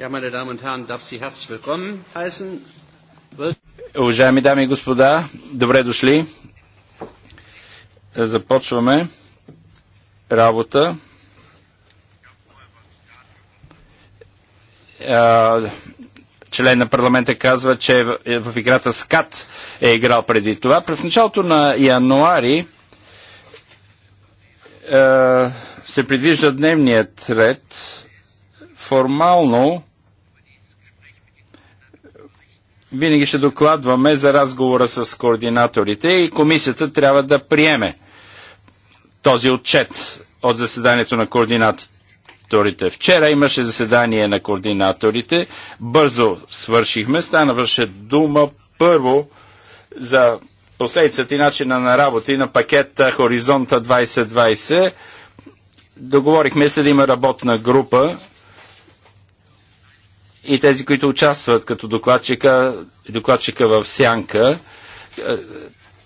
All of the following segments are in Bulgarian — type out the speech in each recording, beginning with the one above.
Ja, meine Damen und Herren, darf Sie herzlich willkommen heißen. Уважаеми дами и господа, добре дошли. Е, започваме работа. Е, член на парламента казва, че е, в играта Скат е играл преди това. През началото на януари се предвижда дневният ред. Формално винаги ще докладваме за разговора с координаторите и комисията трябва да приеме този отчет от заседанието на координаторите. Вчера имаше заседание на координаторите, бързо свършихме, станаваше дума първо за последицата и начина на работа и на пакета Хоризонта 2020. Договорихме се да има работна група и тези, които участват като докладчика, докладчика в сянка, е,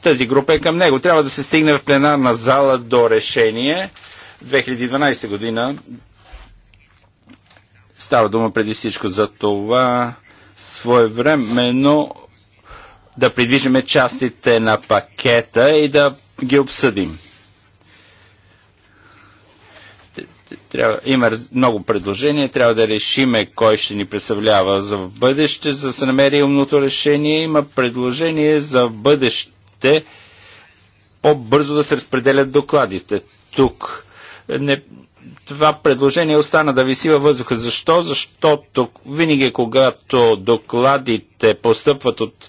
тази група е към него. Трябва да се стигне в пленарна зала до решение 2012 година. Става дума преди всичко за това своевременно да придвижиме частите на пакета и да ги обсъдим. трябва, има много предложения, трябва да решиме кой ще ни представлява за бъдеще, за да се намери умното решение. Има предложение за бъдеще по-бързо да се разпределят докладите. Тук е, не, това предложение остана да виси във въздуха. Защо? Защото винаги, когато докладите постъпват от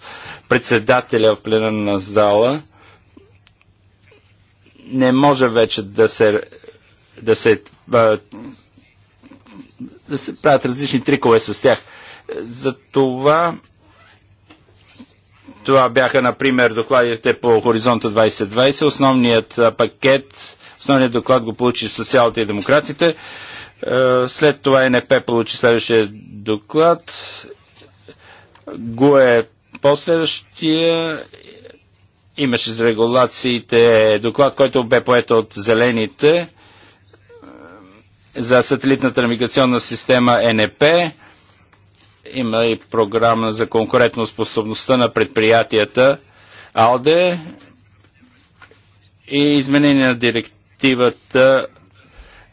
председателя в пленарна зала, не може вече да се да се, а, да се правят различни трикове с тях. За това това бяха, например, докладите по Хоризонта 2020. Основният пакет, основният доклад го получи социалите и демократите. След това НП получи следващия доклад. ГУЕ е последващия. Имаше за регулациите доклад, който бе поет от зелените за сателитната навигационна система НП. Има и програма за конкурентно способността на предприятията АЛДЕ и изменение на директивата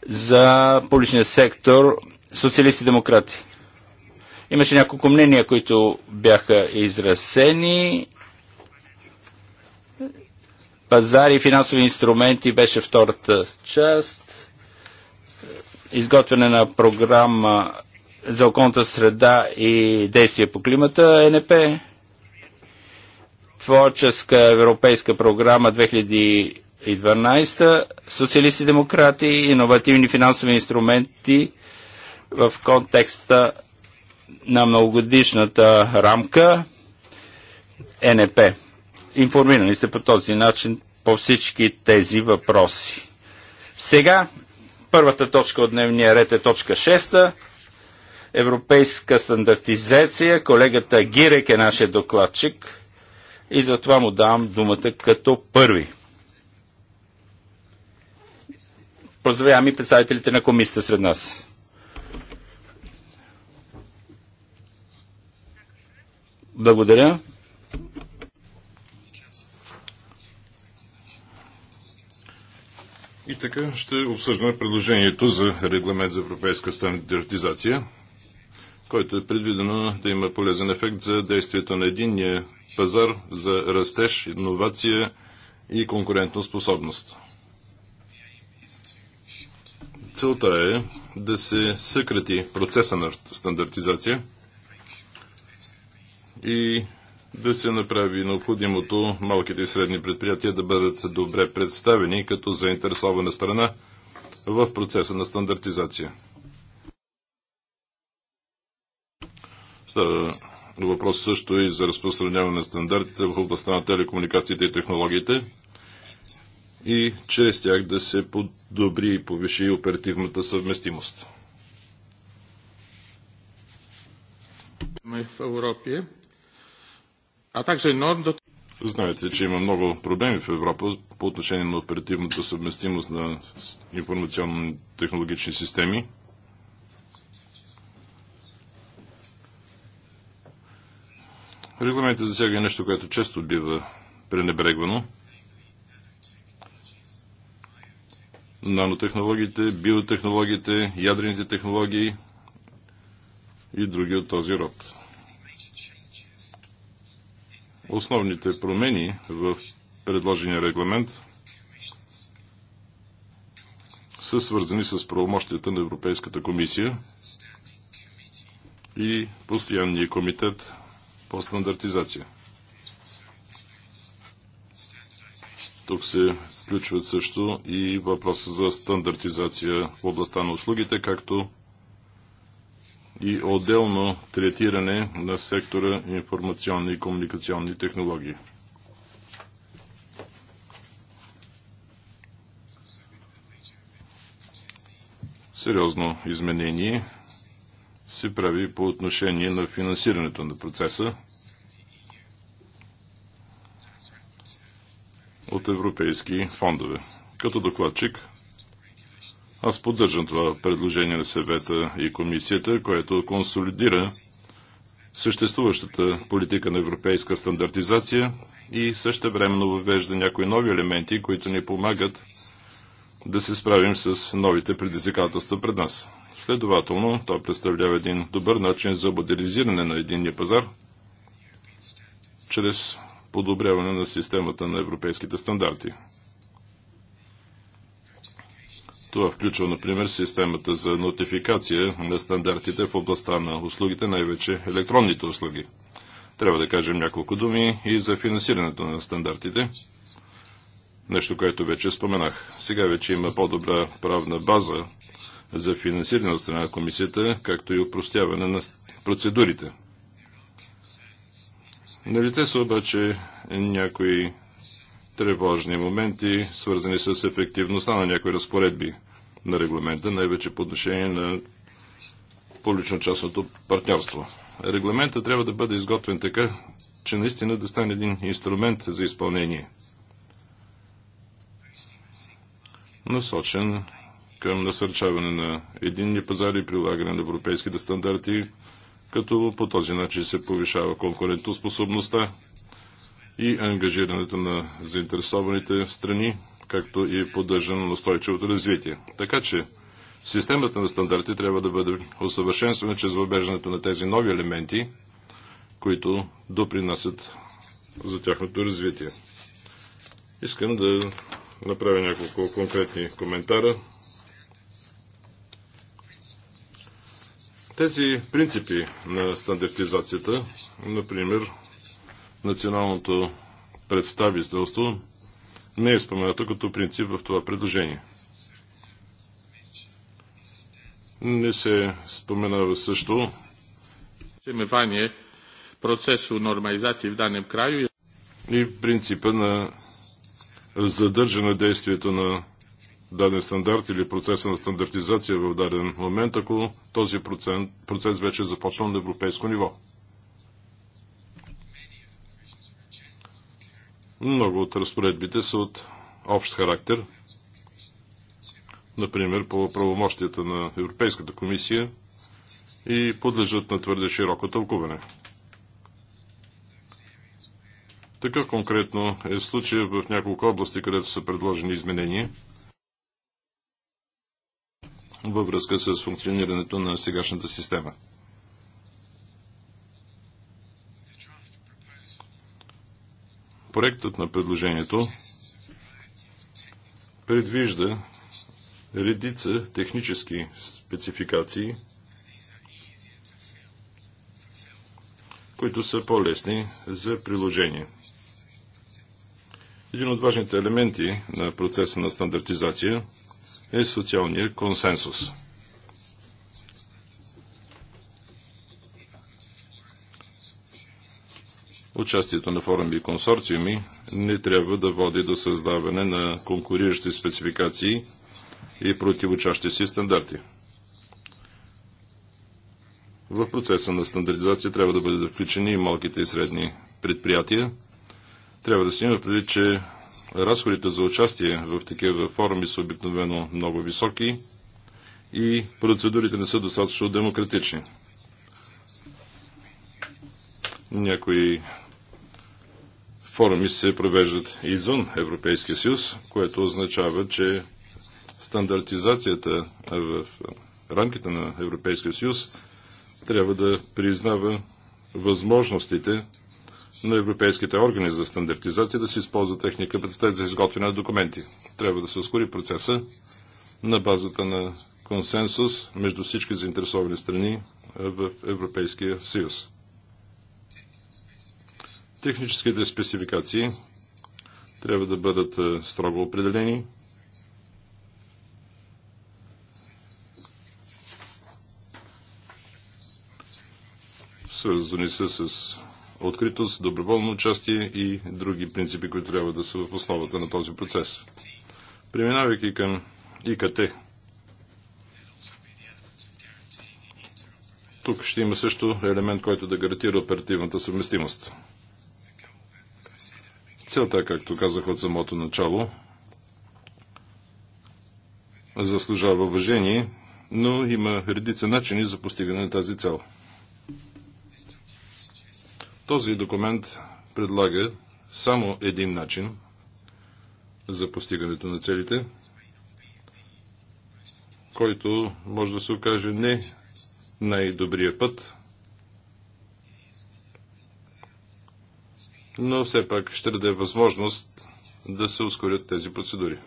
за публичния сектор социалисти демократи. Имаше няколко мнения, които бяха изразени. Пазари и финансови инструменти беше втората част изготвяне на програма за околната среда и действие по климата ЕНП, творческа европейска програма 2012, социалисти демократи, иновативни финансови инструменти в контекста на многогодишната рамка ЕНП. Информирани сте по този начин по всички тези въпроси. Сега Първата точка от дневния ред е точка 6. Европейска стандартизация. Колегата Гирек е нашия докладчик и затова му давам думата като първи. Поздравявам и представителите на комисията сред нас. Благодаря. И така ще обсъждаме предложението за регламент за европейска стандартизация, който е предвидено да има полезен ефект за действието на единния пазар за растеж, иновация и конкурентна способност. Целта е да се съкрати процеса на стандартизация и да се направи необходимото малките и средни предприятия да бъдат добре представени като заинтересована страна в процеса на стандартизация. Става въпрос също и за разпространяване на стандартите в областта на телекомуникациите и технологиите и чрез тях да се подобри и повиши оперативната съвместимост. в Европия а также норм Знаете, че има много проблеми в Европа по отношение на оперативната съвместимост на информационни технологични системи. Регламентът засяга е нещо, което често бива пренебрегвано. Нанотехнологиите, биотехнологиите, ядрените технологии и други от този род. Основните промени в предложения регламент са свързани с правомощията на Европейската комисия и Постоянния комитет по стандартизация. Тук се включват също и въпроса за стандартизация в областта на услугите, както и отделно третиране на сектора информационни и комуникационни технологии. Сериозно изменение се прави по отношение на финансирането на процеса от европейски фондове. Като докладчик аз поддържам това предложение на съвета и комисията, което консолидира съществуващата политика на европейска стандартизация и също времено въвежда някои нови елементи, които ни помагат да се справим с новите предизвикателства пред нас. Следователно, то представлява един добър начин за моделизиране на единния пазар чрез подобряване на системата на европейските стандарти. Това включва, например, системата за нотификация на стандартите в областта на услугите, най-вече електронните услуги. Трябва да кажем няколко думи и за финансирането на стандартите. Нещо, което вече споменах. Сега вече има по-добра правна база за финансиране от страна на комисията, както и упростяване на процедурите. Налице са обаче някои тревожни моменти, свързани с ефективността на някои разпоредби на регламента, най-вече по отношение на публично-частното партньорство. Регламента трябва да бъде изготвен така, че наистина да стане един инструмент за изпълнение, насочен към насърчаване на единни пазари и прилагане на европейските стандарти, като по този начин се повишава конкурентоспособността, и ангажирането на заинтересованите страни, както и поддържане на устойчивото развитие. Така че системата на стандарти трябва да бъде усъвършенствана чрез въвеждането на тези нови елементи, които допринасят за тяхното развитие. Искам да направя няколко конкретни коментара. Тези принципи на стандартизацията, например, националното представителство не е споменато като принцип в това предложение. Не се споменава също Внимание процесу нормализации в данен краю и принципа на задържане действието на даден стандарт или процеса на стандартизация в даден момент, ако този процент, процес вече е започнал на европейско ниво. Много от разпоредбите са от общ характер. Например, по правомощията на Европейската комисия и подлежат на твърде широко тълкуване. Така конкретно е случая в няколко области, където са предложени изменения във връзка с функционирането на сегашната система. Проектът на предложението предвижда редица технически спецификации, които са по-лесни за приложение. Един от важните елементи на процеса на стандартизация е социалния консенсус. Участието на форуми и консорциуми не трябва да води до създаване на конкуриращи спецификации и противочащи си стандарти. В процеса на стандартизация трябва да бъдат включени и малките и средни предприятия. Трябва да се има преди, че разходите за участие в такива форуми са обикновено много високи и процедурите не са достатъчно демократични. Някои форуми се провеждат извън Европейския съюз, което означава, че стандартизацията в рамките на Европейския съюз трябва да признава възможностите на европейските органи за стандартизация да се използва техния капацитет за изготвяне на документи. Трябва да се ускори процеса на базата на консенсус между всички заинтересовани страни в Европейския съюз. Техническите спецификации трябва да бъдат е, строго определени. Свързани са с откритост, доброволно участие и други принципи, които трябва да са в основата на този процес. Преминавайки към ИКТ, тук ще има също елемент, който да гарантира оперативната съвместимост. Целта, както казах от самото начало, заслужава уважение, но има редица начини за постигане на тази цел. Този документ предлага само един начин за постигането на целите, който може да се окаже не най-добрия път, но все пак ще даде възможност да се ускорят тези процедури.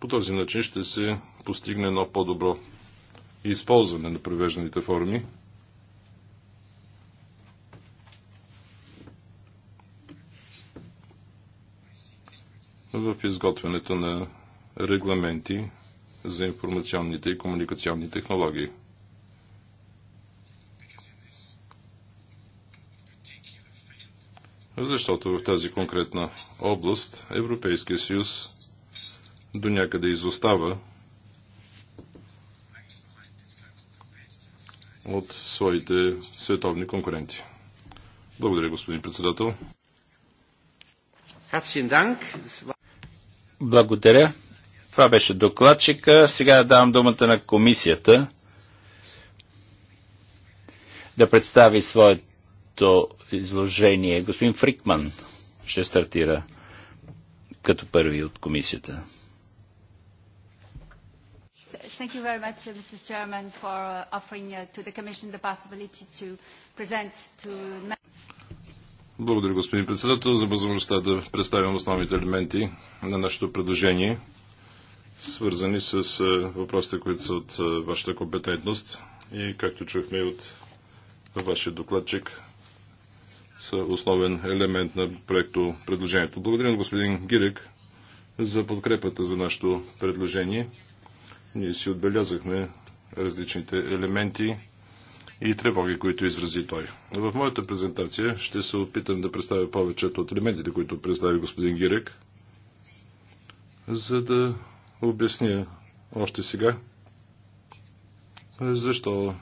По този начин ще се постигне едно по-добро използване на превежданите форми. в изготвянето на регламенти за информационните и комуникационни технологии. Защото в тази конкретна област Европейския съюз до някъде изостава от своите световни конкуренти. Благодаря, господин председател. Благодаря. Това беше докладчика. Сега давам думата на комисията да представи своето изложение. Господин Фрикман ще стартира като първи от комисията. Thank you very much, Mr. Chairman, for uh, offering uh, to the Commission the possibility to present to... Благодаря, господин председател, за възможността да представим основните елементи на нашето предложение – свързани с въпросите, които са от вашата компетентност и, както чухме от вашия докладчик, са основен елемент на проекто предложението. Благодаря на господин Гирек за подкрепата за нашето предложение. Ние си отбелязахме различните елементи и тревоги, които изрази той. В моята презентация ще се опитам да представя повечето от елементите, които представи господин Гирек, за да обясня още сега защо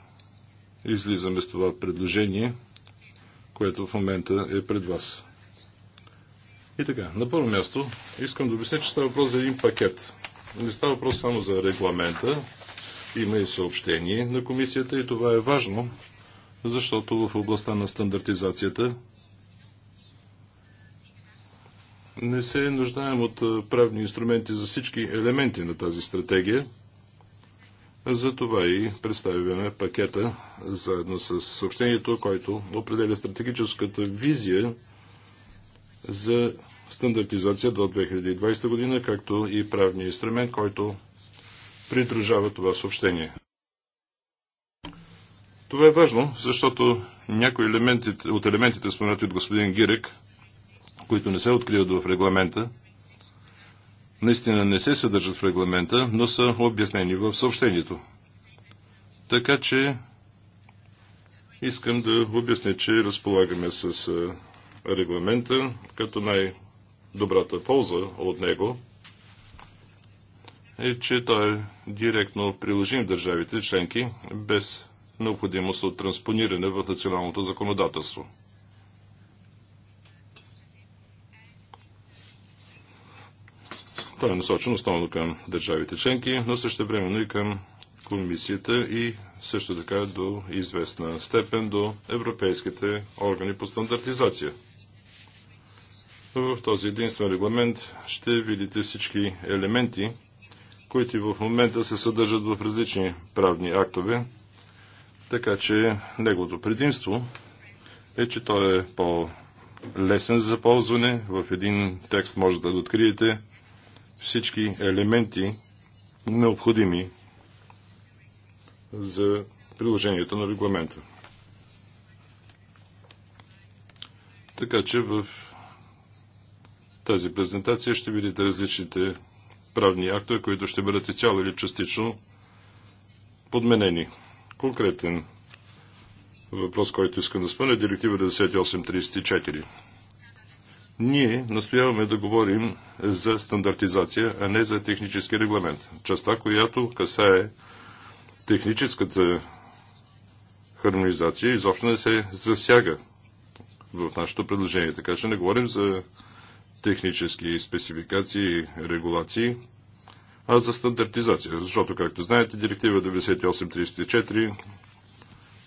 излизаме с това предложение, което в момента е пред вас. И така, на първо място искам да обясня, че става въпрос за един пакет. Не става въпрос само за регламента, има и съобщение на комисията и това е важно, защото в областта на стандартизацията не се нуждаем от правни инструменти за всички елементи на тази стратегия. Затова и представяме пакета заедно с съобщението, който определя стратегическата визия за стандартизация до 2020 година, както и правния инструмент, който придружава това съобщение. Това е важно, защото някои от елементите, споменати от господин Гирек, които не се откриват в регламента, наистина не се съдържат в регламента, но са обяснени в съобщението. Така че искам да обясня, че разполагаме с регламента като най-добрата полза от него е, че той е директно приложим в държавите членки без необходимост от транспониране в националното законодателство. Той е насочен основно към държавите членки, но също времено и към комисията и също така до известна степен до европейските органи по стандартизация. В този единствен регламент ще видите всички елементи, които в момента се съдържат в различни правни актове, така че неговото предимство е, че той е по-лесен за ползване. В един текст може да откриете всички елементи необходими за приложението на регламента. Така че в тази презентация ще видите различните правни актове, които ще бъдат изцяло или частично подменени. Конкретен въпрос, който искам да спомня, е директива 9834. Ние настояваме да говорим за стандартизация, а не за технически регламент. Частта, която касае техническата хармонизация, изобщо не се засяга в нашето предложение. Така че не говорим за технически спецификации и регулации, а за стандартизация. Защото, както знаете, директива 9834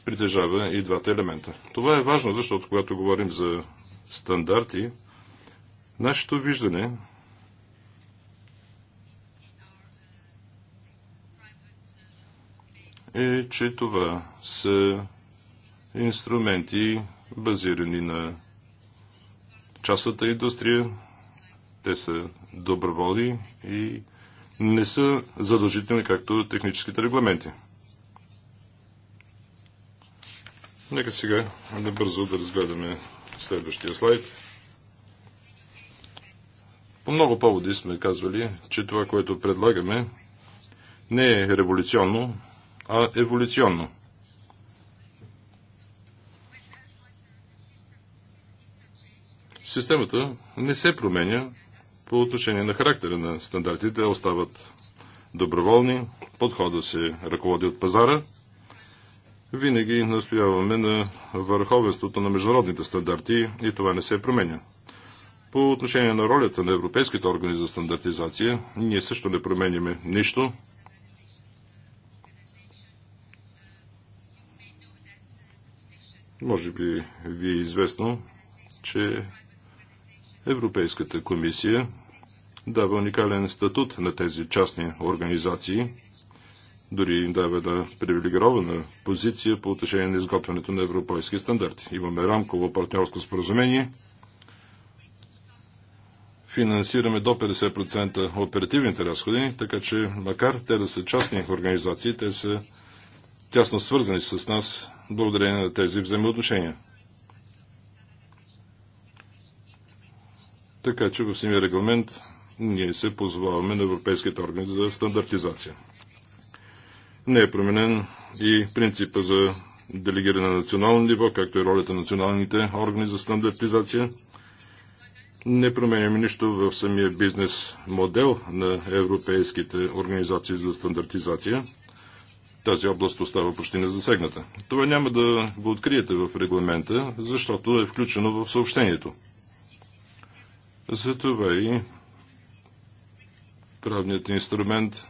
притежава и двата елемента. Това е важно, защото когато говорим за стандарти, Нашето виждане е, че това са инструменти базирани на частната индустрия. Те са доброволни и не са задължителни, както техническите регламенти. Нека сега набързо да разгледаме следващия слайд. По много поводи сме казвали, че това, което предлагаме, не е революционно, а еволюционно. Системата не се променя по отношение на характера на стандартите, остават доброволни, подхода се ръководи от пазара. Винаги настояваме на върховенството на международните стандарти и това не се променя. По отношение на ролята на европейските органи за стандартизация, ние също не променяме нищо. Може би ви е известно, че Европейската комисия дава уникален статут на тези частни организации, дори им дава една привилегирована позиция по отношение на изготвянето на европейски стандарти. Имаме рамково партньорско споразумение – финансираме до 50% оперативните разходи, така че макар те да са частни организации, те са тясно свързани с нас благодарение на тези взаимоотношения. Така че в самия регламент ние се позоваваме на Европейските органи за стандартизация. Не е променен и принципа за делегиране на национално ниво, както и ролята на националните органи за стандартизация – не променяме нищо в самия бизнес модел на европейските организации за стандартизация. Тази област остава почти незасегната. Това няма да го откриете в регламента, защото е включено в съобщението. Затова и правният инструмент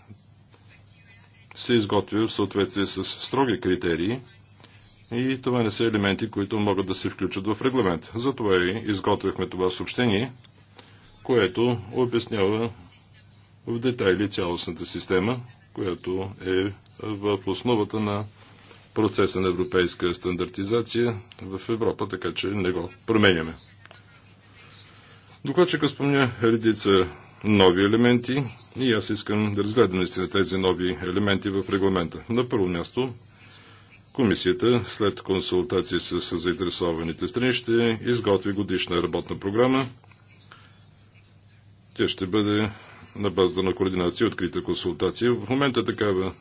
се изготвя в съответствие с строги критерии – и това не са елементи, които могат да се включат в регламент. Затова и изготвихме това съобщение, което обяснява в детайли цялостната система, която е в основата на процеса на европейска стандартизация в Европа, така че не го променяме. Докладчика спомня редица нови елементи и аз искам да разгледам наистина тези нови елементи в регламента. На първо място Комисията, след консултации с заинтересованите страни, ще изготви годишна работна програма. Тя ще бъде на база на координация и открита консултация. В момента такава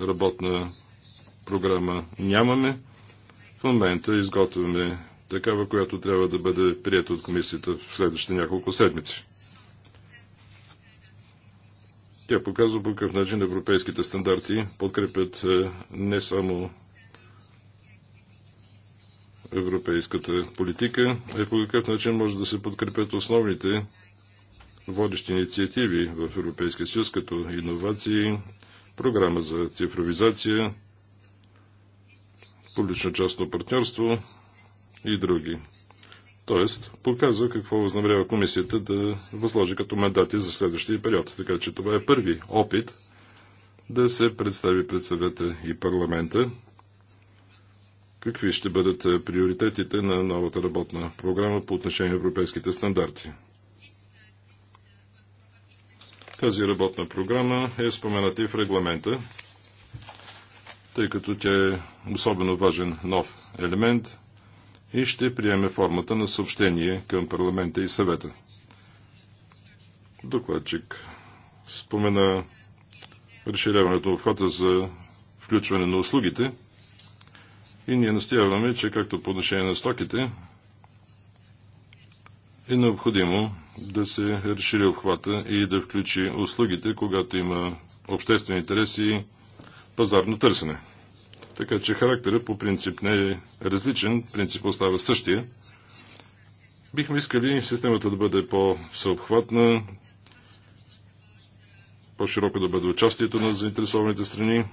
работна програма нямаме. В момента изготвяме такава, която трябва да бъде прията от комисията в следващите няколко седмици. Тя показва по какъв начин европейските стандарти подкрепят е, не само европейската политика и е по какъв начин може да се подкрепят основните водещи инициативи в Европейския съюз, като иновации, програма за цифровизация, публично-частно партньорство и други. Тоест, показва какво възнамерява комисията да възложи като мандати за следващия период. Така че това е първи опит да се представи пред съвета и парламента Какви ще бъдат е, приоритетите на новата работна програма по отношение на европейските стандарти? Тази работна програма е спомената и в регламента, тъй като тя е особено важен нов елемент и ще приеме формата на съобщение към парламента и съвета. Докладчик спомена разширяването обхвата за включване на услугите – и ние настояваме, че както по отношение на стоките, е необходимо да се разшири обхвата и да включи услугите, когато има обществен интерес и пазарно търсене. Така че характерът по принцип не е различен, принцип остава същия. Бихме искали системата да бъде по съобхватна по-широко да бъде участието на заинтересованите страни,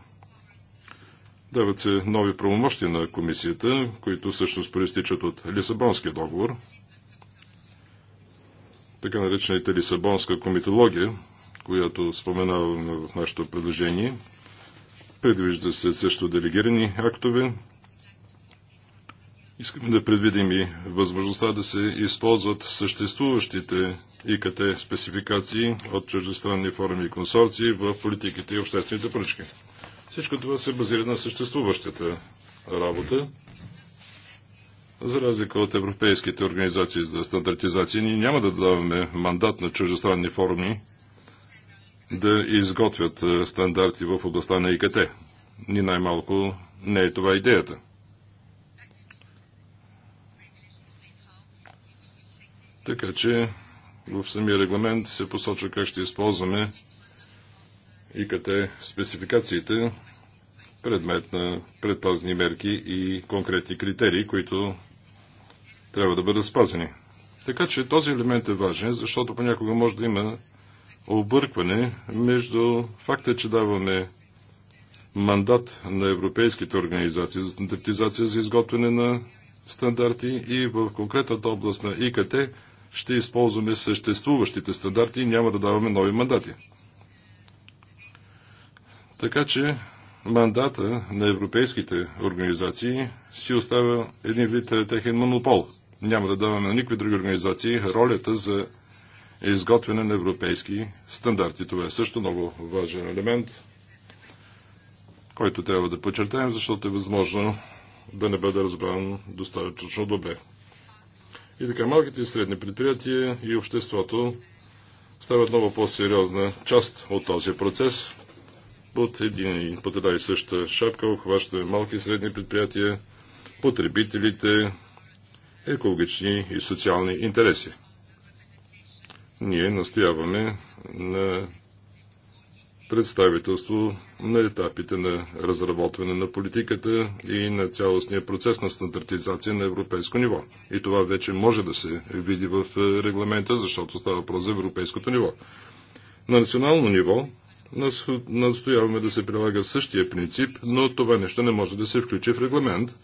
Дават се нови правомощи на комисията, които всъщност проистичат от Лисабонския договор, така наречената Лисабонска комитология, която споменаваме в нашето предложение. Предвижда се също делегирани актове. Искаме да предвидим и възможността да се използват съществуващите ИКТ спецификации от чуждестранни форми и консорции в политиките и обществените поръчки. Всичко това се базира на съществуващата работа. За разлика от европейските организации за стандартизация, ние няма да даваме мандат на чуждестранни форуми да изготвят е, стандарти в областта на ИКТ. Ни най-малко не е това идеята. Така че в самия регламент се посочва как ще използваме ИКТ спецификациите предмет на предпазни мерки и конкретни критерии, които трябва да бъдат спазени. Така че този елемент е важен, защото понякога може да има объркване между факта, че даваме мандат на европейските организации за стандартизация за изготвяне на стандарти и в конкретната област на ИКТ ще използваме съществуващите стандарти и няма да даваме нови мандати. Така че мандата на европейските организации си остава един вид е, техен монопол. Няма да даваме на никакви други организации ролята за изготвяне на европейски стандарти. Това е също много важен елемент, който трябва да подчертаем, защото е възможно да не бъде разбран достатъчно добре. И така, малките и средни предприятия и обществото стават много по-сериозна част от този процес под, един, под една и съща шапка обхващаме малки и средни предприятия, потребителите, екологични и социални интереси. Ние настояваме на представителство на етапите на разработване на политиката и на цялостния процес на стандартизация на европейско ниво. И това вече може да се види в е, регламента, защото става въпрос за европейското ниво. На национално ниво настояваме да се прилага същия принцип, но това нещо не може да се включи в регламент,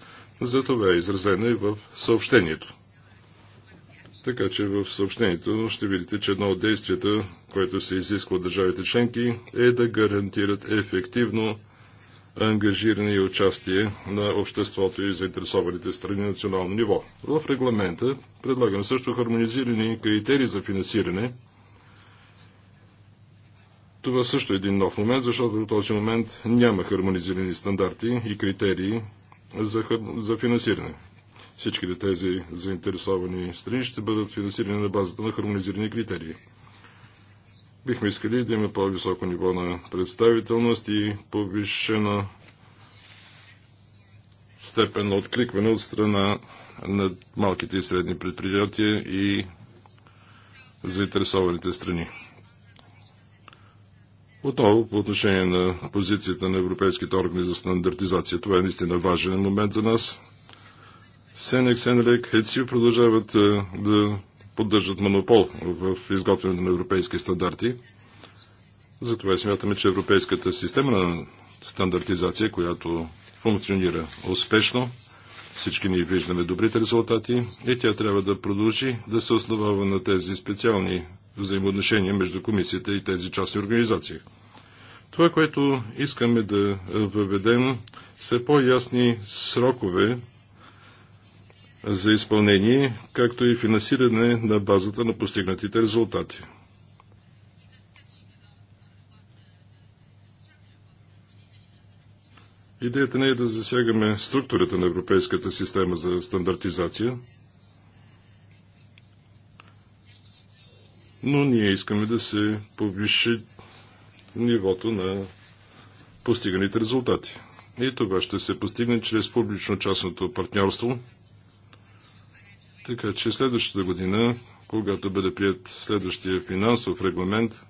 за това е изразено и в съобщението. Така че в съобщението ще видите, че едно от действията, което се изисква от държавите членки, е да гарантират ефективно ангажиране и участие на обществото и заинтересованите страни на национално ниво. В регламента предлагаме също хармонизирани критерии за финансиране – това е също е един нов момент, защото до този момент няма хармонизирани стандарти и критерии за, за финансиране. Всичките тези заинтересовани страни ще бъдат финансирани на базата на хармонизирани критерии. Бихме искали да има по-високо ниво на представителност и повишена степен на откликване от страна на малките и средни предприятия и заинтересованите страни. Отново по отношение на позицията на европейските органи за стандартизация. Това е наистина важен момент за нас. Сенек, Сенелек, Хецио продължават е, да поддържат монопол в изготвянето на европейски стандарти. Затова смятаме, че европейската система на стандартизация, която функционира успешно, всички ние виждаме добрите резултати и тя трябва да продължи да се основава на тези специални взаимоотношения между комисията и тези частни организации. Това, което искаме да въведем, са по-ясни срокове за изпълнение, както и финансиране на базата на постигнатите резултати. Идеята не е да засягаме структурата на Европейската система за стандартизация – но ние искаме да се повиши нивото на постиганите резултати. И това ще се постигне чрез публично-частното партньорство. Така че следващата година, когато бъде прият следващия финансов регламент,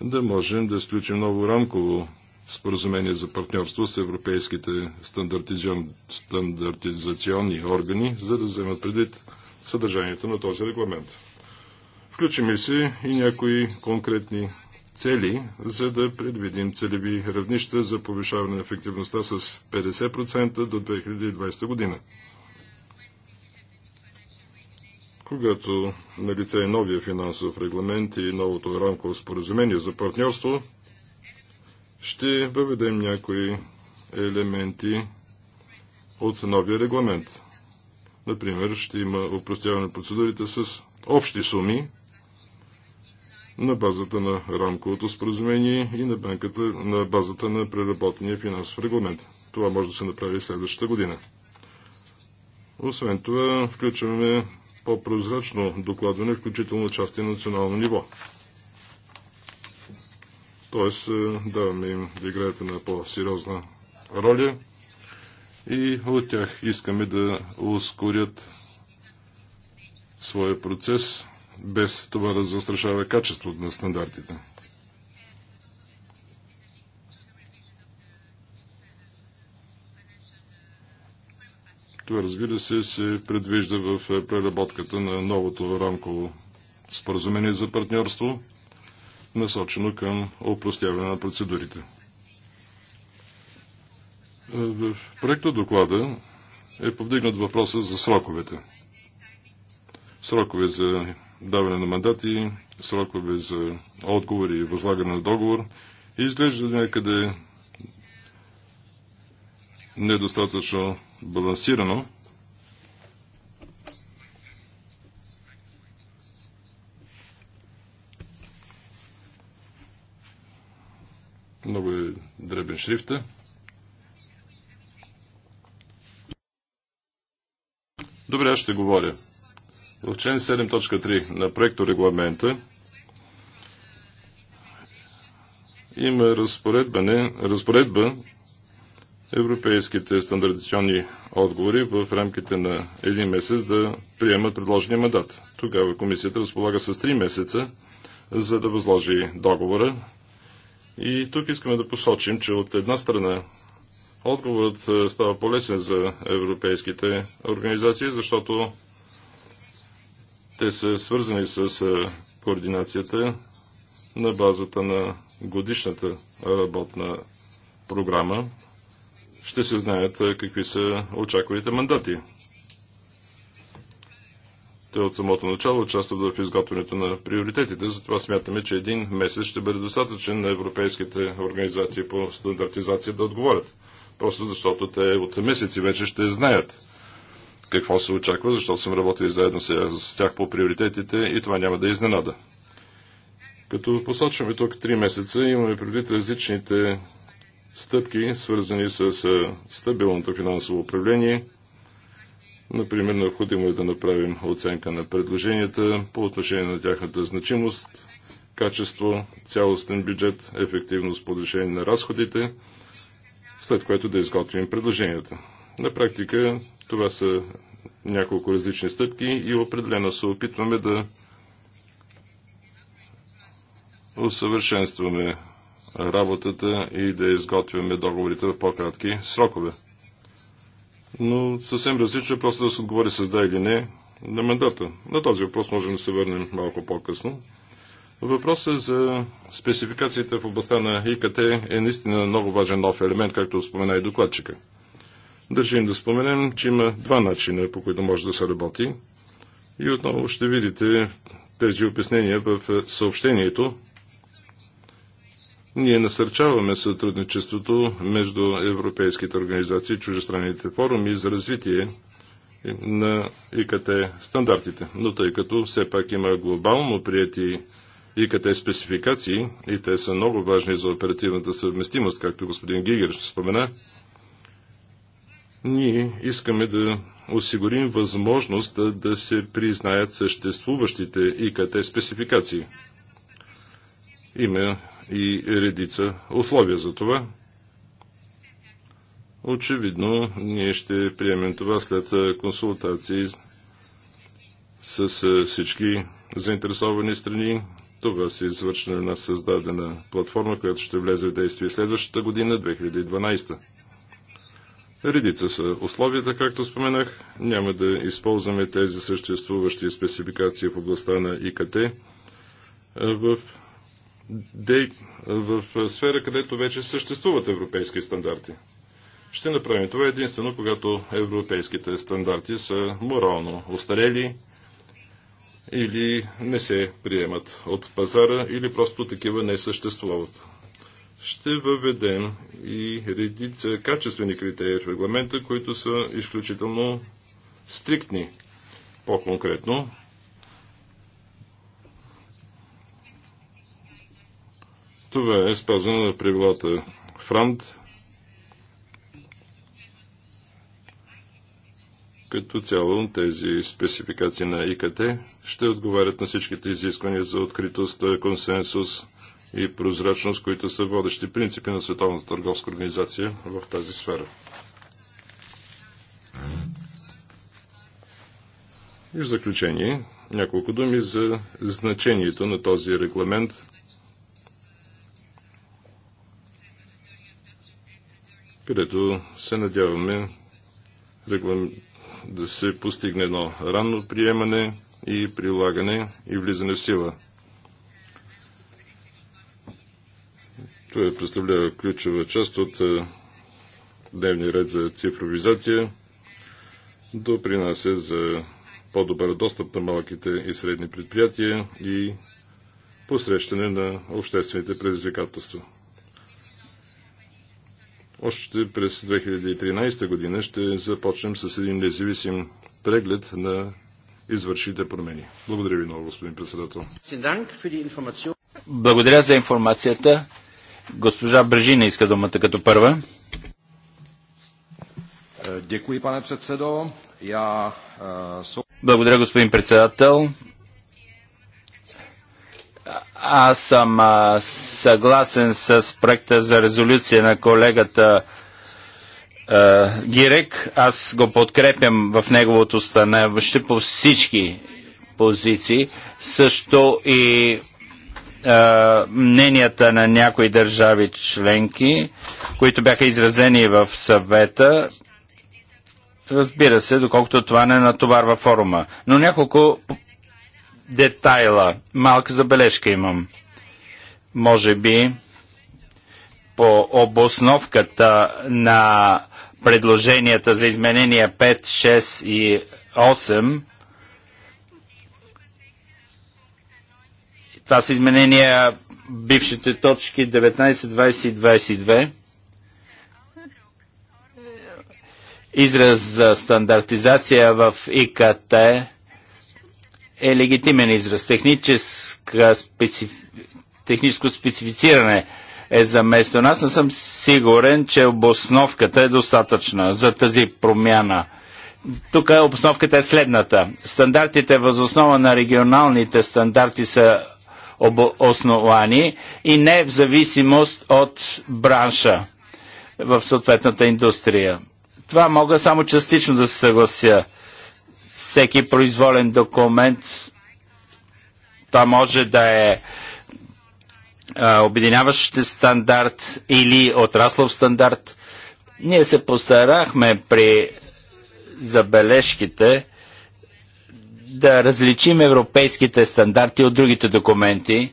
да можем да изключим ново рамково споразумение за партньорство с европейските стандартизационни органи, за да вземат предвид съдържанието на този регламент. Включиме се и някои конкретни цели, за да предвидим целеви равнища за повишаване на ефективността с 50% до 2020 година. Когато на лице е новия финансов регламент и новото рамково споразумение за партньорство, ще въведем някои елементи от новия регламент. Например, ще има упростяване на процедурите с общи суми, на базата на рамковото споразумение и на, банката, на базата на преработения финансов регламент. Това може да се направи следващата година. Освен това, включваме по-прозрачно докладване, включително части на национално ниво. Тоест, е, даваме им да играят на по-сериозна роля и от тях искаме да ускорят своя процес без това да застрашава качеството на стандартите. Това, разбира се, се предвижда в е, преработката на новото рамково споразумение за партньорство, насочено към опростяване на процедурите. Е, в проекта доклада е повдигнат въпроса за сроковете. Срокове за даване на мандати, срокове за отговор и възлагане на договор. И изглежда някъде недостатъчно балансирано. Много е дребен шрифта. Добре, аз ще говоря. В член 7.3 на проекто регламента има разпоредба, разпоредба европейските стандартизационни отговори в рамките на един месец да приемат предложения мандат. Тогава комисията разполага с 3 месеца, за да възложи договора. И тук искаме да посочим, че от една страна отговорът става по-лесен за европейските организации, защото те са свързани с координацията на базата на годишната работна програма. Ще се знаят какви са очакваните мандати. Те от самото начало участват в изготвянето на приоритетите, затова смятаме, че един месец ще бъде достатъчен на европейските организации по стандартизация да отговорят. Просто защото те от месеци вече ще знаят какво се очаква, защото съм работил заедно с тях по приоритетите и това няма да е изненада. Като посочваме тук три месеца, имаме предвид различните стъпки, свързани с стабилното финансово управление. Например, необходимо е да направим оценка на предложенията по отношение на тяхната значимост, качество, цялостен бюджет, ефективност по отношение на разходите, след което да изготвим предложенията. На практика това са няколко различни стъпки и определено се опитваме да усъвършенстваме работата и да изготвяме договорите в по-кратки срокове. Но съвсем различно е просто да се отговори с да или не на мандата. На този въпрос можем да се върнем малко по-късно. Въпросът за спецификациите в областта на ИКТ е наистина много важен нов елемент, както спомена и докладчика – Държим да споменем, че има два начина, по които може да се работи. И отново ще видите тези обяснения в е, съобщението. Ние насърчаваме сътрудничеството между европейските организации и чужестранните форуми за развитие на ИКТ стандартите. Но тъй като все пак има глобално прияти ИКТ спецификации и те са много важни за оперативната съвместимост, както господин Гигер ще спомена, ние искаме да осигурим възможност да, да се признаят съществуващите ИКТ спецификации. Има и редица условия за това. Очевидно, ние ще приемем това след консултации с всички заинтересовани страни. Това се извършва на създадена платформа, която ще влезе в действие следващата година, 2012. Редица са условията, както споменах. Няма да използваме тези съществуващи спецификации в областта на ИКТ е, в, де, в сфера, където вече съществуват европейски стандарти. Ще направим това единствено, когато европейските стандарти са морално устарели или не се приемат от пазара, или просто такива не съществуват ще въведем и редица качествени критерии в регламента, които са изключително стриктни. По-конкретно, това е спазване на правилата Франт като цяло тези спецификации на ИКТ ще отговарят на всичките изисквания за откритост, консенсус, и прозрачност, които са водещи принципи на Световната търговска организация в тази сфера. И в заключение няколко думи за значението на този регламент където се надяваме да се постигне едно ранно приемане и прилагане и влизане в сила. Той представлява ключова част от е, дневния ред за цифровизация, допринася за по-добър достъп на малките и средни предприятия и посрещане на обществените предизвикателства. Още през 2013 година ще започнем с един независим преглед на извършите промени. Благодаря ви много, господин председател. Благодаря за информацията. Госпожа Брежина иска думата като първа. Е, е, Благодаря, господин председател. Аз съм а, съгласен с проекта за резолюция на колегата а, е, Гирек. Аз го подкрепям в неговото становище по всички позиции. Също и мненията на някои държави членки, които бяха изразени в съвета. Разбира се, доколкото това не натоварва форума. Но няколко детайла, малка забележка имам. Може би по обосновката на предложенията за изменения 5, 6 и 8 Това са изменения бившите точки 19, 20 и 22. Израз за стандартизация в ИКТ е легитимен израз. Техническа специф... Техническо специфициране е место. Аз не съм сигурен, че обосновката е достатъчна за тази промяна. Тук обосновката е следната. Стандартите възоснова на регионалните стандарти са основани и не в зависимост от бранша в съответната индустрия. Това мога само частично да се съглася. Всеки произволен документ, това може да е а, обединяващ стандарт или отраслов стандарт. Ние се постарахме при забележките да различим европейските стандарти от другите документи,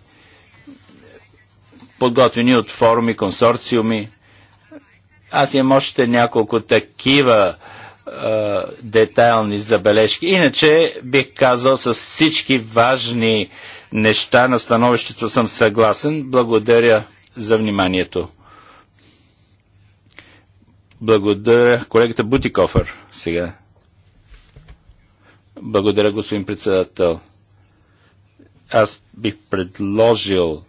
подготвени от форуми, консорциуми. Аз имам още няколко такива е, детайлни забележки. Иначе бих казал с всички важни неща на становището съм съгласен. Благодаря за вниманието. Благодаря колегата Бутикофър сега. Благодаря, господин председател. Аз бих предложил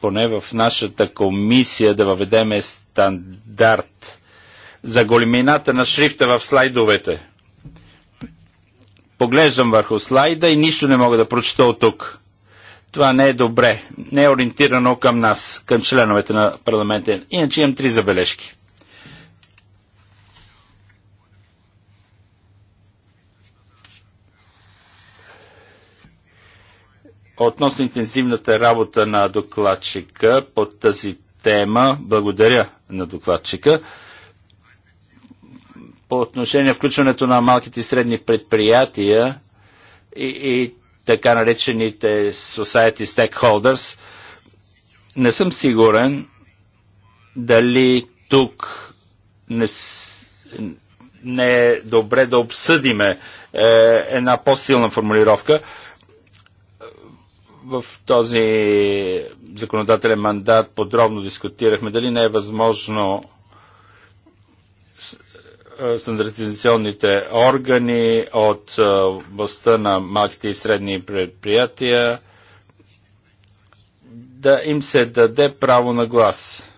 поне в нашата комисия да въведеме стандарт за големината на шрифта в слайдовете. Поглеждам върху слайда и нищо не мога да прочета от тук. Това не е добре. Не е ориентирано към нас, към членовете на парламента. Иначе имам три забележки. Относно интензивната работа на докладчика по тази тема, благодаря на докладчика. По отношение включването на малките и средни предприятия и, и така наречените society stakeholders, не съм сигурен дали тук не, не е добре да обсъдиме е, една по-силна формулировка. В този законодателен мандат подробно дискутирахме дали не е възможно стандартизационните органи от властта на малките и средни предприятия да им се даде право на глас.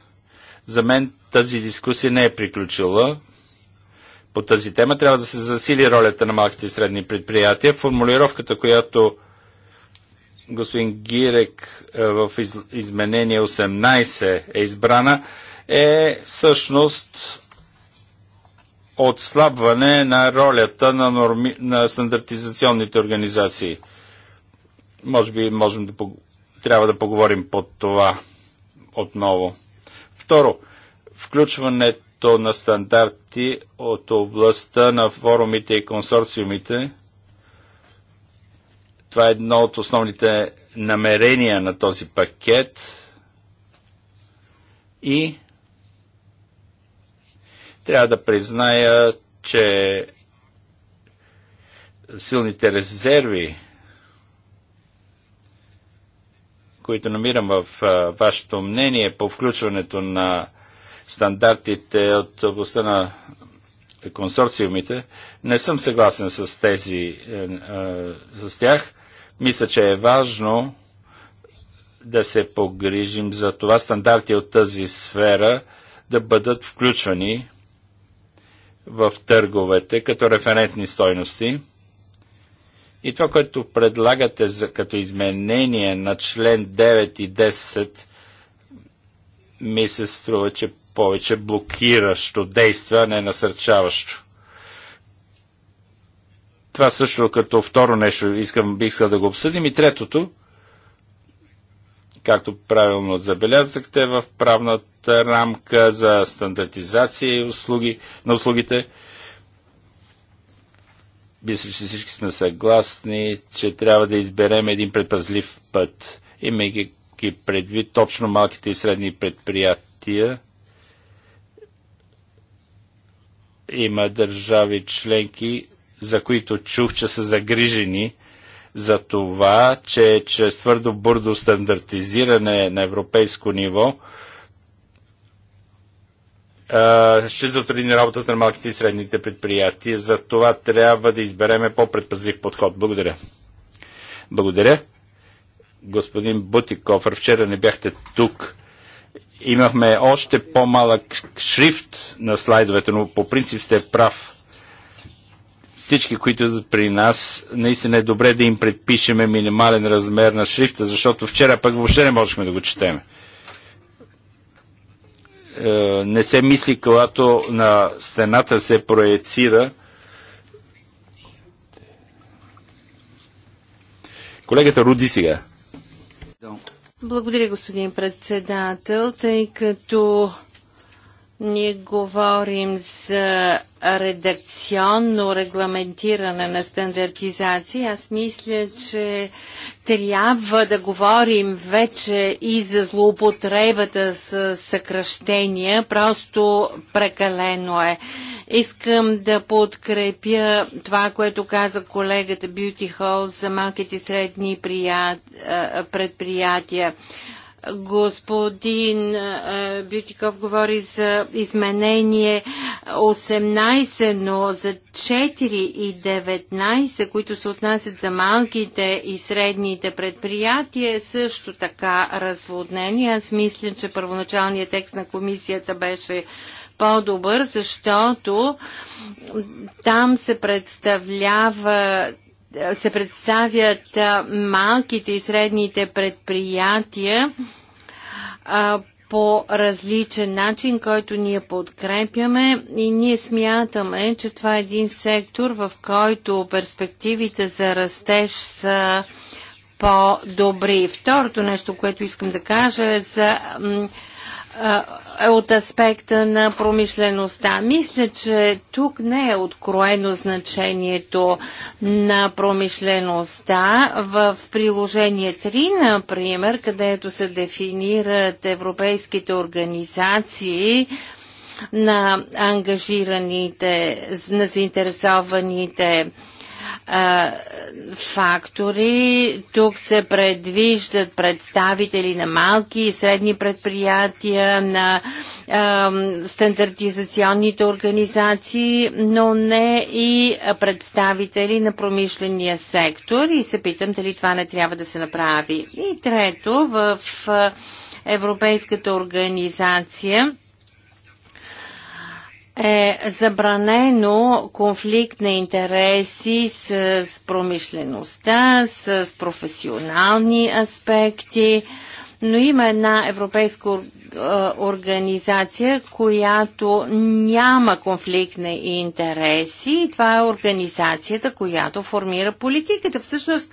За мен тази дискусия не е приключила. По тази тема трябва да се засили ролята на малките и средни предприятия. Формулировката, която господин Гирек е, в изменение 18 е избрана, е всъщност отслабване на ролята на, норми... на стандартизационните организации. Може би можем да, трябва да поговорим под това отново. Второ, включването на стандарти от областта на форумите и консорциумите това е едно от основните намерения на този пакет и трябва да призная, че силните резерви, които намирам в вашето мнение по включването на стандартите от областта на консорциумите, не съм съгласен с тези, е, е, с тях. Мисля, че е важно да се погрижим за това стандарти от тази сфера да бъдат включвани в търговете като референтни стойности. И това, което предлагате за, като изменение на член 9 и 10, ми се струва, че повече блокиращо действа, а не насърчаващо. Това също като второ нещо искам, бих искал да го обсъдим. И третото, както правилно забелязахте, в правната рамка за стандартизация и услуги, на услугите. Мисля, че всички сме съгласни, че трябва да изберем един предпазлив път, имайки предвид точно малките и средни предприятия. Има държави членки, за които чух, че са загрижени за това, че чрез твърдо бърдо стандартизиране на европейско ниво ще затрудни работата на малките и средните предприятия. За това трябва да избереме по-предпазлив подход. Благодаря. Благодаря. Господин Бутиков, вчера не бяхте тук. Имахме още по-малък шрифт на слайдовете, но по принцип сте прав всички, които при нас, наистина е добре да им предпишеме минимален размер на шрифта, защото вчера пък въобще не можехме да го четем. Е, не се мисли, когато на стената се проецира. Колегата Руди сега. Благодаря, господин председател, тъй като ние говорим за редакционно регламентиране на стандартизация. Аз мисля, че трябва да говорим вече и за злоупотребата с съкръщения. Просто прекалено е. Искам да подкрепя това, което каза колегата Бюти Хол за малките и средни предприятия. Господин е, Бютиков говори за изменение 18, но за 4 и 19, които се отнасят за малките и средните предприятия, също така разводнени. Аз мисля, че първоначалният текст на комисията беше по-добър, защото там се представлява се представят малките и средните предприятия по различен начин, който ние подкрепяме и ние смятаме, че това е един сектор, в който перспективите за растеж са по-добри. Второто нещо, което искам да кажа е за е от аспекта на промишлеността. Мисля, че тук не е откроено значението на промишлеността. В приложение 3, например, където се дефинират европейските организации, на ангажираните, на заинтересованите фактори. Тук се предвиждат представители на малки и средни предприятия, на а, стандартизационните организации, но не и представители на промишления сектор. И се питам дали това не трябва да се направи. И трето, в Европейската организация е забранено конфликт на интереси с, с промишлеността, с, с професионални аспекти, но има една европейска организация, която няма конфликт на интереси. И това е организацията, която формира политиката. Всъщност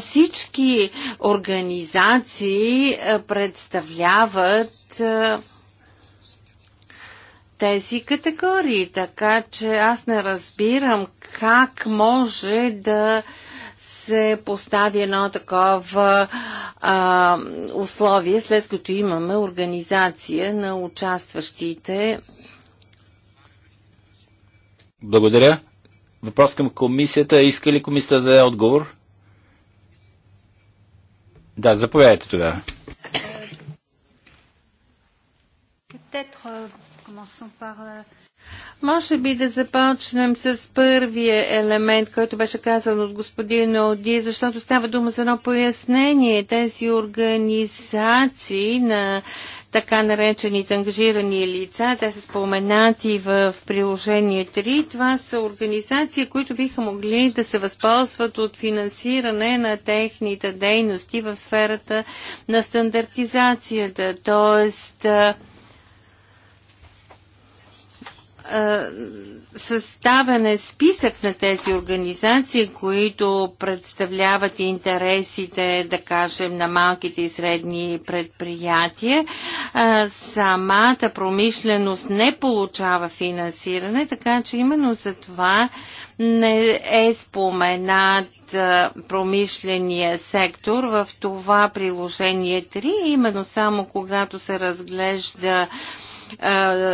всички организации представляват тези категории. Така че аз не разбирам как може да се постави едно такова а, условие, след като имаме организация на участващите. Благодаря. Въпрос към комисията. Иска ли комисията да даде отговор? Да, заповядайте тогава. Може би да започнем с първия елемент, който беше казан от господин Оди, защото става дума за едно пояснение. Тези организации на така наречените ангажирани лица, те са споменати в приложение 3. Това са организации, които биха могли да се възползват от финансиране на техните дейности в сферата на стандартизацията. Тоест, съставен е списък на тези организации, които представляват интересите, да кажем, на малките и средни предприятия. Самата промишленост не получава финансиране, така че именно за това не е споменат промишления сектор в това приложение 3, именно само когато се разглежда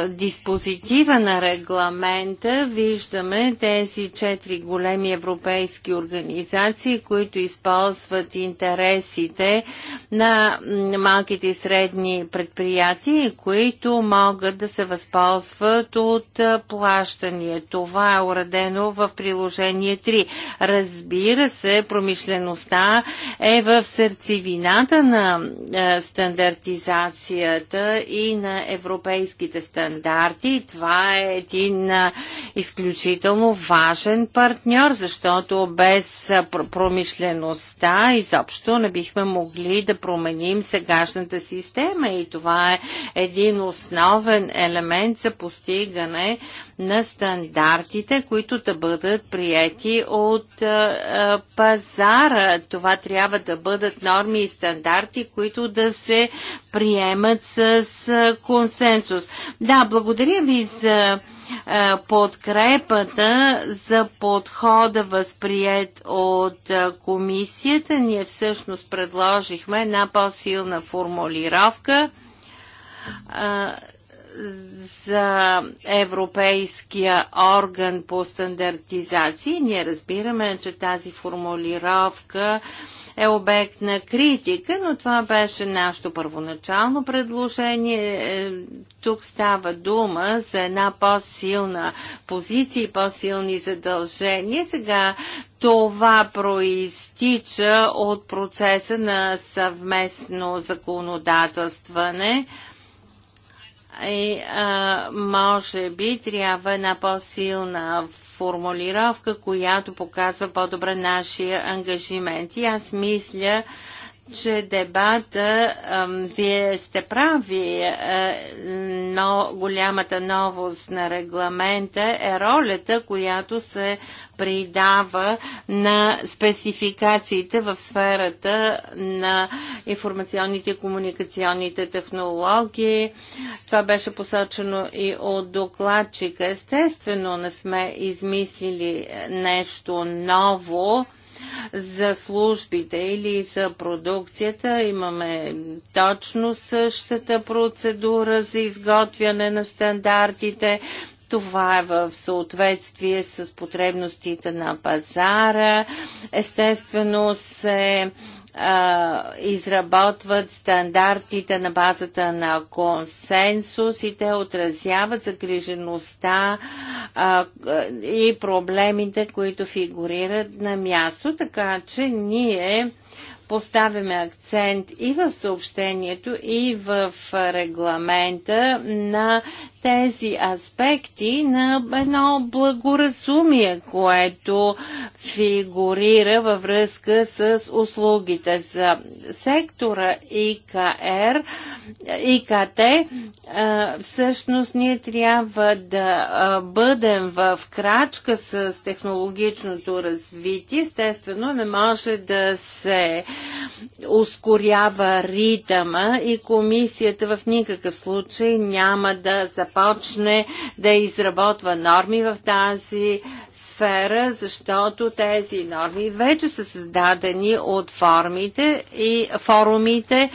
диспозитива на регламента виждаме тези четири големи европейски организации, които използват интересите на малките и средни предприятия, които могат да се възползват от плащания. Това е уредено в приложение 3. Разбира се, промишлеността е в сърцевината на стандартизацията и на европейските европейските стандарти. Това е един изключително важен партньор, защото без промишлеността изобщо не бихме могли да променим сегашната система и това е един основен елемент за постигане на стандартите, които да бъдат приети от пазара. Това трябва да бъдат норми и стандарти, които да се приемат с консенсус. Исус. Да, благодаря ви за е, подкрепата за подхода възприят от е, комисията. Ние всъщност предложихме една по-силна формулировка е, за Европейския орган по стандартизация. Ние разбираме, че тази формулировка е обект на критика, но това беше нашето първоначално предложение. Е, тук става дума за една по-силна позиция и по-силни задължения. Сега това проистича от процеса на съвместно законодателстване и а, може би трябва една по-силна формулировка, която показва по-добре нашия ангажимент. И аз мисля, че дебата, вие сте прави, е, но голямата новост на регламента е ролята, която се придава на спецификациите в сферата на информационните и комуникационните технологии. Това беше посочено и от докладчика. Естествено, не сме измислили нещо ново за службите или за продукцията имаме точно същата процедура за изготвяне на стандартите. Това е в съответствие с потребностите на пазара. Естествено се изработват стандартите на базата на консенсус и те отразяват загрижеността а, и проблемите, които фигурират на място, така че ние поставяме акцент акцент и в съобщението, и в регламента на тези аспекти на едно благоразумие, което фигурира във връзка с услугите за сектора ИКР, ИКТ. Всъщност ние трябва да бъдем в крачка с технологичното развитие. Естествено, не може да се успокоим ускорява ритъма и комисията в никакъв случай няма да започне да изработва норми в тази сфера, защото тези норми вече са създадени от формите и форумите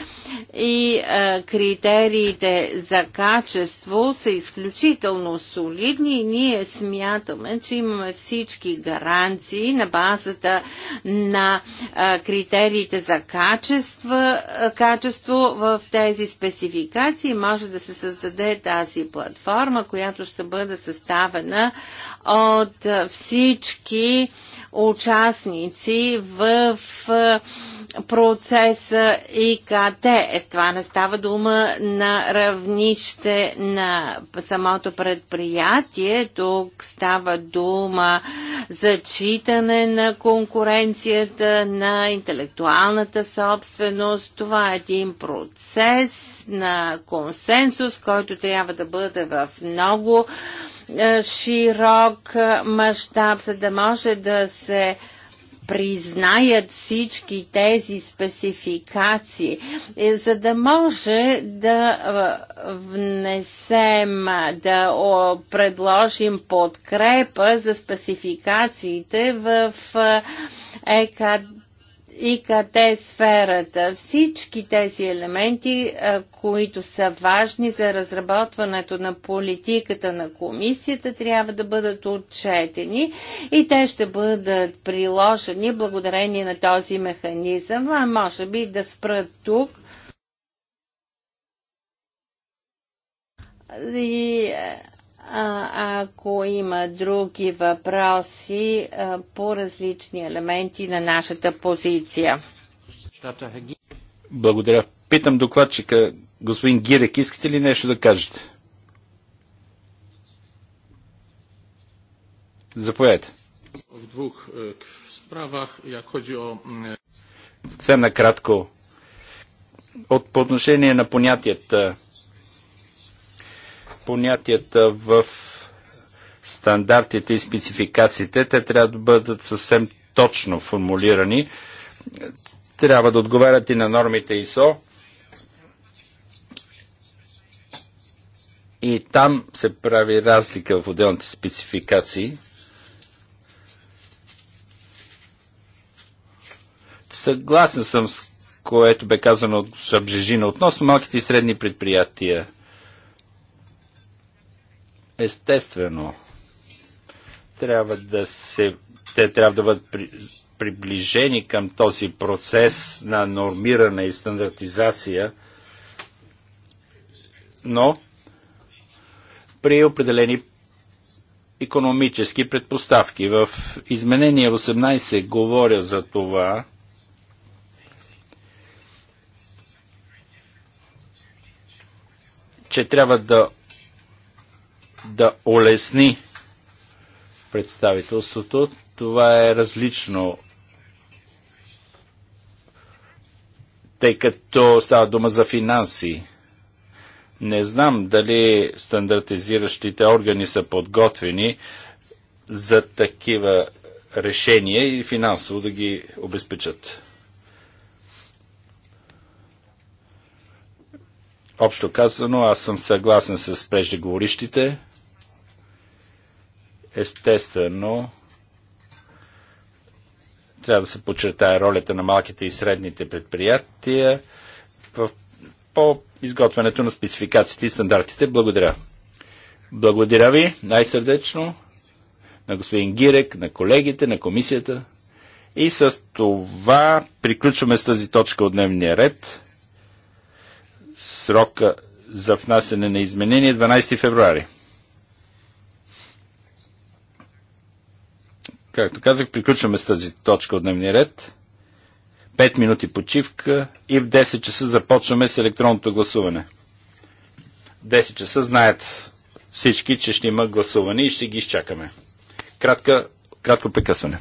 и е, критериите за качество са изключително солидни и ние смятаме, че имаме всички гаранции на базата на е, критериите за качество, е, качество в тези спецификации може да се създаде тази платформа, която ще бъде съставена от всички е, всички участници в процеса ИКТ. Е, това не става дума на равнище на самото предприятие. Тук става дума за читане на конкуренцията, на интелектуалната собственост. Това е един процес на консенсус, който трябва да бъде в много е, широк е, мащаб, за да може да се признаят всички тези спецификации, е, за да може да внесем, да предложим подкрепа за спецификациите в екад. ИКТ е сферата. Всички тези елементи, които са важни за разработването на политиката на комисията, трябва да бъдат отчетени и те ще бъдат приложени благодарение на този механизъм. А може би да спрат тук. И е, а, ако има други въпроси а, по различни елементи на нашата позиция. Благодаря. Питам докладчика, господин Гирек, искате ли нещо да кажете? Заповядайте. В двух е, справах, як ходи о... Е, Съм накратко. От, по отношение на понятията понятията в стандартите и спецификациите, те трябва да бъдат съвсем точно формулирани. Трябва да отговарят и на нормите ИСО. И там се прави разлика в отделните спецификации. Съгласен съм с което бе казано от Шабжежина относно малките и средни предприятия. Естествено, трябва да се, те трябва да бъдат при, приближени към този процес на нормиране и стандартизация, но при определени економически предпоставки. В изменение 18 говоря за това, че трябва да да улесни представителството. Това е различно, тъй като става дума за финанси. Не знам дали стандартизиращите органи са подготвени за такива решения и финансово да ги обезпечат. Общо казано, аз съм съгласен с преждеговорищите. Естествено, трябва да се подчертая ролята на малките и средните предприятия в, по изготвянето на спецификациите и стандартите. Благодаря. Благодаря ви най-сърдечно на господин Гирек, на колегите, на комисията. И с това приключваме с тази точка от дневния ред. Срока за внасене на изменение 12 февруари. Както казах, приключваме с тази точка от дневния ред. 5 минути почивка и в 10 часа започваме с електронното гласуване. В 10 часа знаят всички, че ще има гласуване и ще ги изчакаме. Кратка, кратко прекъсване.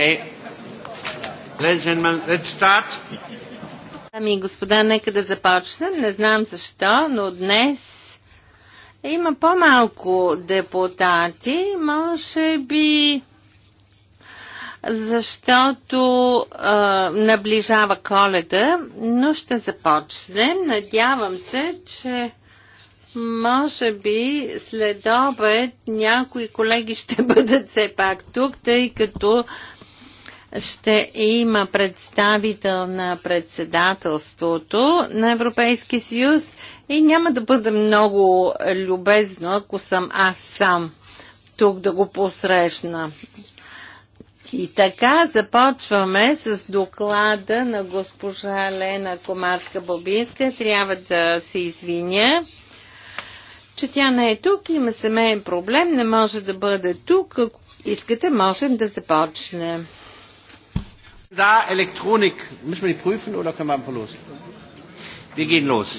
Okay. Ladies and let's start. Ами господа, нека да започнем. Не знам защо, но днес има по-малко депутати. Може би защото а, наближава коледа, но ще започнем. Надявам се, че може би след обед някои колеги ще бъдат все пак тук, тъй като ще има представител на председателството на Европейския съюз и няма да бъде много любезно, ако съм аз сам тук да го посрещна. И така започваме с доклада на госпожа Лена Комарска-Бобинска. Трябва да се извиня, че тя не е тук, има семейен проблем, не може да бъде тук. Ако искате, можем да започнем da Elektronik. Müssen wir die prüfen oder können wir einfach los? Wir gehen los.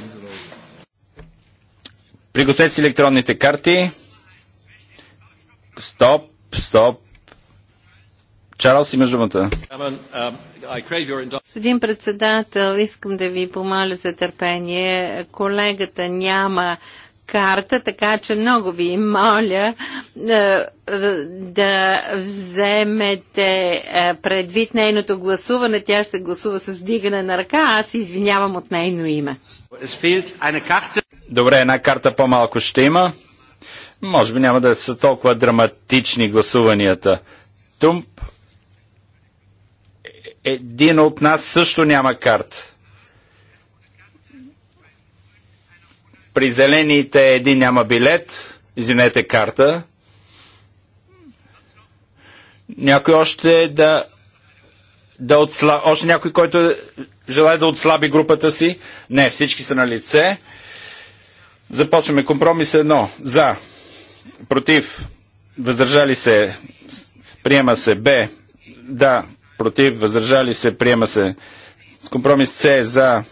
Пригответе си електронните карти. Стоп, стоп. Чарлз, имаш думата. Um, Господин председател, искам да ви помоля за търпение. Колегата няма карта, така че много ви моля е, да вземете е, предвид нейното гласуване. Тя ще гласува с вдигане на ръка. Аз се извинявам от нейно име. Добре, една карта по-малко ще има. Може би няма да са толкова драматични гласуванията. Тумп. Е, един от нас също няма карта. При зелените един няма билет, извинете карта. Някой още да, да отсла... Още някой, който желая да отслаби групата си? Не, всички са на лице. Започваме компромис едно. За. Против. Въздържали се. Приема се. Б. Да. Против. Въздържали се. Приема се. Компромис С. За.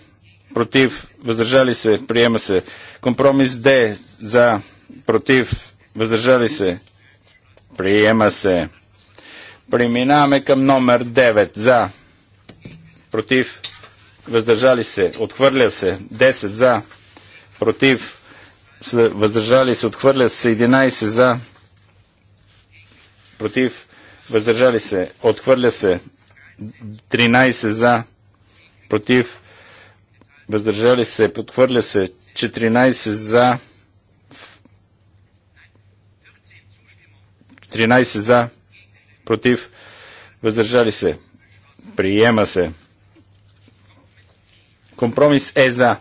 Против въздържали се, приема се. Компромис Д за, против, въздържали се, приема се. Преминаваме към номер 9 за, против, въздържали се, отхвърля се, 10 за, против, въздържали се, отхвърля се, 11 за, против, въздържали се, отхвърля се, 13 за, против, въздържали се, подхвърля се 14 за 13 за, против, въздържали се, приема се. Компромис е за,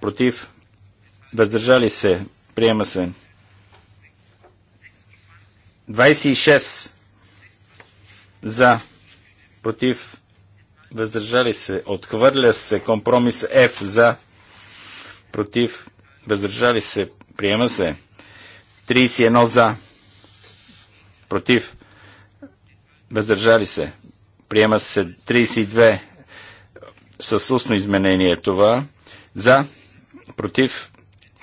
против, въздържали се, приема се. 26 за, против, въздържали се, отхвърля се, компромис F за, против, въздържали се, приема се, 31 за, против, въздържали се, приема се 32 със устно изменение е това, за, против,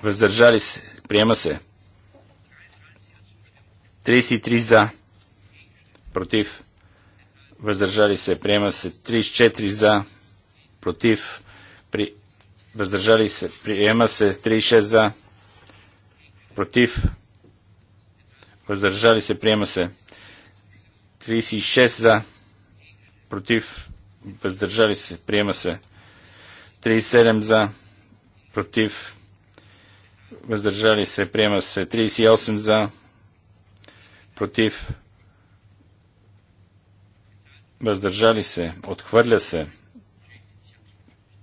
въздържали се, приема се, 33 за, против, въздържали се, приема се 34 за, против, при, въздържали се, приема се 36 за, против, въздържали се, приема се 36 за, против, въздържали се, приема се 37 за, против, въздържали се, приема се 38 за, против, въздържали се, отхвърля се.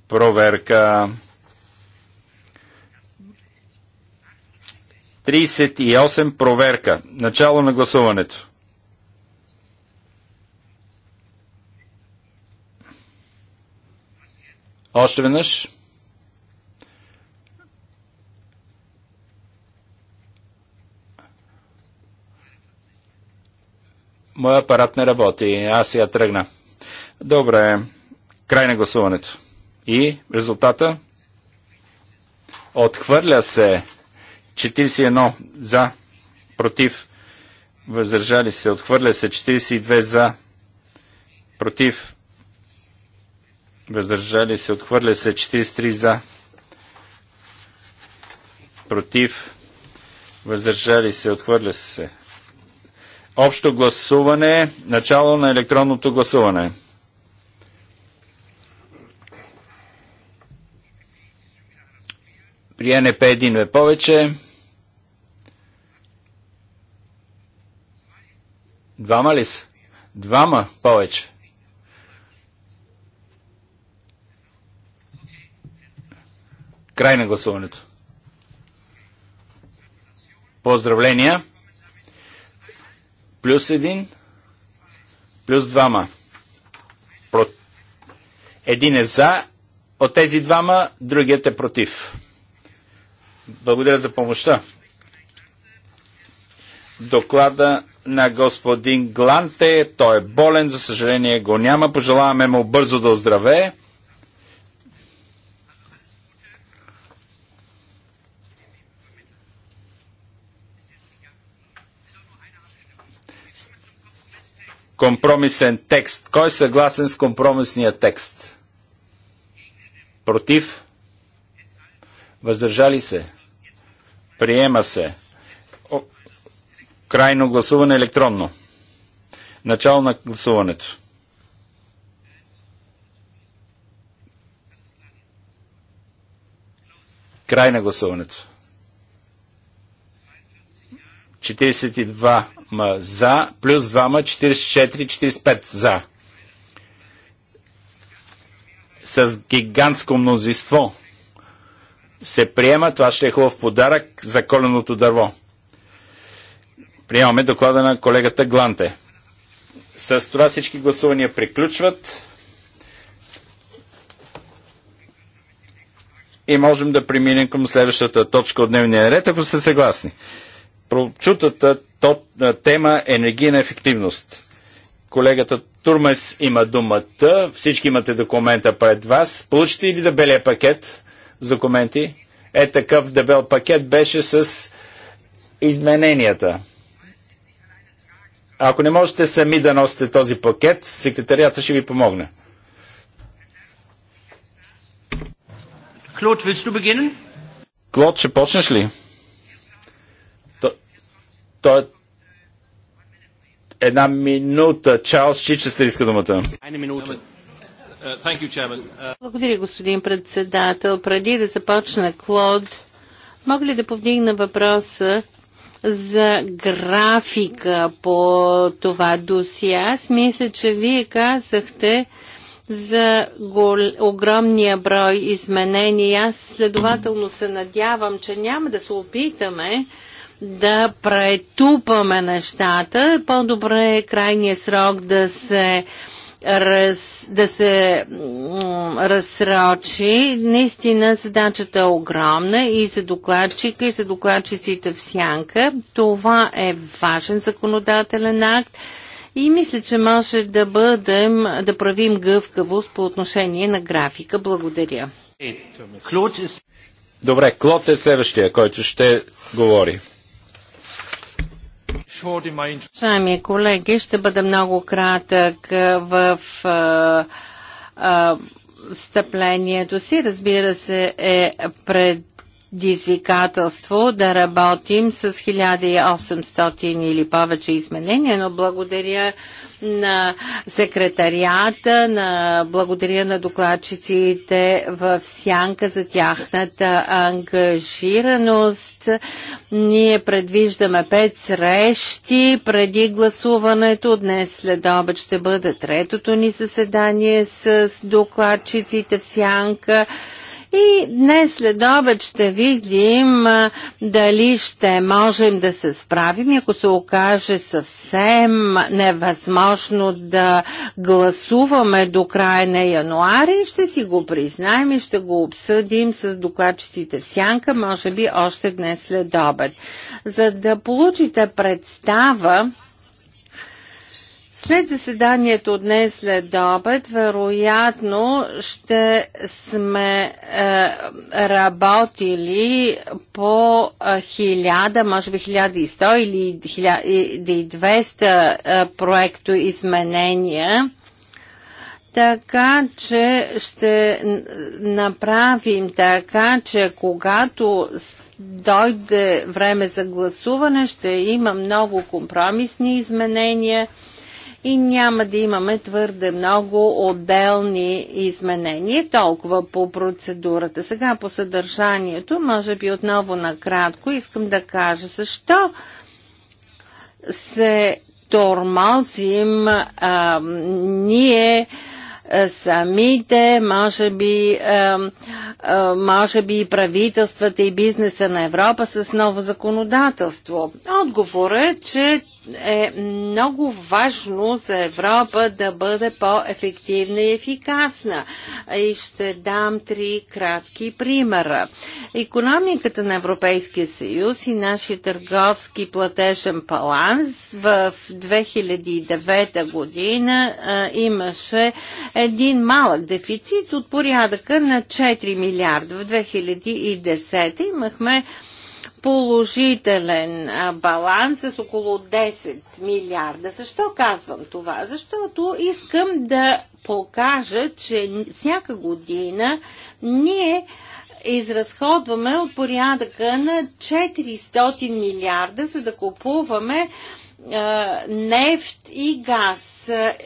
Проверка 38 проверка. Начало на гласуването. Още веднъж. Моя апарат не работи. Аз я тръгна. Добре. Край на гласуването. И резултата? Отхвърля се 41 за, против, въздържали се. Отхвърля се 42 за, против, въздържали се. Отхвърля се 43 за, против, въздържали се. Отхвърля се Общо гласуване. Начало на електронното гласуване. При НП един ве повече. Двама ли са? Двама повече. Край на гласуването. Поздравления! Плюс един, плюс двама. Про... Един е за, от тези двама, другият е против. Благодаря за помощта. Доклада на господин Гланте, той е болен, за съжаление го няма. Пожелаваме му бързо да оздравее. компромисен текст. Кой е съгласен с компромисния текст? Против? Въздържали се? Приема се. О, крайно гласуване електронно. Начало на гласуването. Край на гласуването. 42 за, плюс 2 ма 44, 45 за. С гигантско мнозинство се приема, това ще е хубав подарък за коленото дърво. Приемаме доклада на колегата Гланте. С това всички гласувания приключват. И можем да преминем към следващата точка от дневния ред, ако сте съгласни прочутата тема енергийна ефективност. Колегата Турмес има думата. Всички имате документа пред вас. Получите ли дебелия пакет с документи? Е такъв дебел пакет беше с измененията. Ако не можете сами да носите този пакет, секретарията ще ви помогне. Клод, Клод, ще почнеш ли? Той е една минута. Чарлз Чичестър иска думата. Uh, uh, Благодаря, господин председател. Преди да започна, Клод, мога ли да повдигна въпроса за графика по това доси Аз мисля, че вие казахте за гол... огромния брой изменения. Аз следователно се надявам, че няма да се опитаме да претупаме нещата. По-добре е крайният срок да се раз, да се разсрочи. Наистина задачата е огромна и за докладчика, и за докладчиците в сянка. Това е важен законодателен акт и мисля, че може да бъдем, да правим гъвкавост по отношение на графика. Благодаря. Добре, Клод е следващия, който ще говори. Сами колеги, ще бъда много кратък в а, а, встъплението си. Разбира се, е пред предизвикателство да работим с 1800 или повече изменения, но благодаря на секретарията, на, благодаря на докладчиците в Сянка за тяхната ангажираност. Ние предвиждаме пет срещи преди гласуването. Днес след обед ще бъде третото ни заседание с докладчиците в Сянка. И днес след обед ще видим дали ще можем да се справим, ако се окаже съвсем невъзможно да гласуваме до края на януари, ще си го признаем и ще го обсъдим с докладчиците в сянка, може би още днес след обед. За да получите представа след заседанието днес след обед, вероятно ще сме е, работили по 1000, е, може би 1100 или 1200 е, проекто изменения. Така че ще направим така, че когато дойде време за гласуване, ще има много компромисни изменения – и няма да имаме твърде много отделни изменения. Толкова по процедурата. Сега по съдържанието, може би отново накратко, искам да кажа защо се тормозим а, ние самите, може би, може би и правителствата и бизнеса на Европа с ново законодателство. Отговор е, че е много важно за Европа да бъде по-ефективна и ефикасна. И ще дам три кратки примера. Економиката на Европейския съюз и нашия търговски платежен баланс в 2009 година имаше един малък дефицит от порядъка на 4 милиарда. В 2010 имахме положителен баланс с около 10 милиарда. Защо казвам това? Защото искам да покажа, че всяка година ние изразходваме от порядъка на 400 милиарда, за да купуваме нефт и газ. Е,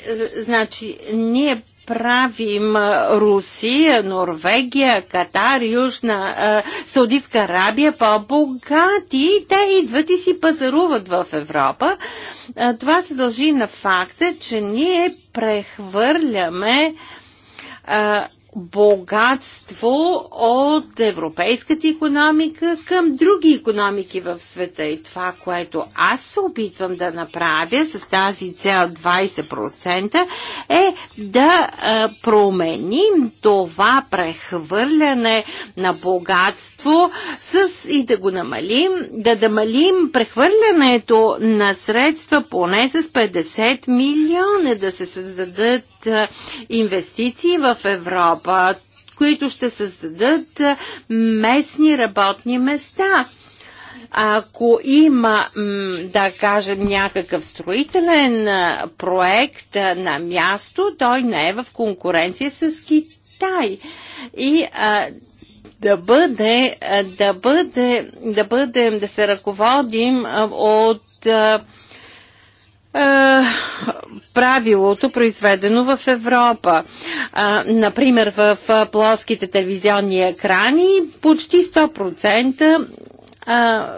значи, ние правим Русия, Норвегия, Катар, Южна Саудитска Арабия по-богати. Те идват и си пазаруват в Европа. Това се дължи на факта, че ние прехвърляме богатство от европейската економика към други економики в света. И това, което аз се опитвам да направя с тази цел 20% е да променим това прехвърляне на богатство с, и да го намалим, да намалим прехвърлянето на средства поне с 50 милиона, да се създадат е, инвестиции в Европа, които ще създадат е, местни работни места ако има, да кажем, някакъв строителен е, проект на място, той не е в конкуренция с Китай. И а, да бъде, да бъде, да бъдем, да се ръководим от а, е, правилото, произведено в Европа. А, например, в плоските телевизионни екрани почти 100% а,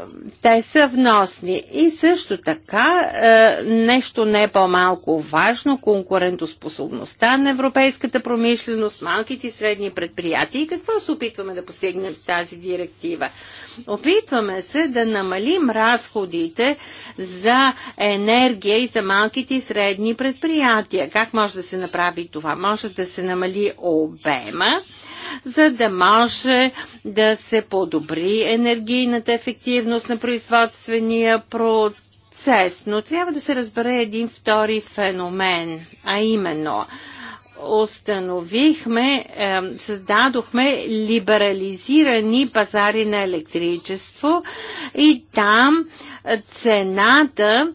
те са вносни. И също така, а, нещо не е по-малко важно, конкурентоспособността на европейската промишленост, малките и средни предприятия. И какво се опитваме да постигнем с тази директива? Опитваме се да намалим разходите за енергия и за малките и средни предприятия. Как може да се направи това? Може да се намали обема за да може да се подобри енергийната ефективност на производствения процес. Но трябва да се разбере един втори феномен, а именно установихме, създадохме либерализирани пазари на електричество и там е, цената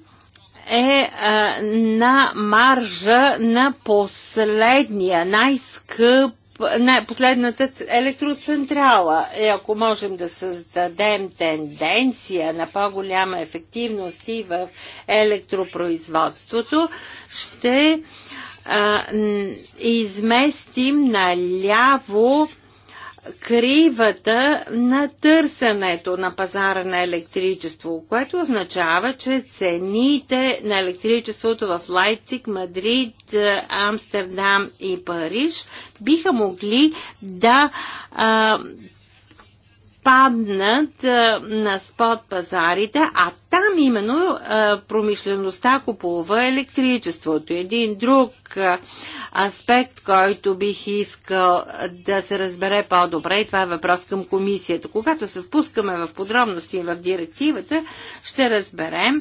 е а, е, на маржа на последния, най-скъп не, последната електроцентрала. И ако можем да създадем тенденция на по-голяма ефективност и в електропроизводството, ще а, изместим наляво кривата на търсенето на пазара на електричество, което означава, че цените на електричеството в Лайпциг, Мадрид, е, Амстердам и Париж биха могли да а, паднат на спот пазарите, а там именно промишлеността купува електричеството. Един друг аспект, който бих искал да се разбере по-добре и това е въпрос към комисията. Когато се спускаме в подробности в директивата, ще разберем,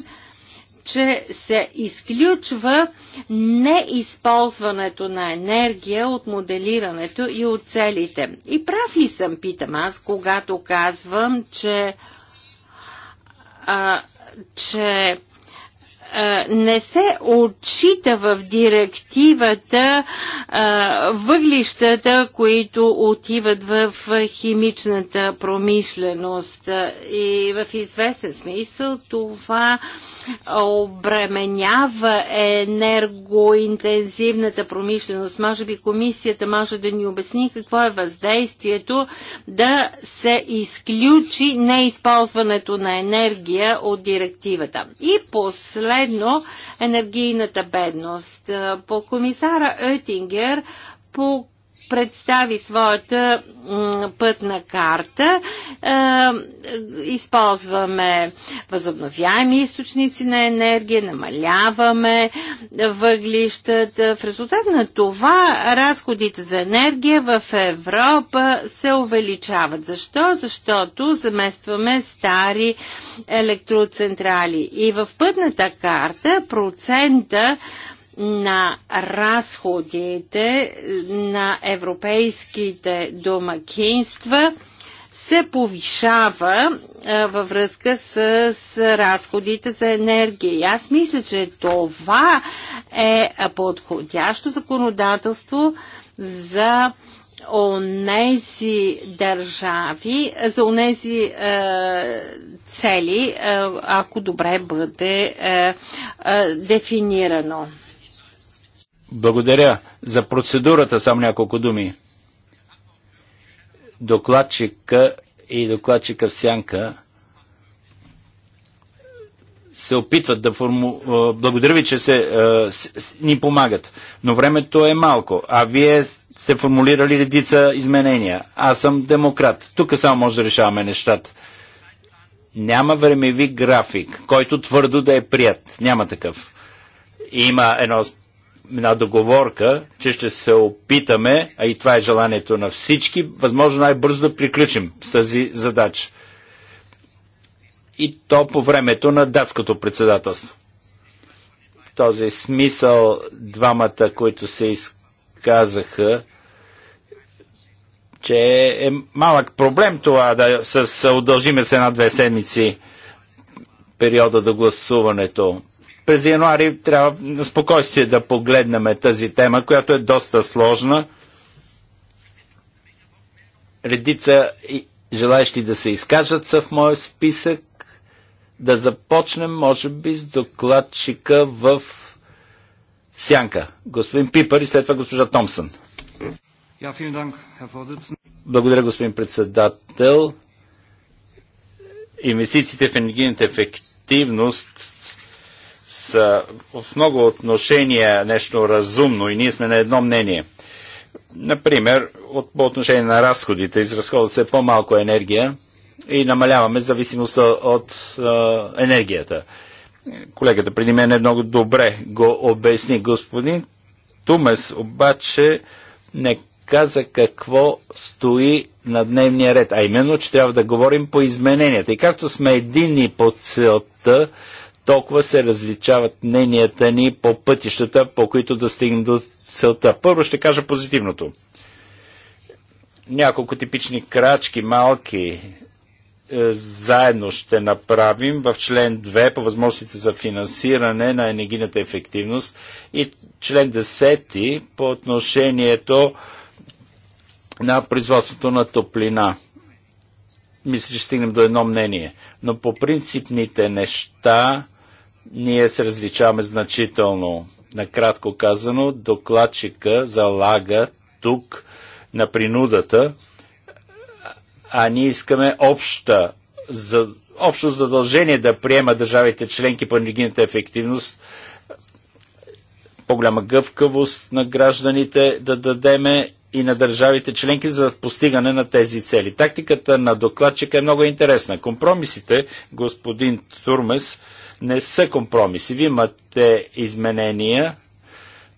че се изключва неизползването на енергия от моделирането и от целите. И прав ли съм, питам аз, когато казвам, че, а, че не се отчита в директивата въглищата, които отиват в химичната промишленост. И в известен смисъл това обременява енергоинтензивната промишленост. Може би комисията може да ни обясни какво е въздействието да се изключи неизползването на енергия от директивата. И последно заедно енергийната бедност. По комисара Оетингер по представи своята пътна карта. Използваме възобновяеми източници на енергия, намаляваме въглищата. В резултат на това разходите за енергия в Европа се увеличават. Защо? Защото заместваме стари електроцентрали. И в пътната карта процента на разходите на европейските домакинства се повишава а, във връзка с, с разходите за енергия. И аз мисля, че това е подходящо законодателство за онези държави, за онези е, цели, е, ако добре бъде е, е, дефинирано. Благодаря за процедурата, само няколко думи. Докладчика и докладчика в сянка се опитват да форму... Благодаря ви, че се, е, с, с, ни помагат. Но времето е малко, а вие сте формулирали редица изменения. Аз съм демократ. Тук само може да решаваме нещата. Няма времеви график, който твърдо да е прият. Няма такъв. Има едно една договорка, че ще се опитаме, а и това е желанието на всички, възможно най-бързо да приключим с тази задача. И то по времето на датското председателство. В този смисъл двамата, които се изказаха, че е малък проблем това да с удължиме с една-две седмици периода до гласуването през януари трябва на спокойствие да погледнем тази тема, която е доста сложна. Редица желаящи да се изкажат са в моя списък. Да започнем, може би, с докладчика в Сянка. Господин Пипър и след това госпожа Томсън. Благодаря, господин председател. Инвестициите в енергийната ефективност са в много отношения нещо разумно и ние сме на едно мнение. Например, от, по отношение на разходите, изразходва се по-малко енергия и намаляваме зависимостта от е, енергията. Колегата преди мен е много добре го обясни. Господин Тумес обаче не каза какво стои на дневния ред, а именно, че трябва да говорим по измененията. И както сме едини по целта, толкова се различават мненията ни по пътищата, по които да стигнем до целта. Първо ще кажа позитивното. Няколко типични крачки, малки, е, заедно ще направим в член 2 по възможностите за финансиране на енергийната ефективност и член 10 по отношението на производството на топлина. Мисля, че стигнем до едно мнение но по принципните неща ние се различаваме значително. Накратко казано, докладчика залага тук на принудата, а ние искаме обща, за, общо задължение да приема държавите членки по енергийната ефективност, по-голяма гъвкавост на гражданите да дадеме и на държавите членки за постигане на тези цели. Тактиката на докладчика е много интересна. Компромисите, господин Турмес, не са компромиси. Вие имате изменения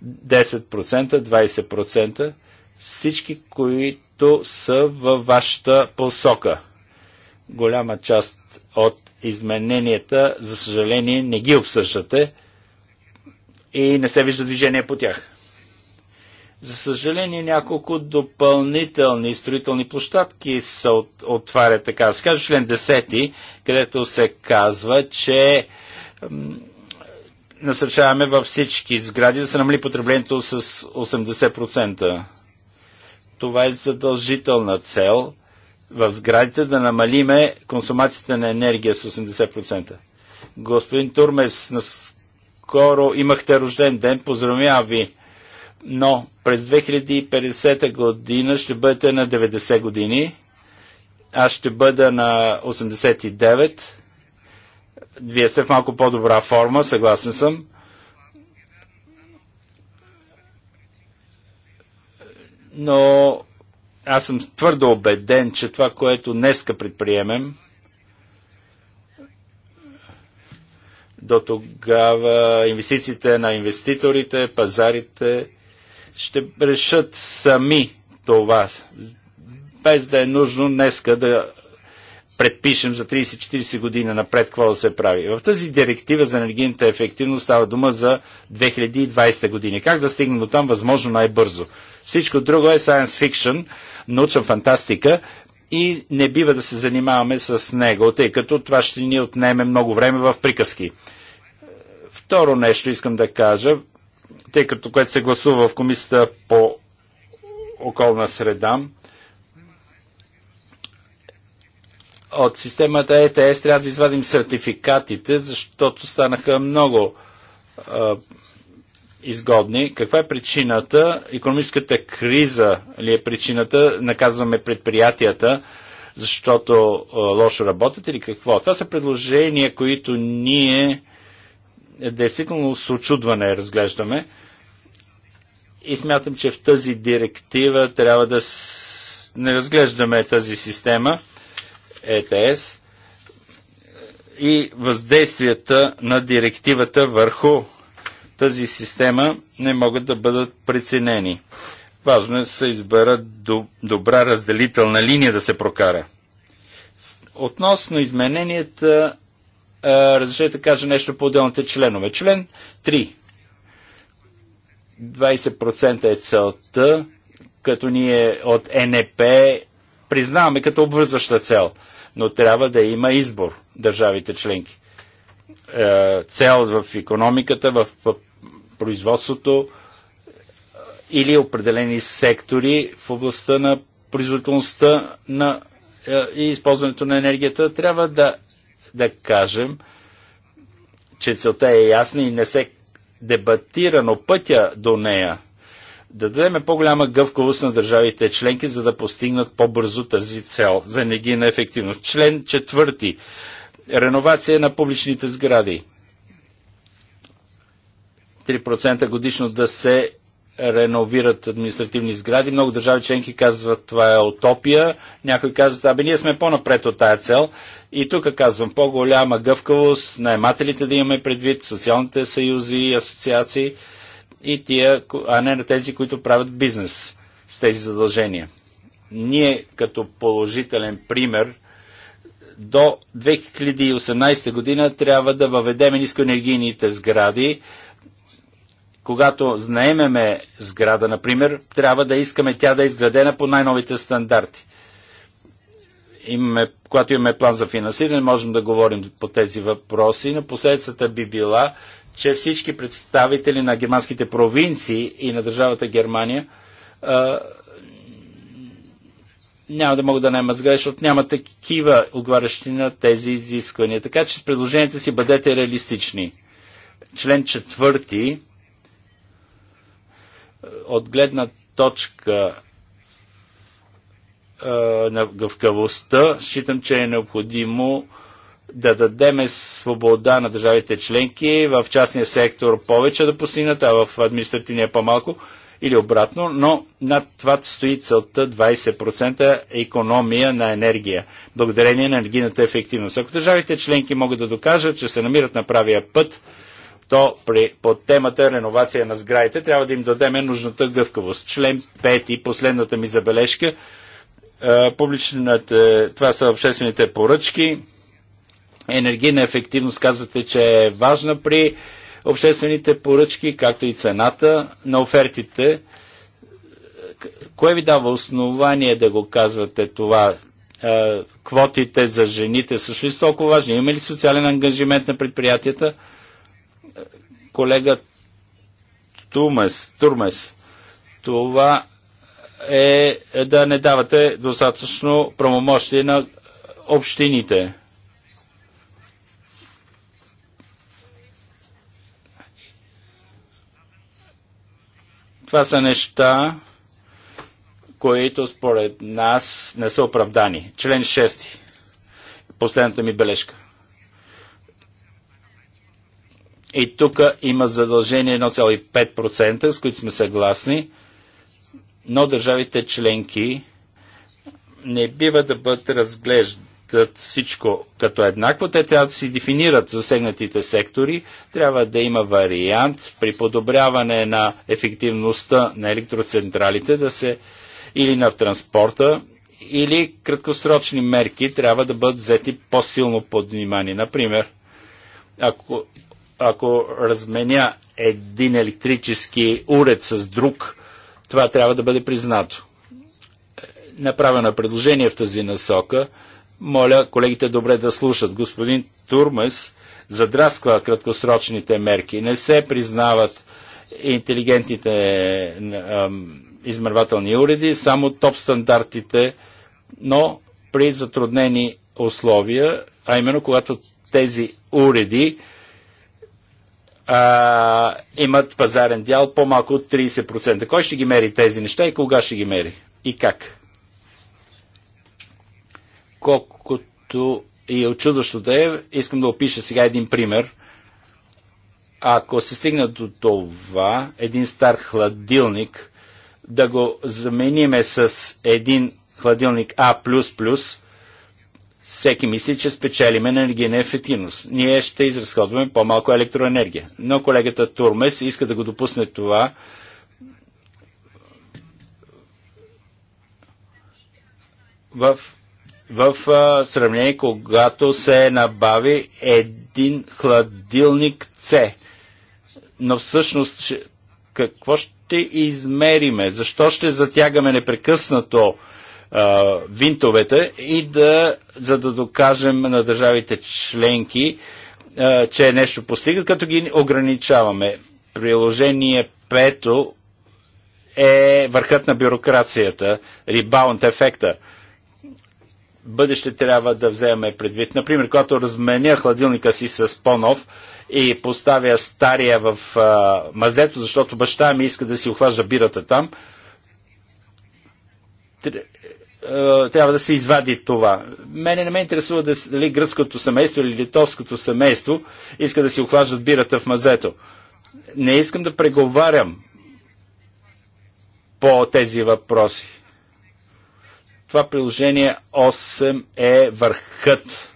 10%, 20%, всички, които са във вашата посока. Голяма част от измененията, за съжаление, не ги обсъждате и не се вижда движение по тях. За съжаление, няколко допълнителни строителни площадки се отварят, така да се каже, член 10, където се казва, че насърчаваме във всички сгради да се намали потреблението с 80%. Това е задължителна цел в сградите да намалиме консумацията на енергия с 80%. Господин Турмес, наскоро имахте рожден ден, поздравявам ви но през 2050 година ще бъдете на 90 години, аз ще бъда на 89. Вие сте в малко по-добра форма, съгласен съм. Но аз съм твърдо убеден, че това, което днеска предприемем, до тогава инвестициите на инвеститорите, пазарите, ще решат сами това, без да е нужно днеска да предпишем за 30-40 години напред какво да се прави. В тази директива за енергийната ефективност става дума за 2020 години. Как да стигнем до там възможно най-бързо? Всичко друго е science fiction, научна фантастика и не бива да се занимаваме с него, тъй като това ще ни отнеме много време в приказки. Второ нещо искам да кажа тъй като което се гласува в комисията по околна среда, от системата ЕТС трябва да извадим сертификатите, защото станаха много а, изгодни. Каква е причината? Економическата криза ли е причината? Наказваме предприятията, защото а, лошо работят или какво? Това са предложения, които ние е, действително с очудване разглеждаме и смятам, че в тази директива трябва да с... не разглеждаме тази система ЕТС и въздействията на директивата върху тази система не могат да бъдат преценени. Важно е да се избера добра разделителна линия да се прокара. Относно измененията е, разрешете да кажа нещо по отделните членове. Член 3. 20% е целта, като ние от НП признаваме като обвързваща цел, но трябва да има избор държавите членки. Е, цел в економиката, в производството или определени сектори в областта на производителността на е, и използването на енергията трябва да да кажем, че целта е ясна и не се дебатира, но пътя до нея да дадеме по-голяма гъвкавост на държавите членки, за да постигнат по-бързо тази цел за енергийна ефективност. Член четвърти. Реновация на публичните сгради. 3% годишно да се реновират административни сгради. Много държави членки казват, това е утопия. Някои казват, абе ние сме по-напред от тази цел. И тук казвам, по-голяма гъвкавост, наемателите да имаме предвид, социалните съюзи и асоциации и тия, а не на тези, които правят бизнес с тези задължения. Ние като положителен пример до 2018 година трябва да въведем нискоенергийните сгради когато знаемеме сграда, например, трябва да искаме тя да е изградена по най-новите стандарти. Имаме, когато имаме план за финансиране, можем да говорим по тези въпроси, но последствата би била, че всички представители на германските провинции и на държавата Германия а, няма да могат да наемат сгради, защото няма такива отговарящи на тези изисквания. Така че с предложенията си бъдете реалистични. Член четвърти от гледна точка е, на гъвкавостта, считам, че е необходимо да дадеме свобода на държавите членки, в частния сектор повече да постигнат, а в административния по-малко или обратно, но над това стои целта 20% економия на енергия, благодарение на енергийната ефективност. Ако държавите членки могат да докажат, че се намират на правия път, то при, под темата реновация на сградите трябва да им дадеме нужната гъвкавост. Член 5, последната ми забележка, е, публичната, това са обществените поръчки, енергийна ефективност казвате, че е важна при обществените поръчки, както и цената на офертите. Кое ви дава основание да го казвате това? Е, квотите за жените също ли са толкова важни? Има ли социален ангажимент на предприятията? колега Тумес, Турмес. Това е да не давате достатъчно правомощие на общините. Това са неща, които според нас не са оправдани. Член 6. Последната ми бележка. И тук има задължение 1,5%, с които сме съгласни, но държавите членки не бива да бъдат разглеждат всичко като еднакво. Те трябва да си дефинират засегнатите сектори. Трябва да има вариант при подобряване на ефективността на електроцентралите да се или на транспорта, или краткосрочни мерки трябва да бъдат взети по-силно под внимание. Например, ако ако разменя един електрически уред с друг, това трябва да бъде признато. Направено е предложение в тази насока. Моля колегите добре да слушат. Господин Турмес задрасква краткосрочните мерки. Не се признават интелигентните измервателни уреди, само топ стандартите, но при затруднени условия, а именно когато тези уреди а, имат пазарен дял по-малко от 30%. Кой ще ги мери тези неща и кога ще ги мери? И как? Колкото и очудващо да е, искам да опиша сега един пример. Ако се стигна до това, един стар хладилник, да го замениме с един хладилник А++, всеки мисли, че спечелиме на енергийна ефективност. Ние ще изразходваме по-малко електроенергия. Но колегата Турмес иска да го допусне това. В, в а, сравнение, когато се набави един хладилник С. Но всъщност какво ще измериме? Защо ще затягаме непрекъснато винтовете и да, за да докажем на държавите членки, а, че нещо постигат, като ги ограничаваме. Приложение пето е върхът на бюрокрацията, ребаунд ефекта. Бъдеще трябва да вземе предвид. Например, когато разменя хладилника си с понов и поставя стария в а, мазето, защото баща ми иска да си охлажда бирата там, е, трябва да се извади това. Мене не ме интересува дали гръцкото семейство или литовското семейство иска да си охлаждат бирата в мазето. Не искам да преговарям по тези въпроси. Това приложение 8 е върхът.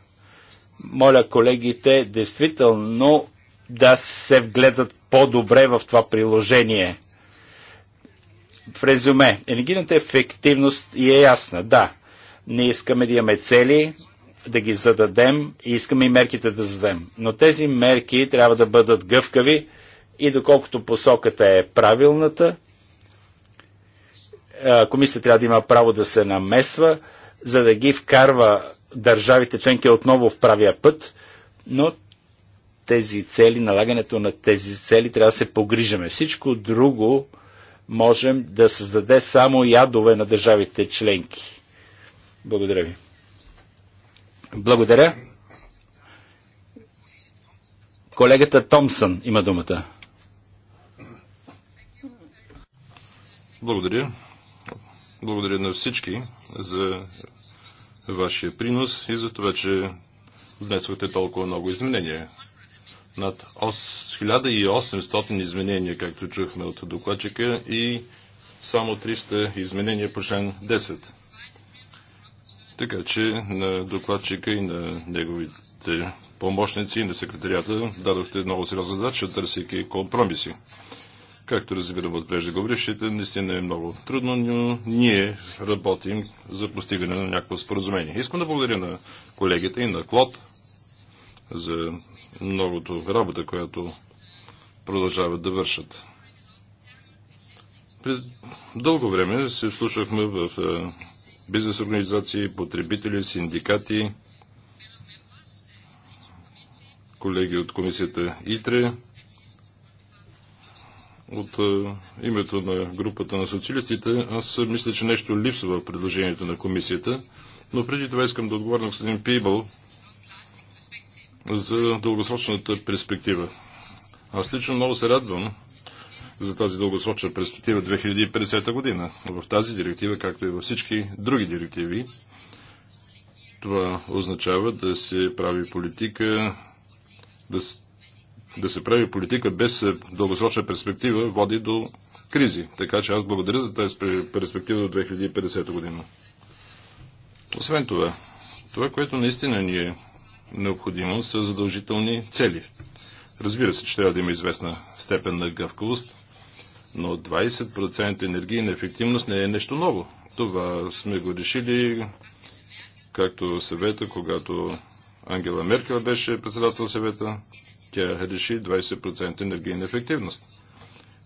Моля колегите действително да се вгледат по-добре в това приложение. В резюме, енергийната ефективност и е ясна. Да, не искаме да имаме цели, да ги зададем и искаме и мерките да зададем. Но тези мерки трябва да бъдат гъвкави и доколкото посоката е правилната, комисията трябва да има право да се намесва, за да ги вкарва държавите членки отново в правия път, но тези цели, налагането на тези цели трябва да се погрижаме. Всичко друго можем да създаде само ядове на държавите членки. Благодаря ви. Благодаря. Колегата Томсън има думата. Благодаря. Благодаря на всички за вашия принос и за това, че внесохте толкова много изменения над 1800 изменения, както чухме от докладчика, и само 300 изменения по член 10. Така че на докладчика и на неговите помощници и на секретарията дадохте много сериозна задача, търсейки компромиси. Както разбирам от преждеговорившите, наистина е много трудно, но ние работим за постигане на някакво споразумение. Искам да благодаря на колегите и на Клод за многото работа, която продължават да вършат. През дълго време се слушахме в е, бизнес организации, потребители, синдикати, колеги от комисията ИТРЕ, от е, името на групата на социалистите. Аз мисля, че нещо липсва в предложението на комисията, но преди това искам да отговоря на господин Пибъл, за дългосрочната перспектива. Аз лично много се радвам за тази дългосрочна перспектива 2050 година. В тази директива, както и във всички други директиви, това означава да се прави политика, да, да се прави политика без дългосрочна перспектива води до кризи. Така че аз благодаря за тази перспектива до 2050 година. Освен това, това, което наистина ни е необходимост са задължителни цели. Разбира се, че трябва да има известна степен на гъвкавост, но 20% енергийна ефективност не е нещо ново. Това сме го решили както съвета, когато Ангела Меркел беше председател съвета, тя реши 20% енергийна ефективност.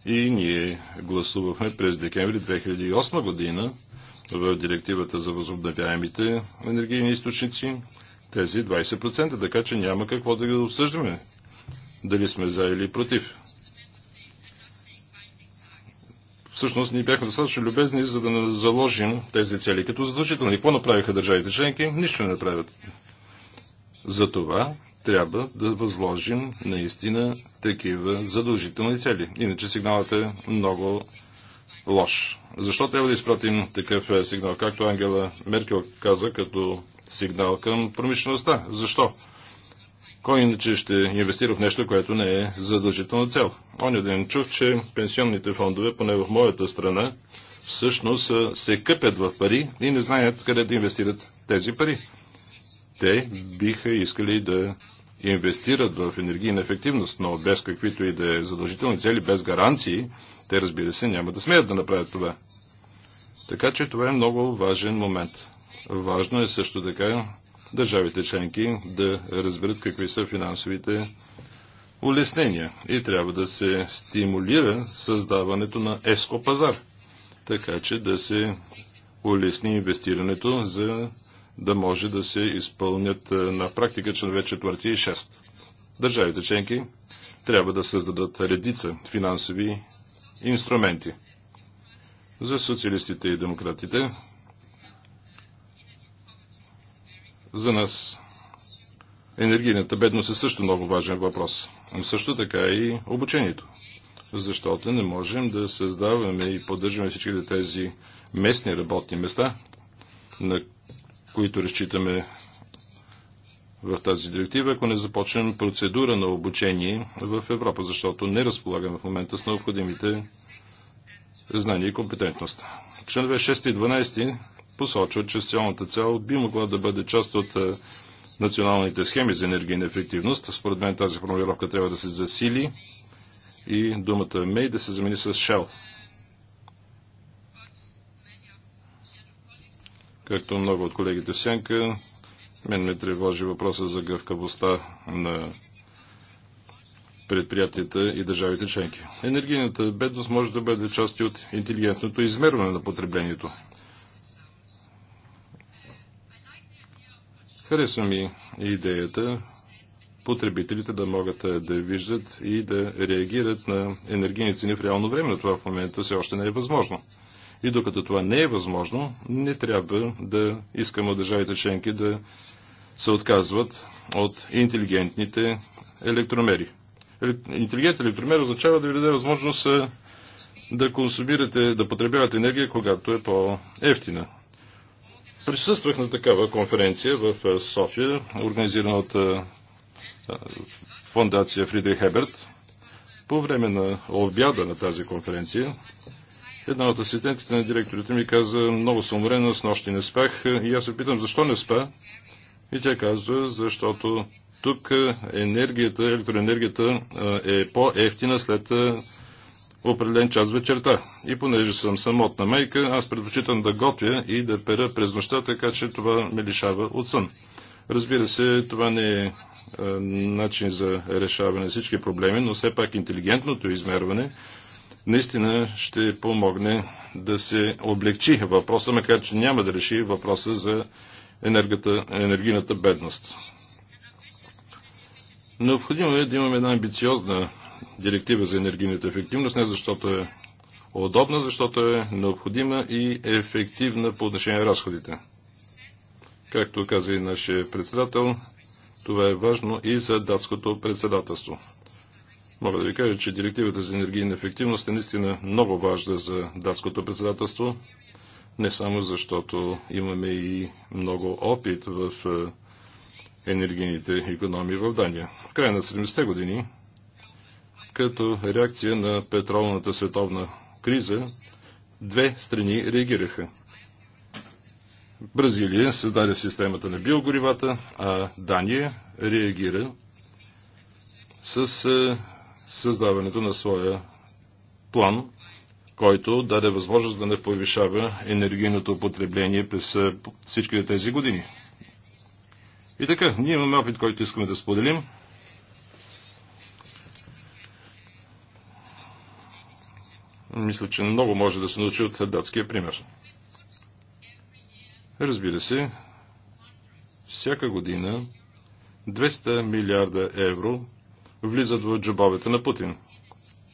И ние гласувахме през декември 2008 година в директивата за възобновяемите енергийни източници тези 20%, така че няма какво да ги обсъждаме. Дали сме за или против. Всъщност ние бяхме достатъчно любезни, за да заложим тези цели като задължителни. Какво направиха държавите членки? Нищо не направят. За това трябва да възложим наистина такива задължителни цели. Иначе сигналът е много лош. Защо трябва да изпратим такъв е, сигнал? Както Ангела Меркел каза, като сигнал към промишлеността. Защо? Кой иначе ще инвестира в нещо, което не е задължителна цел? Оня ден чух, че пенсионните фондове, поне в моята страна, всъщност се къпят в пари и не знаят къде да инвестират тези пари. Те биха искали да инвестират в енергийна ефективност, но без каквито и да е задължителни цели, без гаранции, те разбира се няма да смеят да направят това. Така че това е много важен момент. Важно е също така държавите членки да разберат какви са финансовите улеснения и трябва да се стимулира създаването на ЕСКО пазар, така че да се улесни инвестирането, за да може да се изпълнят е, на практика членове четвърти и 6. Държавите членки трябва да създадат редица финансови инструменти. За социалистите и демократите За нас енергийната бедност е също много важен въпрос. Но също така и обучението. Защото не можем да създаваме и поддържаме всички тези местни работни места, на които разчитаме в тази директива, ако не започнем процедура на обучение в Европа, защото не разполагаме в момента с необходимите знания и компетентност. Членове 6 и 12 посочват, че социалната цел би могла да бъде част от е, националните схеми за енергийна ефективност. Според мен тази формулировка трябва да се засили и думата Мей да се замени с Шел. Както много от колегите в Сянка, мен ме тревожи въпроса за гъвкавостта на предприятията и държавите членки. Енергийната бедност може да бъде част от интелигентното измерване на потреблението. Харесва ми идеята потребителите да могат да виждат и да реагират на енергийни цени в реално време, но това в момента все още не е възможно. И докато това не е възможно, не трябва да искаме от държавите членки да се отказват от интелигентните електромери. Интелигент електромер означава да ви даде възможност да консумирате, да потребявате енергия, когато е по-ефтина. Присъствах на такава конференция в София, организирана от фондация Фридрих Хеберт. По време на обяда на тази конференция, една от асистентите на директорите ми каза, много съм уморена, с нощи не спах. И аз се питам, защо не спа? И тя казва, защото тук енергията, електроенергията е по-ефтина след определен час вечерта. И понеже съм самотна майка, аз предпочитам да готвя и да пера през нощта, така че това ме лишава от сън. Разбира се, това не е начин за решаване на всички проблеми, но все пак интелигентното измерване наистина ще помогне да се облегчи въпроса, макар че няма да реши въпроса за енергийната бедност. Необходимо е да имаме една амбициозна директива за енергийната ефективност, не защото е удобна, защото е необходима и е ефективна по отношение на разходите. Както каза и нашия председател, това е важно и за датското председателство. Мога да ви кажа, че директивата за енергийна ефективност е наистина много важна за датското председателство, не само защото имаме и много опит в е, енергийните економии в Дания. В края на 70-те години като реакция на петролната световна криза, две страни реагираха. Бразилия създаде системата на биогоривата, а Дания реагира с е, създаването на своя план, който даде възможност да не повишава енергийното потребление през е, всичките тези години. И така, ние имаме опит, който искаме да споделим. Мисля, че много може да се научи от датския пример. Разбира се, всяка година 200 милиарда евро влизат в джобовете на Путин.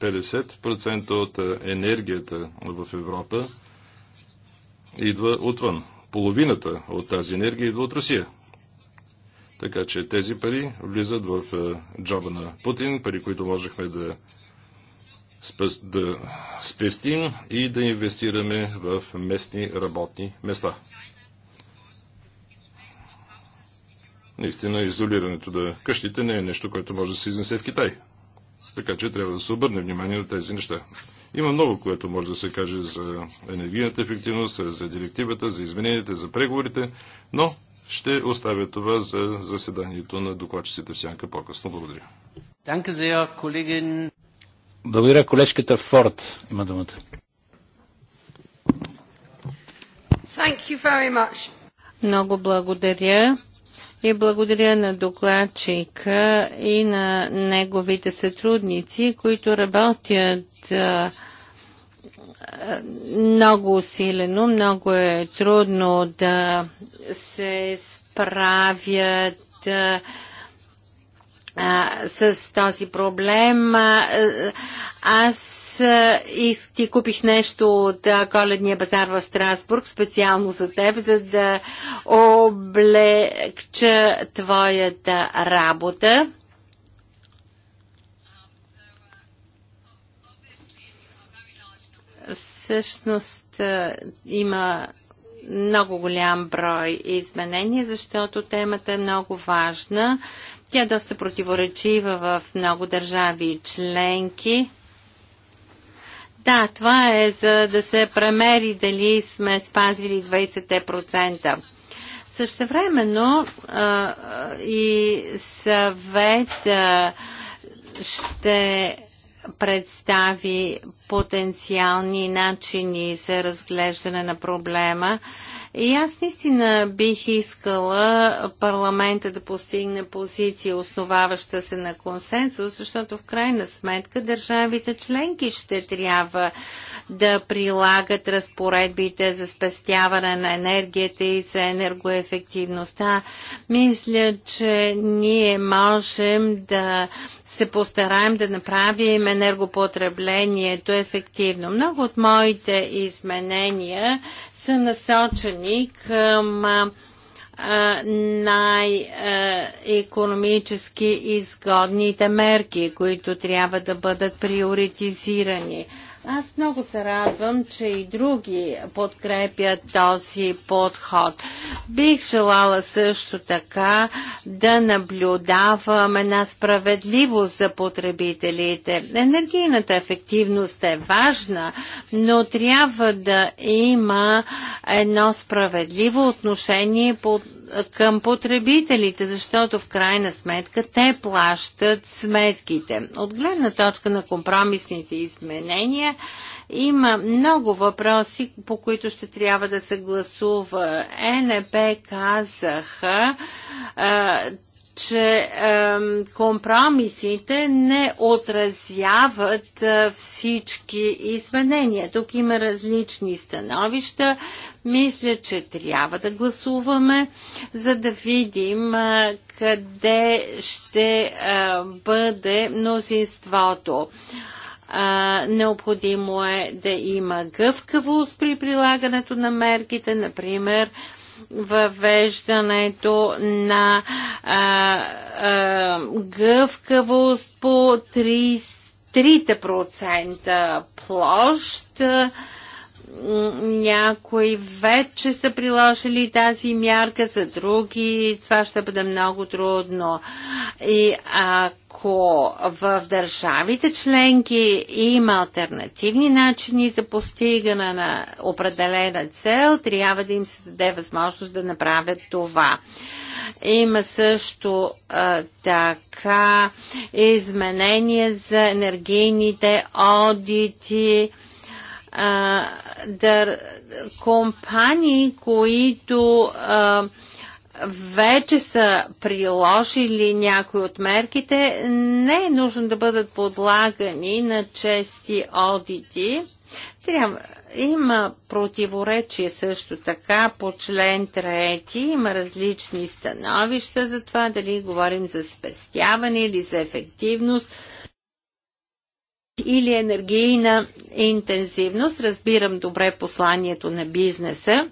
50% от енергията в Европа идва отвън. Половината от тази енергия идва от Русия. Така че тези пари влизат в е, джоба на Путин, пари, които можехме да да спестим и да инвестираме в местни работни места. Наистина, изолирането да къщите не е нещо, което може да се изнесе в Китай. Така че трябва да се обърне внимание на тези неща. Има много, което може да се каже за енергийната ефективност, за директивата, за измененията, за преговорите, но ще оставя това за заседанието на докладчиците в Сянка по-късно. Благодаря. Благодаря колежката Форд. Има думата. Thank you very much. Много благодаря и благодаря на докладчика и на неговите сътрудници, които работят много усилено, много е трудно да се справят Да а, с този проблем. А, аз ти купих нещо от а, коледния базар в Страсбург специално за теб, за да облегча твоята работа. Всъщност има много голям брой изменения, защото темата е много важна. Тя е доста противоречива в много държави и членки. Да, това е за да се премери дали сме спазили 20%. Същевременно времено и съвет ще представи потенциални начини за разглеждане на проблема и аз наистина бих искала парламента да постигне позиция, основаваща се на консенсус, защото в крайна сметка държавите членки ще трябва да прилагат разпоредбите за спестяване на енергията и за енергоефективността. Мисля, че ние можем да се постараем да направим енергопотреблението ефективно. Много от моите изменения са насочени към най-економически изгодните мерки, които трябва да бъдат приоритизирани. Аз много се радвам, че и други подкрепят този подход. Бих желала също така да наблюдавам една справедливост за потребителите. Енергийната ефективност е важна, но трябва да има едно справедливо отношение по към потребителите, защото в крайна сметка те плащат сметките. От гледна точка на компромисните изменения има много въпроси, по които ще трябва да се гласува. ЕНП казаха, че компромисите не отразяват е, всички изменения. Тук има различни становища. Мисля, че трябва да гласуваме, за да видим е, къде ще е, бъде мнозинството. необходимо е да има гъвкавост при прилагането на мерките, например въвеждането на а, а, гъвкавост по 3, 3% площ. Някои вече са приложили тази мярка, за други това ще бъде много трудно. И ако ако в държавите членки има альтернативни начини за постигане на определена цел, трябва да им се даде възможност да направят това. Има също а, така изменения за енергийните одити да, компании, които а, вече са приложили някои от мерките, не е нужно да бъдат подлагани на чести одити. Трябва, има противоречие също така по член 3. Има различни становища за това, дали говорим за спестяване или за ефективност или енергийна интензивност. Разбирам добре посланието на бизнеса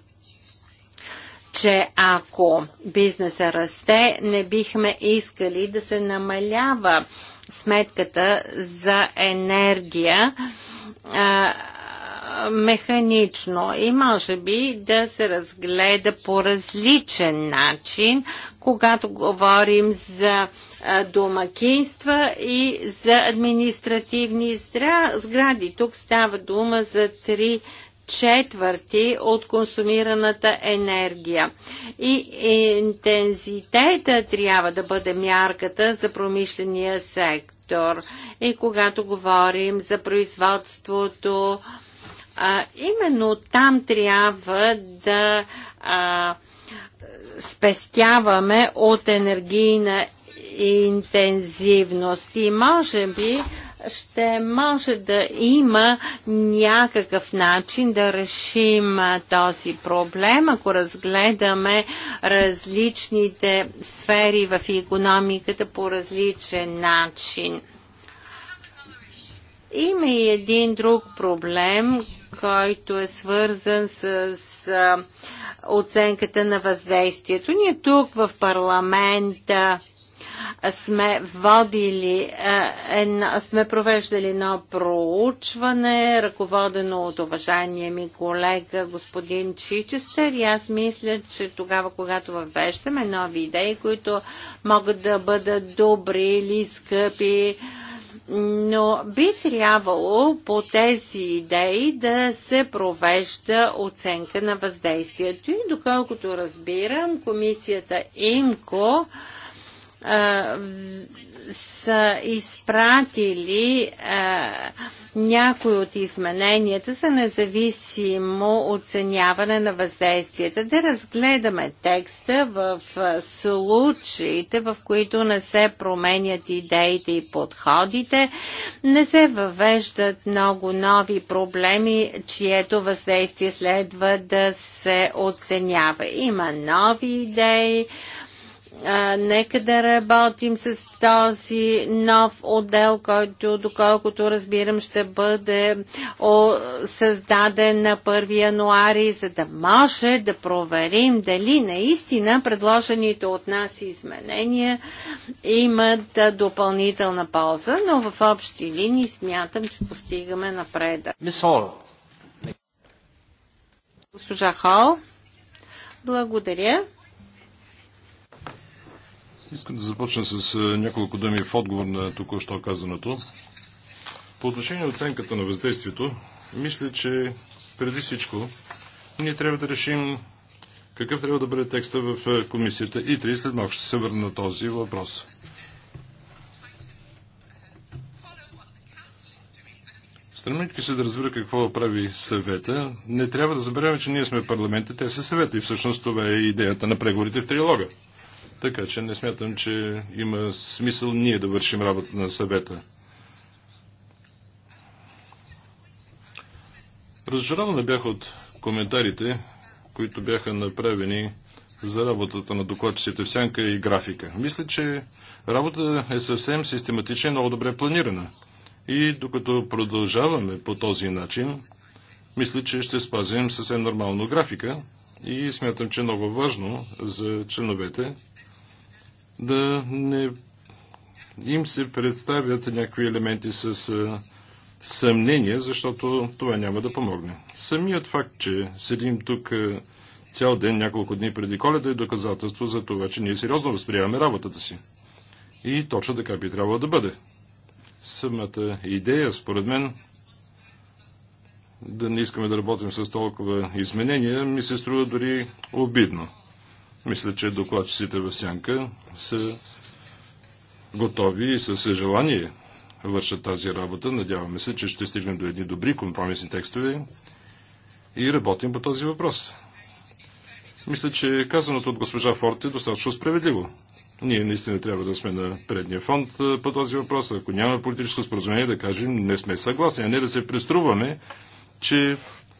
че ако бизнеса расте, не бихме искали да се намалява сметката за енергия а, механично и може би да се разгледа по различен начин, когато говорим за домакинства и за административни сгради. Тук става дума за три четвърти от консумираната енергия. И интензитета трябва да бъде мярката за промишления сектор. И когато говорим за производството, а, именно там трябва да а, спестяваме от енергийна интензивност. И може би ще може да има някакъв начин да решим този проблем, ако разгледаме различните сфери в економиката по различен начин. Има и един друг проблем, който е свързан с, с оценката на въздействието. Ние тук в парламента сме водили, е, сме провеждали едно проучване, ръководено от уважания ми колега господин Чичестър и аз мисля, че тогава, когато въвеждаме нови идеи, които могат да бъдат добри или скъпи, но би трябвало по тези идеи да се провежда оценка на въздействието. И доколкото разбирам, комисията ИМКО са изпратили а, някои от измененията за независимо оценяване на въздействията. Да разгледаме текста в случаите, в които не се променят идеите и подходите, не се въвеждат много нови проблеми, чието въздействие следва да се оценява. Има нови идеи, нека да работим с този нов отдел, който, доколкото разбирам, ще бъде създаден на 1 януари, за да може да проверим дали наистина предложените от нас изменения имат допълнителна полза, но в общи линии смятам, че постигаме напредък. Госпожа Хол, благодаря. Искам да започна с няколко думи в отговор на току-що казаното. По отношение оценката на въздействието, мисля, че преди всичко ние трябва да решим какъв трябва да бъде текста в комисията и 30 след малко ще се върна на този въпрос. Стремейки се да разбира какво прави съвета, не трябва да забравяме, че ние сме парламент и те са съвета. И всъщност това е идеята на преговорите в трилога. Така че не смятам, че има смисъл ние да вършим работа на съвета. Разжарован бях от коментарите, които бяха направени за работата на докладчиците в сянка и графика. Мисля, че работа е съвсем систематична и много добре планирана. И докато продължаваме по този начин, мисля, че ще спазим съвсем нормално графика и смятам, че е много важно за членовете да не им се представят някакви елементи с съмнение, защото това няма да помогне. Самият факт, че седим тук цял ден, няколко дни преди коледа е доказателство за това, че ние сериозно възприемаме работата си. И точно така би трябвало да бъде. Самата идея, според мен, да не искаме да работим с толкова изменения, ми се струва дори обидно. Мисля, че докладчиците в Сянка са готови и със желание вършат тази работа. Надяваме се, че ще стигнем до едни добри компромисни текстове и работим по този въпрос. Мисля, че казаното от госпожа Форт е достатъчно справедливо. Ние наистина трябва да сме на предния фонд по този въпрос. Ако няма политическо споразумение, да кажем не сме съгласни, а не да се преструваме, че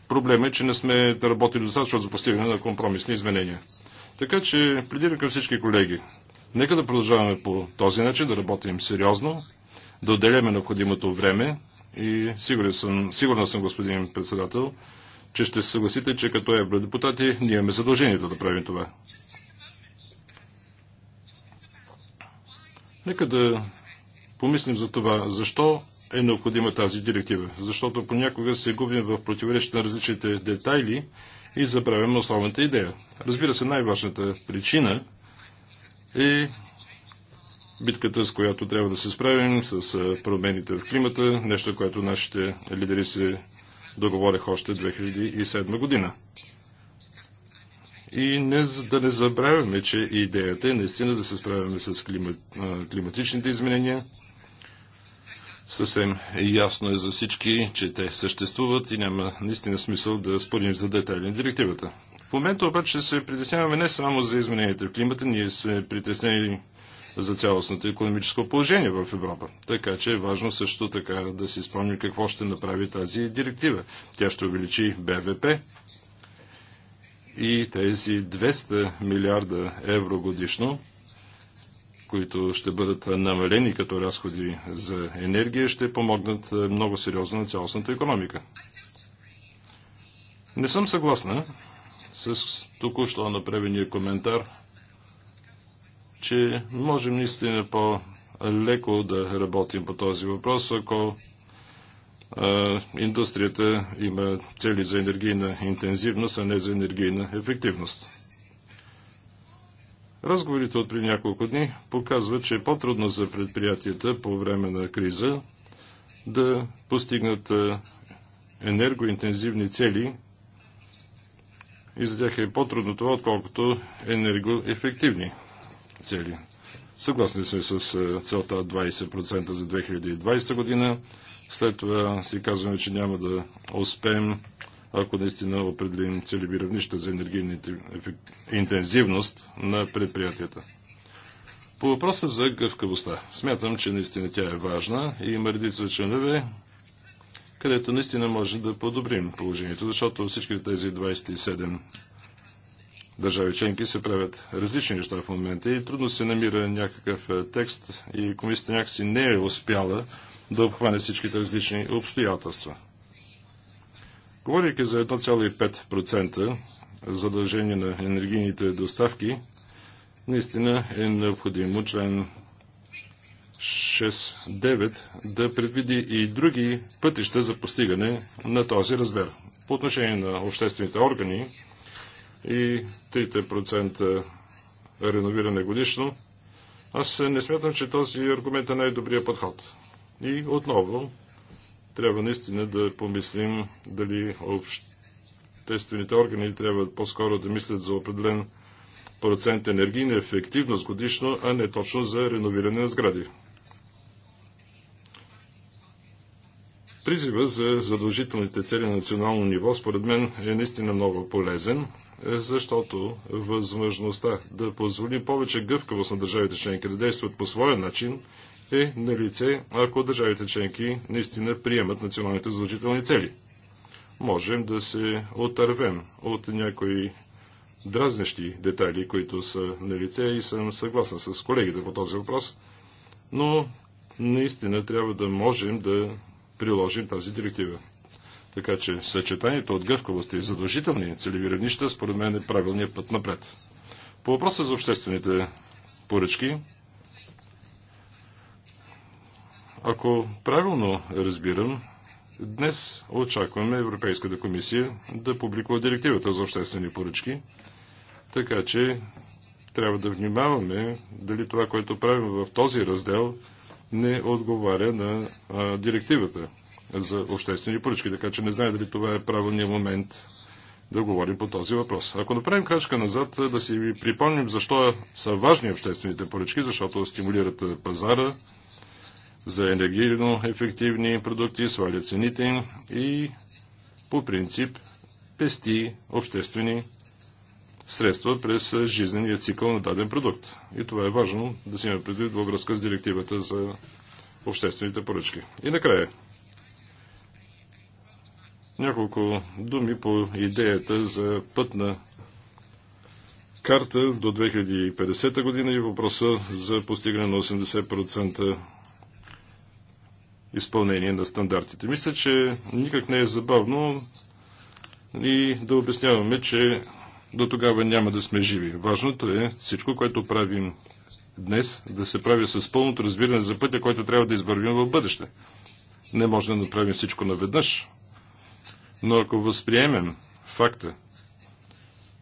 проблемът, е, че не сме работили достатъчно за постигане на компромисни изменения. Така че пледирам към всички колеги. Нека да продължаваме по този начин, да работим сериозно, да отделяме необходимото време и сигурен съм, сигурна съм, господин председател, че ще се съгласите, че като евродепутати ние имаме задължението да правим това. Нека да помислим за това, защо е необходима тази директива. Защото понякога се губим в противоречие на различните детайли и забравяме основната идея. Разбира се, най-важната причина е битката, с която трябва да се справим, с промените в климата, нещо, което нашите лидери се договорих още 2007 година. И не, да не забравяме, че идеята е наистина да се справяме с климат, климатичните изменения, Съвсем ясно е за всички, че те съществуват и няма наистина смисъл да спорим за детайли на директивата. В момента обаче се притесняваме не само за измененията в климата, ние сме притеснени за цялостното економическо положение в Европа. Така че е важно също така да си спомним какво ще направи тази директива. Тя ще увеличи БВП и тези 200 милиарда евро годишно които ще бъдат намалени като разходи за енергия, ще помогнат е, много сериозно на цялостната економика. Не съм съгласна с току-що направения коментар, че можем наистина по-леко да работим по този въпрос, ако а, е, индустрията има цели за енергийна интензивност, а не за енергийна ефективност. Разговорите от преди няколко дни показват, че е по-трудно за предприятията по време на криза да постигнат енергоинтензивни цели и за тях е по-трудно това, отколкото енергоефективни цели. Съгласни сме с целта 20% за 2020 година. След това си казваме, че няма да успеем ако наистина определим целеви равнища за енергийна интензивност на предприятията. По въпроса за гъвкавостта. Смятам, че наистина тя е важна и има редица членове, където наистина може да подобрим положението, защото всички тези 27 държави членки се правят различни неща в момента и трудно се намира някакъв е, текст и комисията някакси не е успяла да обхване всичките различни обстоятелства. Говорейки за 1,5% задължение на енергийните доставки, наистина е необходимо член 6.9 да предвиди и други пътища за постигане на този размер. По отношение на обществените органи и 3% реновиране годишно, аз не смятам, че този аргумент е най-добрият подход. И отново трябва наистина да помислим дали обществените органи трябва по-скоро да мислят за определен процент енергийна ефективност годишно, а не точно за реновиране на сгради. Призива за задължителните цели на национално ниво, според мен, е наистина много полезен, защото възможността да позволим повече гъвкавост на държавите членки да действат по своя начин е на лице, ако държавите членки наистина приемат националните задължителни цели. Можем да се отървем от някои дразнещи детайли, които са на лице и съм съгласен с колегите по този въпрос, но наистина трябва да можем да приложим тази директива. Така че съчетанието от гъвкавости и задължителни целеви равнища, според мен е правилният път напред. По въпроса за обществените поръчки, Ако правилно разбирам, днес очакваме Европейската комисия да публикува директивата за обществени поръчки, така че трябва да внимаваме дали това, което правим в този раздел, не отговаря на директивата за обществени поръчки. Така че не знае дали това е правилният момент да говорим по този въпрос. Ако направим крачка назад, да си ви припомним защо са важни обществените поръчки, защото стимулират пазара, за енергийно ефективни продукти, сваля цените им и по принцип пести обществени средства през жизнения цикъл на даден продукт. И това е важно да си има предвид във връзка с директивата за обществените поръчки. И накрая, няколко думи по идеята за пътна карта до 2050 година и въпроса за постигане на 80% изпълнение на стандартите. Мисля, че никак не е забавно и да обясняваме, че до тогава няма да сме живи. Важното е всичко, което правим днес, да се прави с пълното разбиране за пътя, който трябва да избървим в бъдеще. Не може да направим всичко наведнъж, но ако възприемем факта,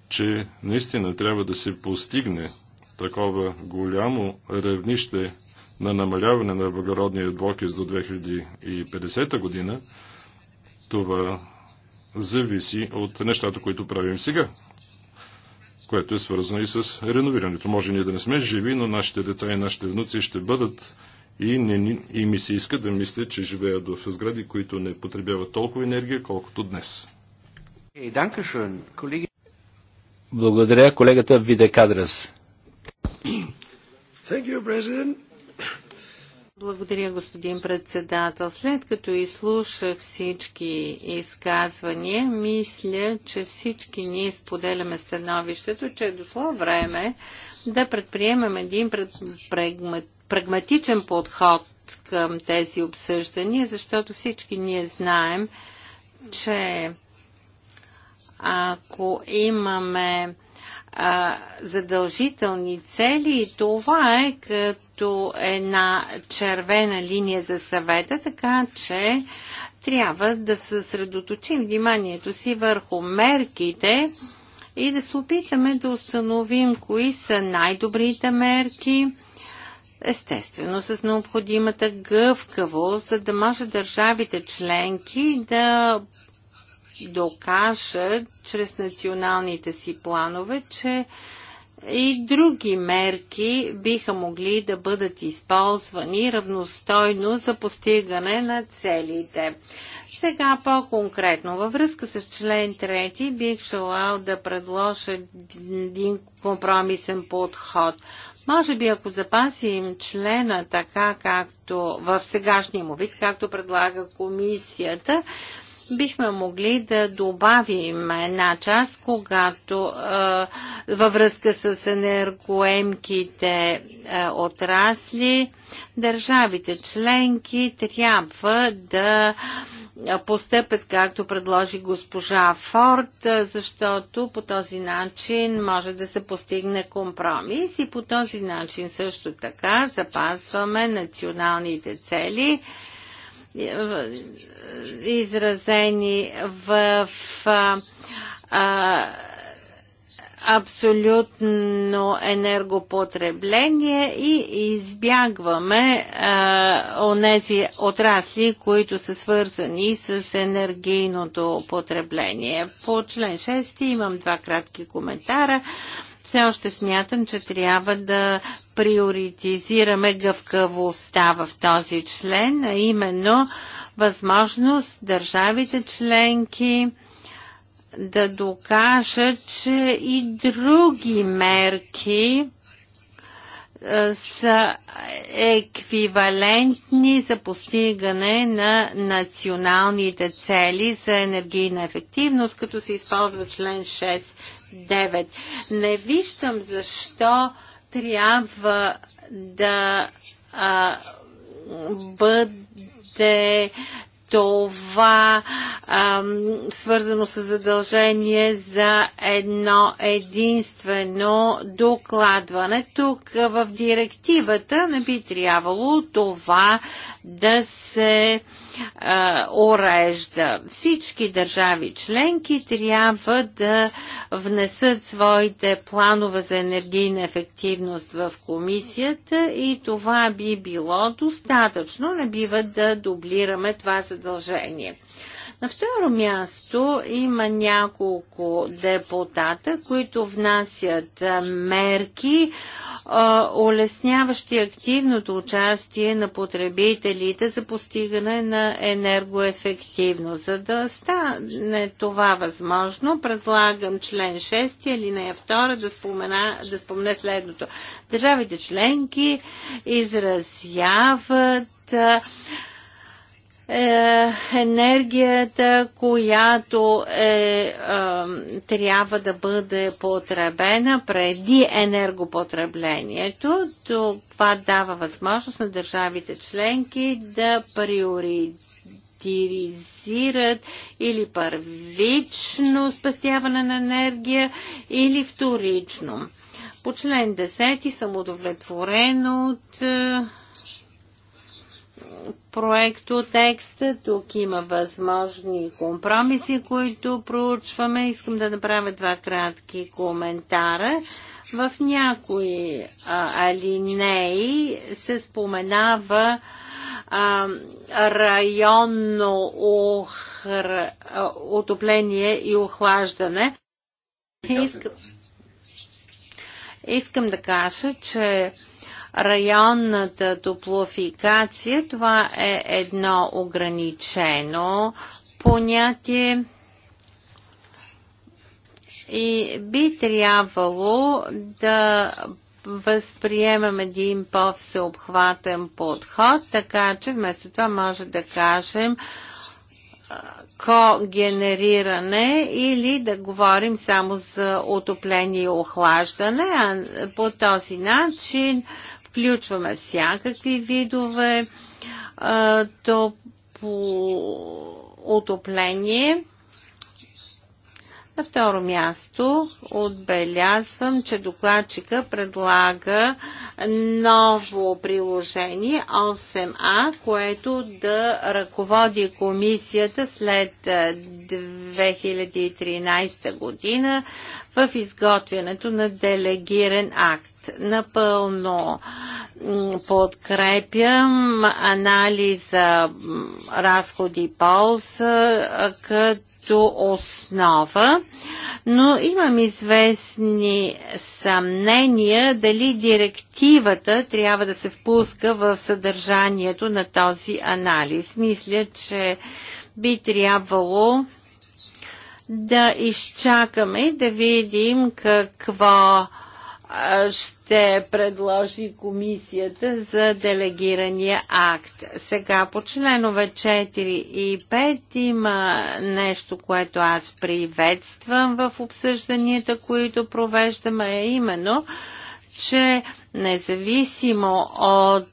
че наистина трябва да се постигне такова голямо равнище на намаляване на въглеродния двокис до 2050 година, това зависи от нещата, които правим сега, което е свързано и с реновирането. Може ние да не сме живи, но нашите деца и нашите внуци ще бъдат и, не, и ми се иска да мисля, че живеят в сгради, които не потребяват толкова енергия, колкото днес. Е, Благодаря, колегата Виде Кадрас. You, благодаря, господин председател. След като изслушах всички изказвания, мисля, че всички ние споделяме становището, че е дошло време да предприемем един прагматичен подход към тези обсъждания, защото всички ние знаем, че ако имаме а, задължителни цели и това е като една червена линия за съвета, така че трябва да съсредоточим вниманието си върху мерките и да се опитаме да установим кои са най-добрите мерки, естествено с необходимата гъвкавост, за да може държавите членки да докажат чрез националните си планове, че и други мерки биха могли да бъдат използвани равностойно за постигане на целите. Сега по-конкретно, във връзка с член 3 бих желал да предложа един компромисен подход. Може би ако запасим члена така, както в сегашния му вид, както предлага комисията, бихме могли да добавим една част, когато във връзка с енергоемките отрасли, държавите членки трябва да постъпят, както предложи госпожа Форд, защото по този начин може да се постигне компромис и по този начин също така запазваме националните цели изразени в а, абсолютно енергопотребление и избягваме а, онези отрасли, които са свързани с енергийното потребление. По член 6 имам два кратки коментара. Все още смятам, че трябва да приоритизираме гъвкавостта в този член, а именно възможност държавите членки да докажат, че и други мерки са еквивалентни за постигане на националните цели за енергийна ефективност, като се използва член 6 9. Не виждам защо трябва да а, бъде това а, свързано с задължение за едно единствено докладване. Тук в директивата не би трябвало това да се а, урежда. Всички държави членки трябва да внесат своите планове за енергийна ефективност в комисията и това би било достатъчно. Не бива да дублираме това задължение. На второ място има няколко депутата, които внасят мерки, улесняващи активното участие на потребителите за постигане на енергоефективно. За да стане това възможно, предлагам член 6 или не 2 да спомена, да спомне следното. Държавите членки изразяват е, енергията, която е, е, трябва да бъде потребена преди енергопотреблението. Това дава възможност на държавите членки да приоритизират или първично спестяване на енергия или вторично. По член 10 съм удовлетворен от е, проекто текста. Тук има възможни компромиси, които проучваме. Искам да направя два кратки коментара. В някои а, алинеи се споменава а, районно охр... отопление и охлаждане. Искам, искам да кажа, че районната топлофикация, това е едно ограничено понятие и би трябвало да възприемам един по-всеобхватен подход, така че вместо това може да кажем когенериране или да говорим само за отопление и охлаждане, а по този начин включваме всякакви видове а, по отопление. На второ място отбелязвам, че докладчика предлага ново приложение 8А, което да ръководи комисията след 2013 година в изготвянето на делегиран акт. Напълно подкрепям анализа разходи полза като основа, но имам известни съмнения дали директивата трябва да се впуска в съдържанието на този анализ. Мисля, че би трябвало да изчакаме и да видим какво ще предложи комисията за делегирания акт. Сега по членове 4 и 5 има нещо, което аз приветствам в обсъжданията, които провеждаме, е именно, че независимо от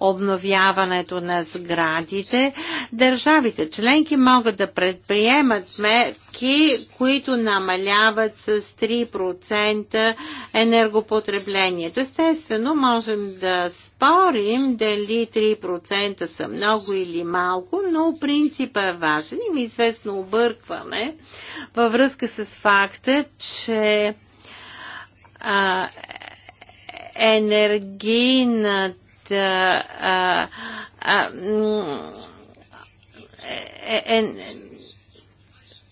обновяването на сградите, държавите членки могат да предприемат мерки, които намаляват с 3% енергопотреблението. Естествено, можем да спорим дали 3% са много или малко, но принципът е важен и ми е известно объркваме във връзка с факта, че енергийната а, а, е, е, е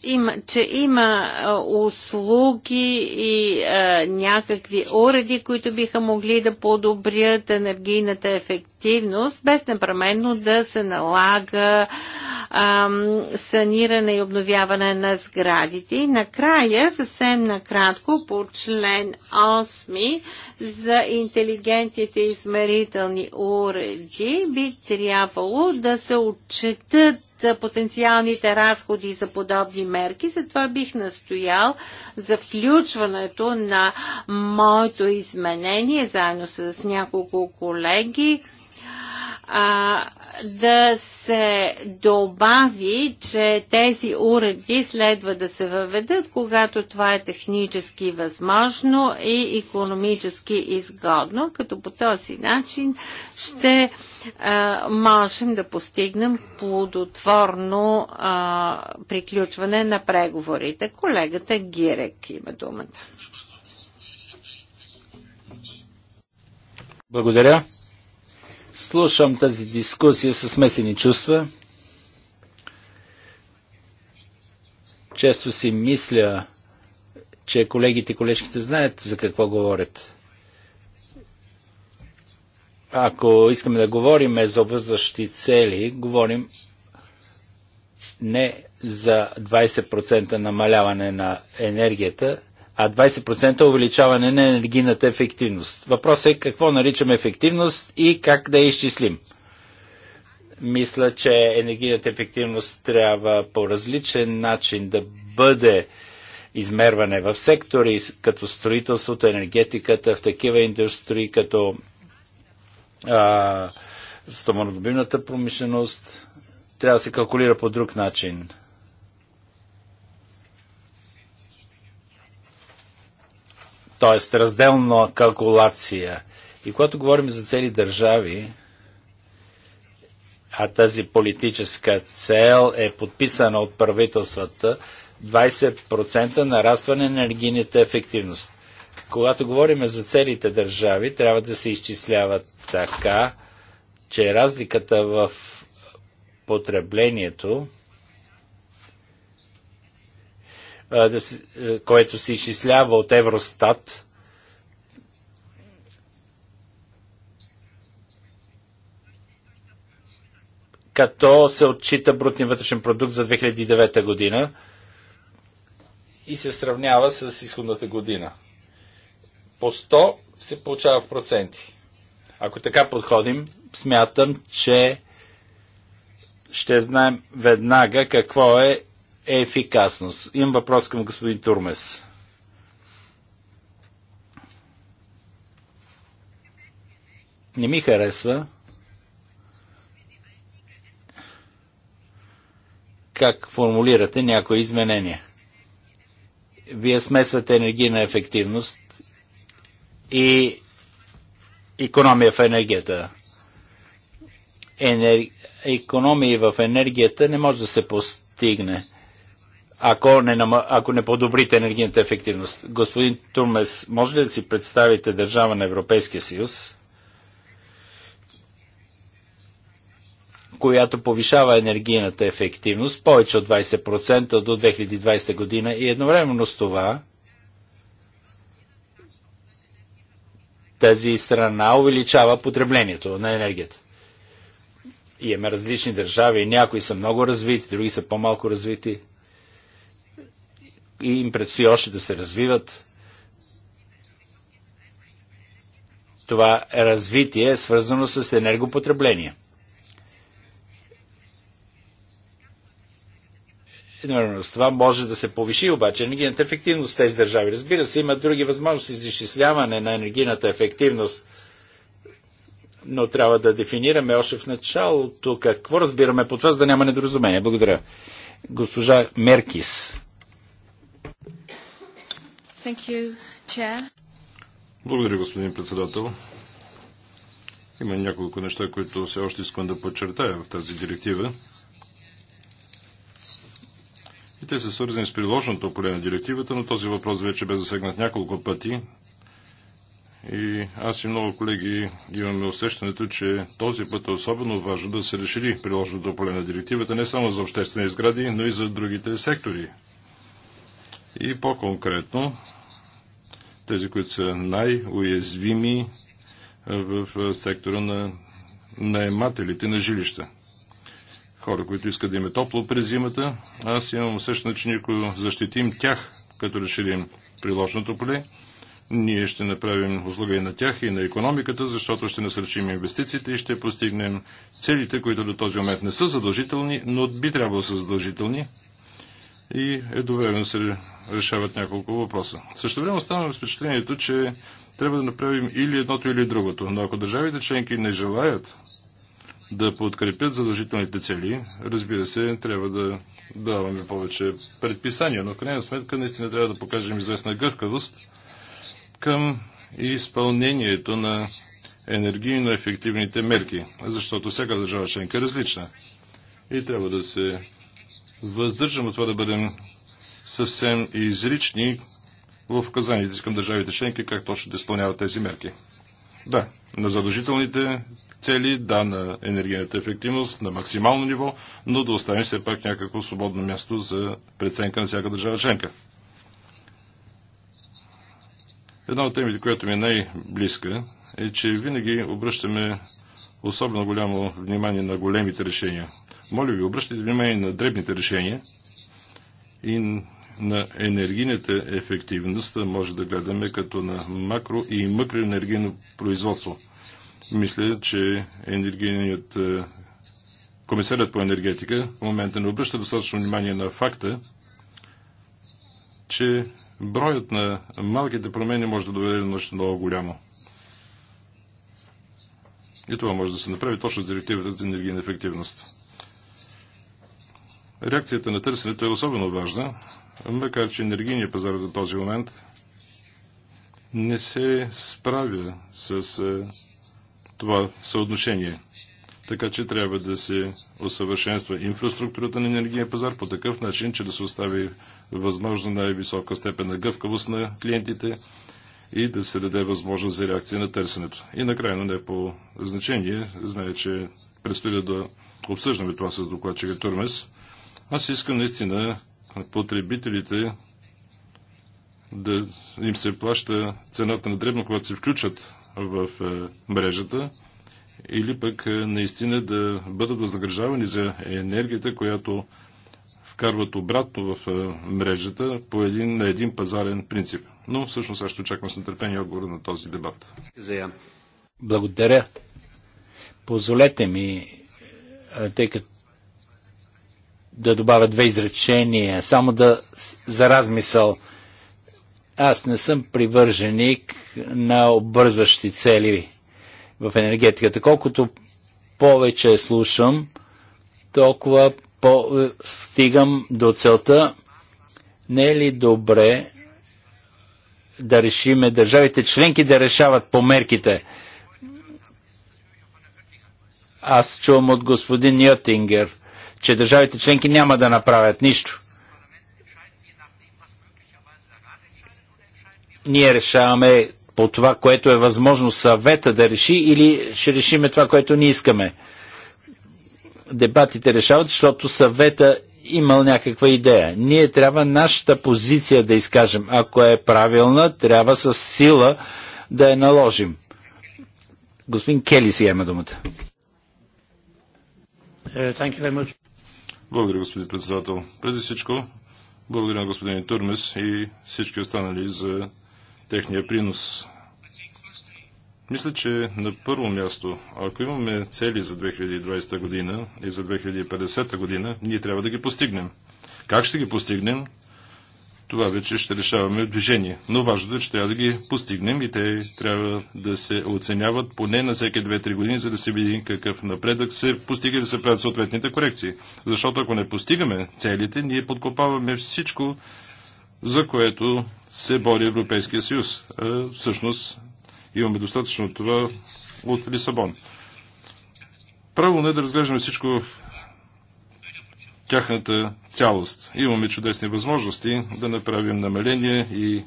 има, че има услуги и а, някакви уреди, които биха могли да подобрят енергийната ефективност, без непременно да се налага саниране и обновяване на сградите. И накрая, съвсем накратко, по член 8 за интелигентните измерителни уреди би трябвало да се отчетат за потенциалните разходи за подобни мерки. Затова бих настоял за включването на моето изменение заедно с няколко колеги а, да се добави, че тези уреди следва да се въведат, когато това е технически възможно и економически изгодно, като по този начин ще а, можем да постигнем плодотворно приключване на преговорите. Колегата Гирек има думата. Благодаря. Слушам тази дискусия с смесени чувства. Често си мисля, че колегите и колежките знаят за какво говорят ако искаме да говорим за обвързващи цели, говорим не за 20% намаляване на енергията, а 20% увеличаване на енергийната ефективност. Въпросът е какво наричаме ефективност и как да я изчислим. Мисля, че енергийната ефективност трябва по различен начин да бъде измерване в сектори като строителството, енергетиката, в такива индустрии като стоманодобивната промишленост трябва да се калкулира по друг начин. Тоест, разделна калкулация. И когато говорим за цели държави, а тази политическа цел е подписана от правителствата, 20% нарастване на енергийната ефективност. Когато говорим за целите държави, трябва да се изчисляват така, че разликата в потреблението, което се изчислява от Евростат, като се отчита брутния вътрешен продукт за 2009 година и се сравнява с изходната година по 100 се получава в проценти. Ако така подходим, смятам, че ще знаем веднага какво е ефикасност. Имам въпрос към господин Турмес. Не ми харесва как формулирате някои изменения. Вие смесвате енергийна ефективност и економия в енергията. Енер... Економия в енергията не може да се постигне, ако не, нам... ако не подобрите енергийната ефективност. Господин Турмес, може ли да си представите държава на Европейския съюз, която повишава енергийната ефективност повече от 20% до 2020 година и едновременно с това тази страна увеличава потреблението на енергията. И имаме различни държави. Някои са много развити, други са по-малко развити. И им предстои още да се развиват. Това развитие е свързано с енергопотребление. примерност. това може да се повиши обаче енергийната ефективност в тези държави. Разбира се, има други възможности за изчисляване на енергийната ефективност, но трябва да дефинираме още в началото какво разбираме под това, за да няма недоразумение. Благодаря. Госпожа Меркис. Thank you, chair. Благодаря, господин председател. Има няколко неща, които все още искам да подчертая в тази директива и те са свързани с приложеното поле на директивата, но този въпрос вече бе засегнат няколко пъти. И аз и много колеги имаме усещането, че този път е особено важно да се решили приложеното поле на директивата не само за обществени сгради, но и за другите сектори. И по-конкретно, тези, които са най-уязвими в сектора на наемателите на жилища хора, които искат да им е топло през зимата. Аз имам усещане, че ние ако защитим тях, като разширим приложното поле, ние ще направим услуга и на тях, и на економиката, защото ще насърчим инвестициите и ще постигнем целите, които до този момент не са задължителни, но би трябвало да са задължителни и е доверено се решават няколко въпроса. Също време оставаме с впечатлението, че трябва да направим или едното, или другото. Но ако държавите членки не желаят да подкрепят задължителните цели. Разбира се, трябва да даваме повече предписания, но в крайна сметка наистина трябва да покажем известна гъвкавост към изпълнението на енергийно ефективните мерки, защото всяка държава членка е различна. И трябва да се въздържам от това да бъдем съвсем изрични в указанията си към държавите членки как точно да изпълняват тези мерки. Да, на задължителните цели, да, на енергийната ефективност на максимално ниво, но да остане все пак някакво свободно място за преценка на всяка държава членка. Една от темите, която ми е най-близка, е, че винаги обръщаме особено голямо внимание на големите решения. Моля ви, обръщайте внимание на дребните решения и на енергийната ефективност може да гледаме като на макро и макроенергийно производство – мисля, че енергийният е, комисарят по енергетика в момента не обръща достатъчно внимание на факта, че броят на малките промени може да доведе до нещо много голямо. И това може да се направи точно с директивата за енергийна ефективност. Реакцията на търсенето е особено важна, макар че енергийният пазар до този момент не се справя с е, това съотношение. Така че трябва да се усъвършенства инфраструктурата на енергия пазар по такъв начин, че да се остави възможно най-висока степен на гъвкавост на клиентите и да се даде възможност за реакция на търсенето. И накрая, но не по значение, знае, че предстои да обсъждаме това с докладчика Турмес. Аз искам наистина потребителите да им се плаща цената на дребно, когато се включат в е, мрежата или пък е, наистина да бъдат възнаграждавани за енергията, която вкарват обратно в е, мрежата по един, на един пазарен принцип. Но всъщност аз ще очаквам с нетърпение отговора на този дебат. Благодаря. Позволете ми, тъй като да добавя две изречения, само да за размисъл – аз не съм привърженик на обвързващи цели в енергетиката. Колкото повече слушам, толкова по... Е, стигам до целта. Не е ли добре да решиме държавите членки да решават по мерките? Аз чувам от господин Ньотингер, че държавите членки няма да направят нищо. ние решаваме по това, което е възможно съвета да реши или ще решиме това, което ние искаме. Дебатите решават, защото съвета имал някаква идея. Ние трябва нашата позиция да изкажем. Ако е правилна, трябва с сила да я наложим. Господин Кели си има думата. Е, благодаря, господин председател. Преди всичко, благодаря на господин Турмес и всички останали за техния принос. Мисля, че на първо място, ако имаме цели за 2020 година и за 2050 година, ние трябва да ги постигнем. Как ще ги постигнем? Това вече ще решаваме в движение. Но важното е, че трябва да ги постигнем и те трябва да се оценяват поне на всеки 2-3 години, за да се види какъв напредък се постига и да се правят съответните корекции. Защото ако не постигаме целите, ние подкопаваме всичко, за което се бори Европейския съюз. Всъщност имаме достатъчно това от Лисабон. Право не е да разглеждаме всичко тяхната цялост. Имаме чудесни възможности да направим намаление и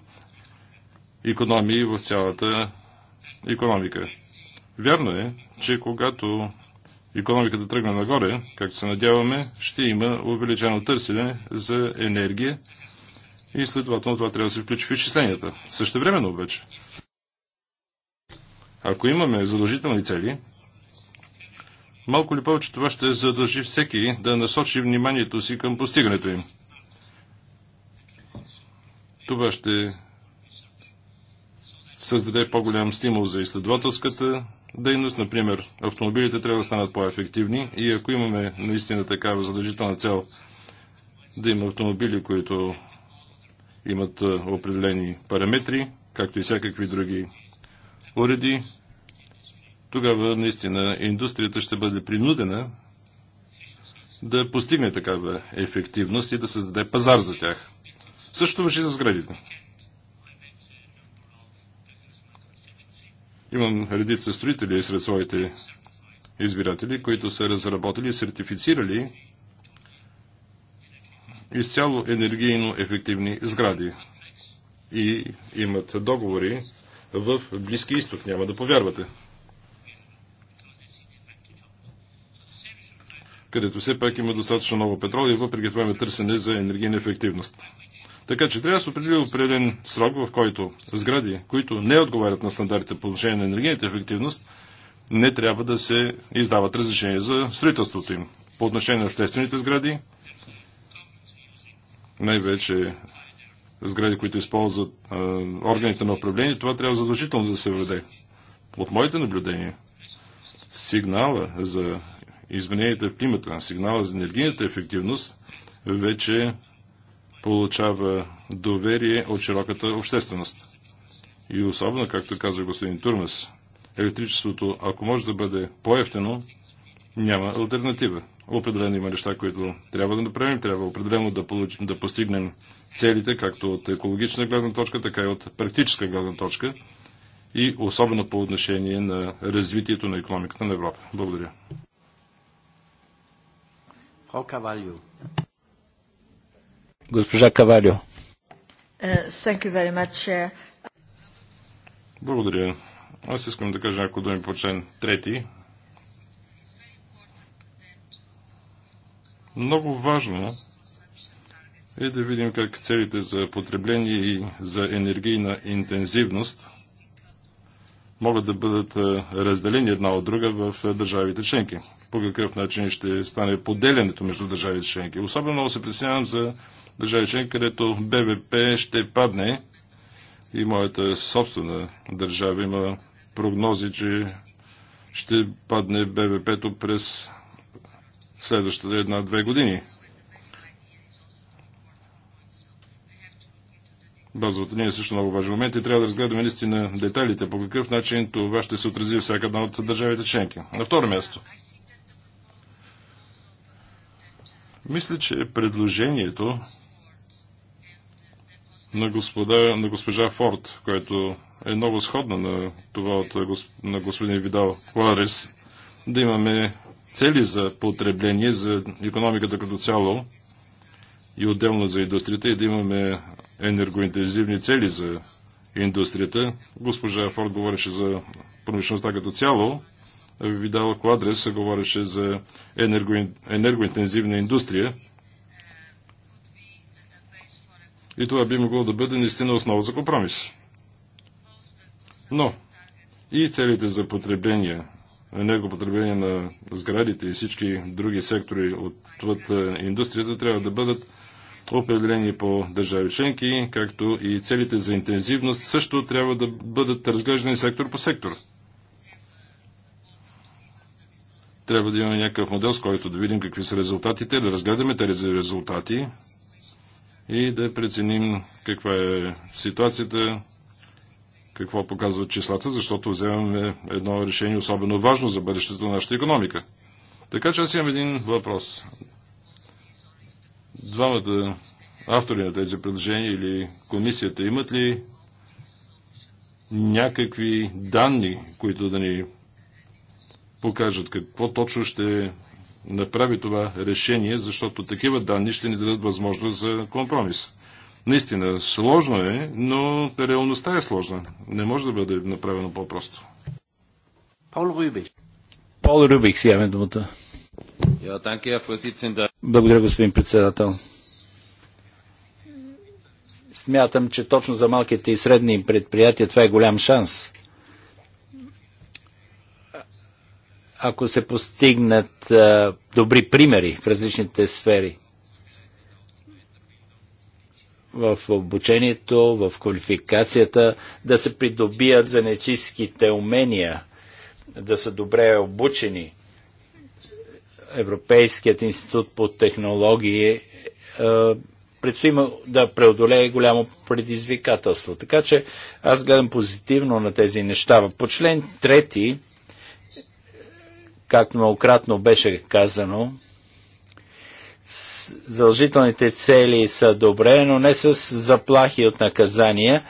економии в цялата економика. Вярно е, че когато економиката тръгне нагоре, както се надяваме, ще има увеличено търсене за енергия и следователно това трябва да се включи в изчисленията. Също времено обаче, ако имаме задължителни цели, малко ли повече това ще задължи всеки да насочи вниманието си към постигането им. Това ще създаде по-голям стимул за изследователската дейност. Например, автомобилите трябва да станат по-ефективни и ако имаме наистина такава задължителна цел да има автомобили, които имат определени параметри, както и всякакви други уреди, тогава наистина индустрията ще бъде принудена да постигне такава ефективност и да създаде пазар за тях. Също беше за сградите. Имам редица строители сред своите избиратели, които са разработили и сертифицирали изцяло енергийно ефективни сгради и имат договори в Близки изток. Няма да повярвате. където все пак има достатъчно много петрол и въпреки това има търсене за енергийна ефективност. Така че трябва да се определи определен срок, в който сгради, които не отговарят на стандартите по отношение на енергийната ефективност, не трябва да се издават разрешения за строителството им. По отношение на обществените сгради, най-вече сгради, които използват а, органите на управление, това трябва задължително да се въведе. От моите наблюдения, сигнала за измененията в климата, сигнала за енергийната ефективност, вече получава доверие от широката общественост. И особено, както казва господин Турмес, електричеството, ако може да бъде по-ефтено, няма альтернатива. Определено има неща, които трябва да направим. Трябва определено да, получим, да постигнем целите, както от екологична гледна точка, така и от практическа гледна точка и особено по отношение на развитието на економиката на Европа. Благодаря. Госпожа Кавалио. Uh, Благодаря. Аз искам да кажа някои думи по член трети, Много важно е да видим как целите за потребление и за енергийна интензивност могат да бъдат разделени една от друга в държавите членки. По какъв начин ще стане поделянето между държавите членки. Особено много се притеснявам за държави членки, където БВП ще падне и моята собствена държава има прогнози, че ще падне БВП-то през следващата една-две години. Базовата ни е също много важен момент и трябва да разгледаме наистина детайлите, по какъв начин това ще се отрази всяка една от държавите членки. На второ място. Мисля, че предложението на, господа, на госпожа Форд, което е много сходно на това от на господин Видал Ларес, да имаме цели за потребление, за економиката като цяло и отделно за индустрията и да имаме енергоинтензивни цели за индустрията. Госпожа Форд говореше за промишлеността като цяло. Видал Квадрес говореше за енерго, енергоинтензивна индустрия. И това би могло да бъде наистина основа за компромис. Но и целите за потребление енергопотребление на сградите и всички други сектори от е, индустрията трябва да бъдат определени по държави членки, както и целите за интензивност също трябва да бъдат разглеждани сектор по сектор. Трябва да имаме някакъв модел, с който да видим какви са резултатите, да разгледаме тези резултати и да преценим каква е ситуацията, какво показват числата, защото вземаме едно решение особено важно за бъдещето на нашата економика. Така че аз имам един въпрос. Двамата автори на тези предложения или комисията имат ли някакви данни, които да ни покажат какво точно ще направи това решение, защото такива данни ще ни дадат възможност за компромис. Наистина, сложно е, но реалността е сложна. Не може да бъде направено по-просто. Пол Рубих. Пол Рубих, си думата. Благодаря, господин председател. Смятам, че точно за малките и средни предприятия това е голям шанс. Ако се постигнат а, добри примери в различните сфери – в обучението, в квалификацията, да се придобият занечиските умения, да са добре обучени. Европейският институт по технологии е, предстои да преодолее голямо предизвикателство. Така че аз гледам позитивно на тези неща. По член трети, както многократно беше казано, задължителните цели са добре, но не с заплахи от наказания,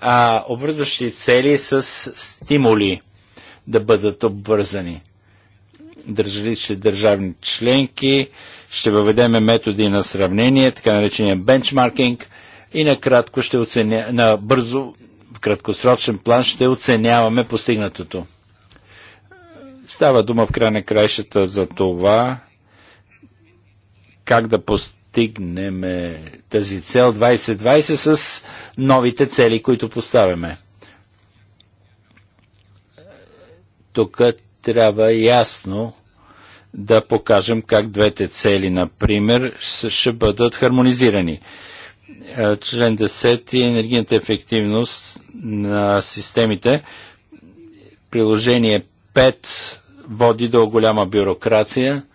а обвързващи цели с стимули да бъдат обвързани. Държавите държавни членки, ще въведеме методи на сравнение, така наречения бенчмаркинг и накратко ще оценя, на бързо, в краткосрочен план ще оценяваме постигнатото. Става дума в край на краищата за това, как да постигнем е, тази цел 2020 с новите цели, които поставяме. Тук трябва ясно да покажем как двете цели, например, ще бъдат хармонизирани. Е, член 10. Енергийната ефективност на системите. Приложение 5 води до голяма бюрокрация –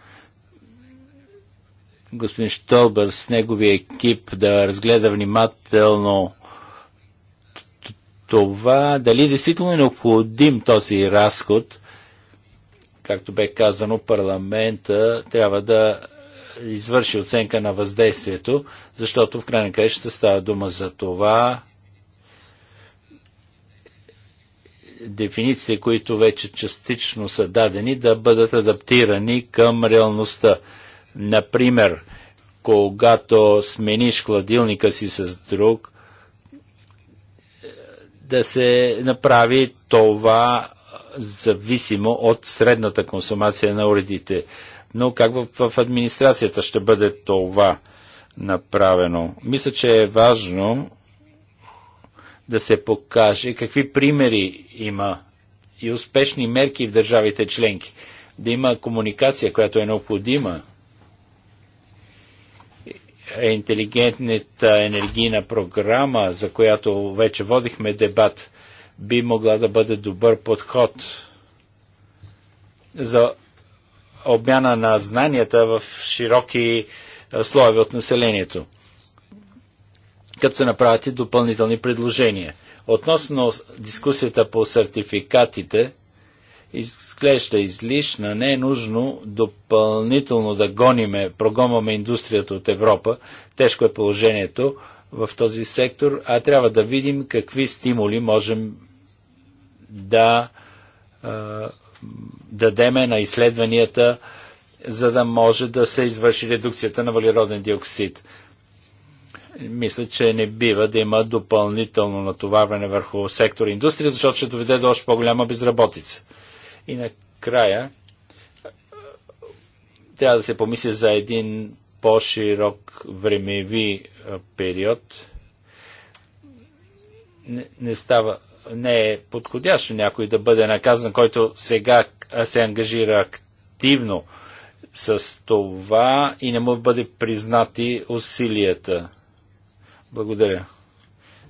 господин Штолбер с неговия екип да разгледа внимателно това, дали действително е необходим този разход, както бе казано, парламента трябва да извърши оценка на въздействието, защото в крайна креща става дума за това, дефинициите, които вече частично са дадени, да бъдат адаптирани към реалността. Например, когато смениш хладилника си с друг, да се направи това зависимо от средната консумация на уредите. Но как в, в администрацията ще бъде това направено? Мисля, че е важно да се покаже какви примери има и успешни мерки в държавите членки. Да има комуникация, която е необходима е интелигентната енергийна програма, за която вече водихме дебат, би могла да бъде добър подход за обмяна на знанията в широки слоеве от населението, като се направят и допълнителни предложения. Относно дискусията по сертификатите – изглежда излишна, не е нужно допълнително да гониме, прогомваме индустрията от Европа. Тежко е положението в този сектор, а трябва да видим какви стимули можем да е, дадеме на изследванията, за да може да се извърши редукцията на въглероден диоксид. Мисля, че не бива да има допълнително натоварване върху сектор индустрия, защото ще доведе до още по-голяма безработица. И накрая трябва да се помисли за един по-широк времеви период. Не, не става, не е подходящо някой да бъде наказан, който сега се ангажира активно с това и не му бъде признати усилията. Благодаря.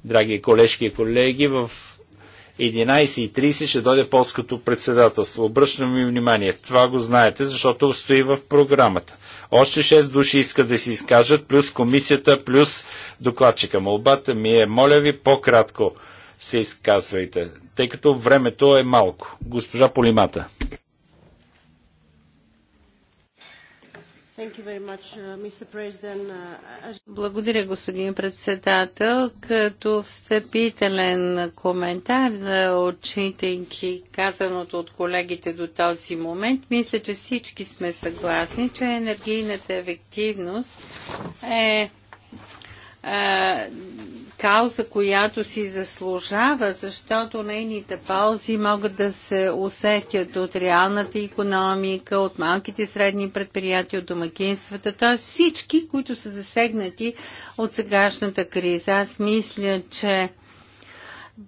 Драги колежки и колеги, в 11.30 ще дойде полското председателство. Обръщам ви внимание, това го знаете, защото стои в програмата. Още 6 души искат да се изкажат, плюс комисията, плюс докладчика. Молбата ми е, моля ви, по-кратко се изказвайте, тъй като времето е малко. Госпожа Полимата. Uh, uh, Благодаря, господин председател. Като встъпителен коментар, е, отчитайки казаното от колегите до този момент, мисля, че всички сме съгласни, че енергийната ефективност е, е кауза, която си заслужава, защото нейните ползи могат да се усетят от реалната економика, от малките и средни предприятия, от домакинствата, т.е. всички, които са засегнати от сегашната криза. Аз мисля, че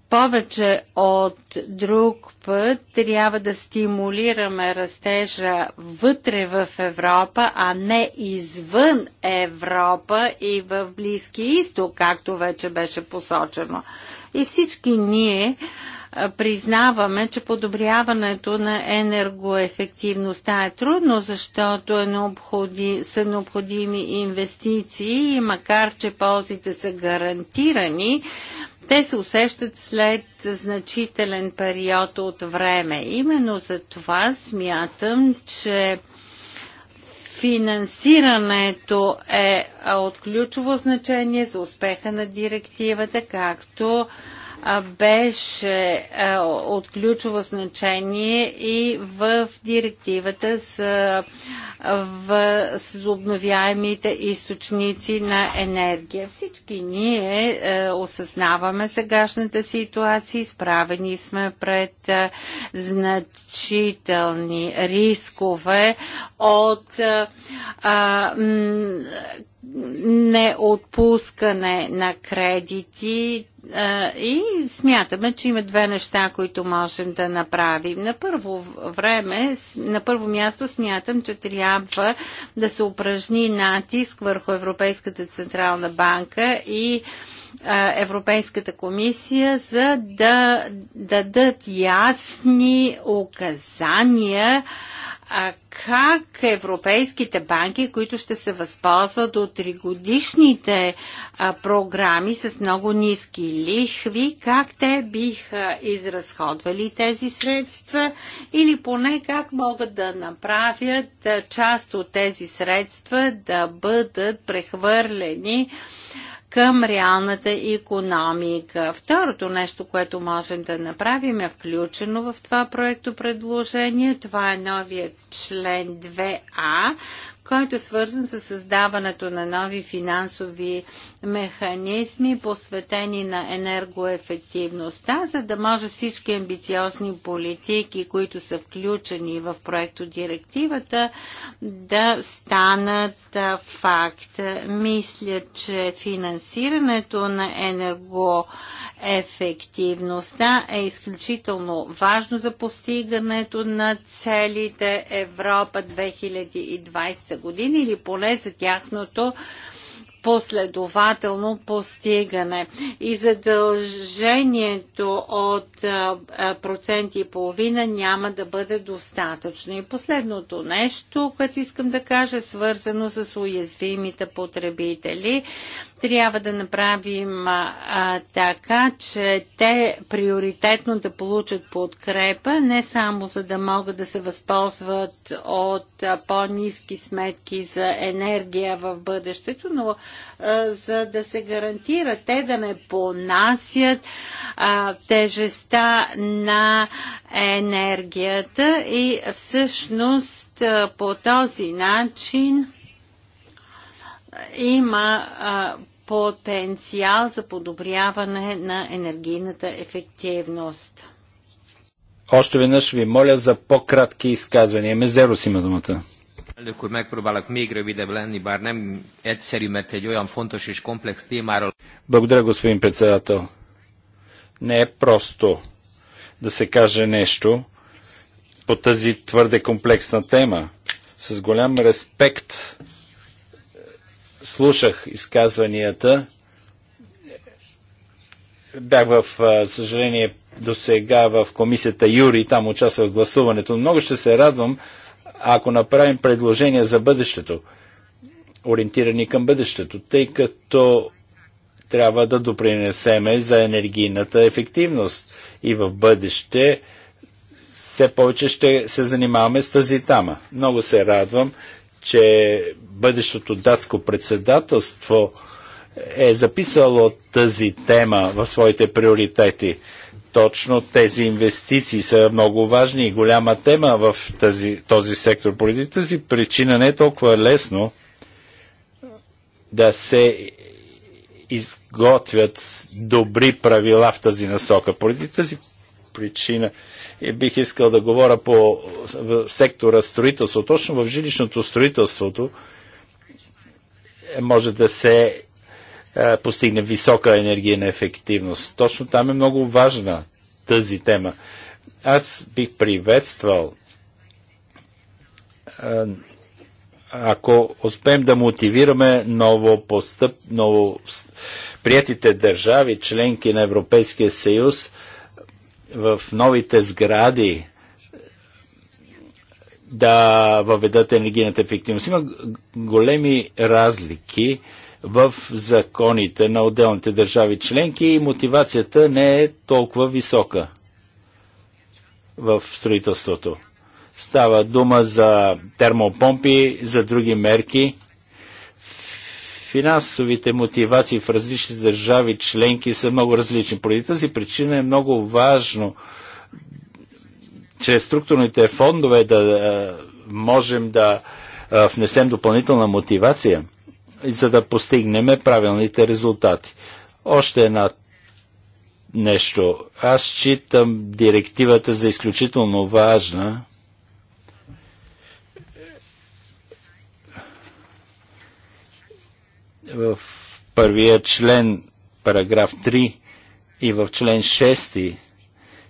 повече от друг път трябва да стимулираме растежа вътре в Европа, а не извън Европа и в Близки изток, както вече беше посочено. И всички ние признаваме, че подобряването на енергоефективността е трудно, защото е необходи, са необходими инвестиции и макар, че ползите са гарантирани, те се усещат след значителен период от време. Именно за това смятам, че финансирането е от ключово значение за успеха на директивата, както беше от ключово значение и в директивата за възобновяемите източници на енергия. Всички ние осъзнаваме сегашната ситуация, изправени сме пред значителни рискове от неотпускане на кредити, и смятаме, че има две неща, които можем да направим. На първо време, на първо място смятам, че трябва да се упражни натиск върху Европейската Централна банка и Европейската комисия, за да дадат ясни указания а как европейските банки, които ще се възползват от тригодишните програми с много ниски лихви, как те биха изразходвали тези средства или поне как могат да направят част от тези средства да бъдат прехвърлени към реалната економика. Второто нещо, което можем да направим е включено в това проекто предложение. Това е новият член 2А, който е свързан с създаването на нови финансови механизми, посветени на енергоефективността, за да може всички амбициозни политики, които са включени в проекто директивата, да станат факт. Мисля, че финансирането на енергоефективността е изключително важно за постигането на целите Европа 2020 2020 година или поне за тяхното последователно постигане. И задължението от процент и половина няма да бъде достатъчно. И последното нещо, което искам да кажа, свързано с уязвимите потребители. Трябва да направим а, така, че те приоритетно да получат подкрепа, не само за да могат да се възползват от по-низки сметки за енергия в бъдещето, но а, за да се гарантира те да не понасят а, тежеста на енергията и всъщност по този начин има а, потенциал за подобряване на енергийната ефективност. Още веднъж ви моля за по-кратки изказвания. си има думата. Благодаря, господин председател. Не е просто да се каже нещо по тази твърде комплексна тема. С голям респект слушах изказванията. Бях в съжаление до сега в комисията Юри, там участвах в гласуването. Много ще се радвам, ако направим предложения за бъдещето, ориентирани към бъдещето, тъй като трябва да допринесеме за енергийната ефективност и в бъдеще все повече ще се занимаваме с тази тама. Много се радвам, че бъдещото датско председателство е записало тази тема в своите приоритети. Точно тези инвестиции са много важни и голяма тема в тази, този сектор. Поради тази причина не е толкова лесно да се изготвят добри правила в тази насока. Поради тази причина. И бих искал да говоря по сектора строителство. Точно в жилищното строителството е, може да се е, постигне висока енергийна ефективност. Точно там е много важна тази тема. Аз бих приветствал е, ако успеем да мотивираме ново постъп, ново приятите държави, членки на Европейския съюз, в новите сгради да въведат енергийната ефективност. Има големи разлики в законите на отделните държави членки и мотивацията не е толкова висока в строителството. Става дума за термопомпи, за други мерки финансовите мотивации в различни държави членки са много различни. Поради тази причина е много важно чрез структурните фондове да можем да внесем допълнителна мотивация, за да постигнем правилните резултати. Още една нещо. Аз считам директивата за изключително важна в първия член, параграф 3 и в член 6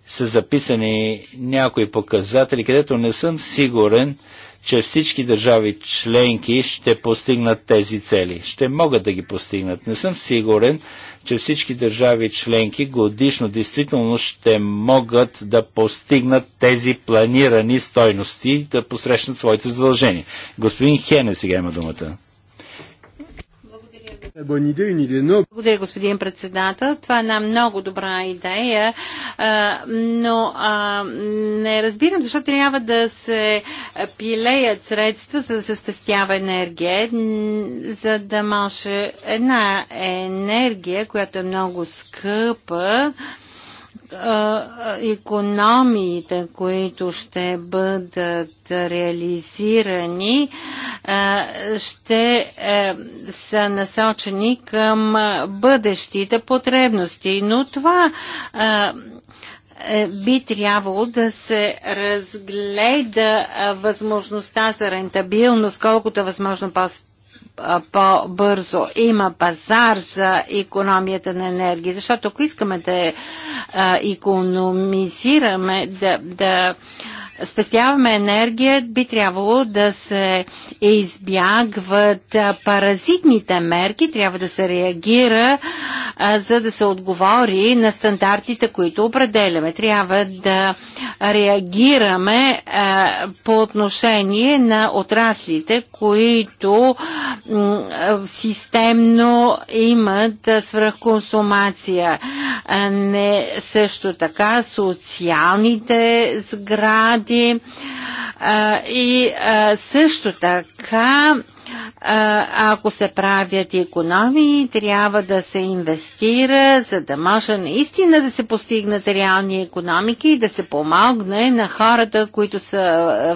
са записани някои показатели, където не съм сигурен, че всички държави членки ще постигнат тези цели. Ще могат да ги постигнат. Не съм сигурен, че всички държави членки годишно действително ще могат да постигнат тези планирани стойности, да посрещнат своите задължения. Господин Хене сега има думата. Благодаря, господин председател. Това е една много добра идея, но не разбирам защо трябва да се пилеят средства, за да се спестява енергия, за да може една енергия, която е много скъпа, економиите, които ще бъдат реализирани, ще са насочени към бъдещите потребности. Но това е, би трябвало да се разгледа възможността за рентабилност, колкото е възможно по спешно по-бързо. Има пазар за економията на енергия, защото ако искаме да економизираме, да, да спестяваме енергия, би трябвало да се избягват паразитните мерки, трябва да се реагира, за да се отговори на стандартите, които определяме. Трябва да реагираме по отношение на отраслите, които системно имат свръхконсумация. Не също така социалните сгради, моменти. а, и а, също така ако се правят економии, трябва да се инвестира, за да може наистина да се постигнат реални економики и да се помогне на хората, които са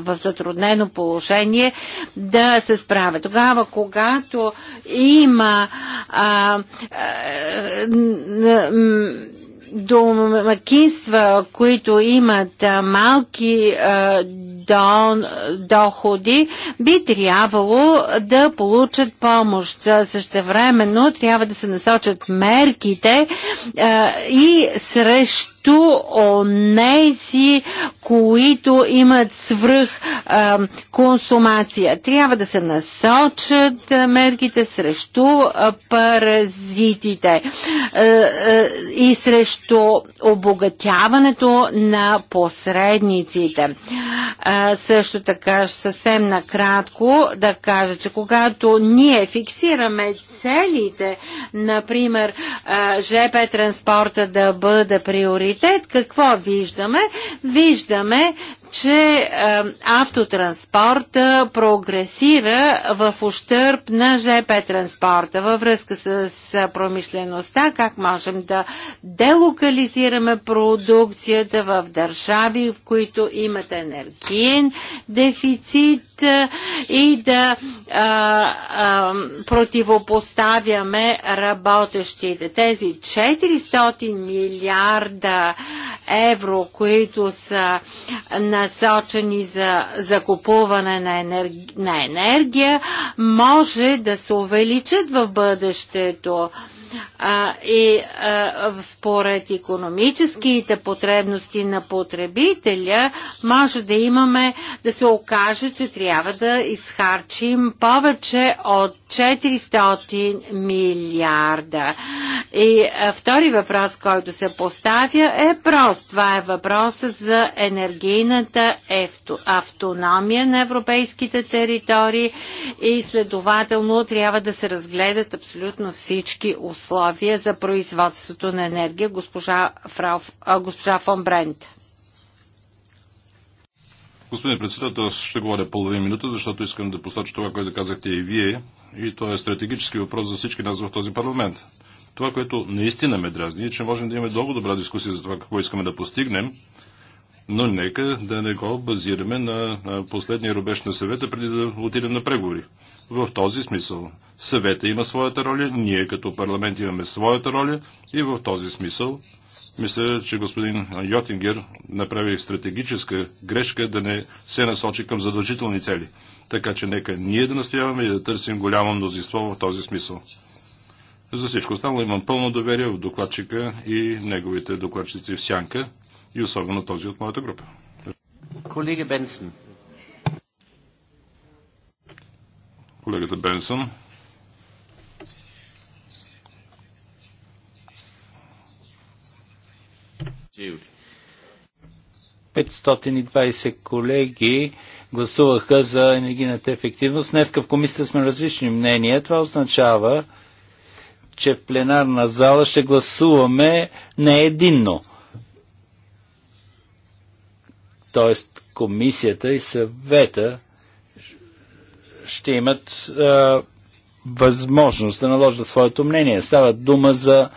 в затруднено положение, да се справят. Тогава, когато има а, а, домакинства, които имат малки доходи, би трябвало да получат помощ. Същевременно трябва да се насочат мерките и срещу срещу онези, които имат свръх а, консумация. Трябва да се насочат мерките срещу а, паразитите а, а, и срещу обогатяването на посредниците. А, също така, съвсем накратко да кажа, че когато ние фиксираме целите, например, а, ЖП транспорта да бъде приоритет, приоритет, какво виждаме? Виждаме, че а, е, автотранспорта прогресира в ущърп на ЖП транспорта във връзка с, с промишлеността, как можем да делокализираме продукцията в държави, в които имат енергиен дефицит е, и да а, е, противопоставяме работещите. Тези 400 милиарда евро, които са на насочени за закупуване на, енерги... на енергия, може да се увеличат в бъдещето а, и а, според економическите потребности на потребителя може да имаме да се окаже, че трябва да изхарчим повече от 400 милиарда. И а, втори въпрос, който се поставя е прост. Това е въпроса за енергийната ефто, автономия на европейските територии и следователно трябва да се разгледат абсолютно всички условия условия за производството на енергия, госпожа, госпожа фон Брент. Господин председател, аз ще говоря половин минута, защото искам да посоча това, което казахте и вие, и то е стратегически въпрос за всички нас в този парламент. Това, което наистина ме дразни, е, че можем да имаме много добра дискусия за това, какво искаме да постигнем, но нека да не го базираме на последния рубеж на съвета, преди да отидем на преговори в този смисъл. Съвета има своята роля, ние като парламент имаме своята роля и в този смисъл мисля, че господин Йотингер направи стратегическа грешка да не се насочи към задължителни цели. Така че нека ние да настояваме и да търсим голямо мнозинство в този смисъл. За всичко останало имам пълно доверие в докладчика и неговите докладчици в Сянка и особено този от моята група. Колега Бенсен. колегата Бенсън. Jude. 520 колеги гласуваха за енергийната ефективност. Днеска в комисията сме различни мнения. Това означава, че в пленарна зала ще гласуваме не единно. Тоест комисията и съвета ще имат а, е, възможност да наложат своето мнение. Става дума за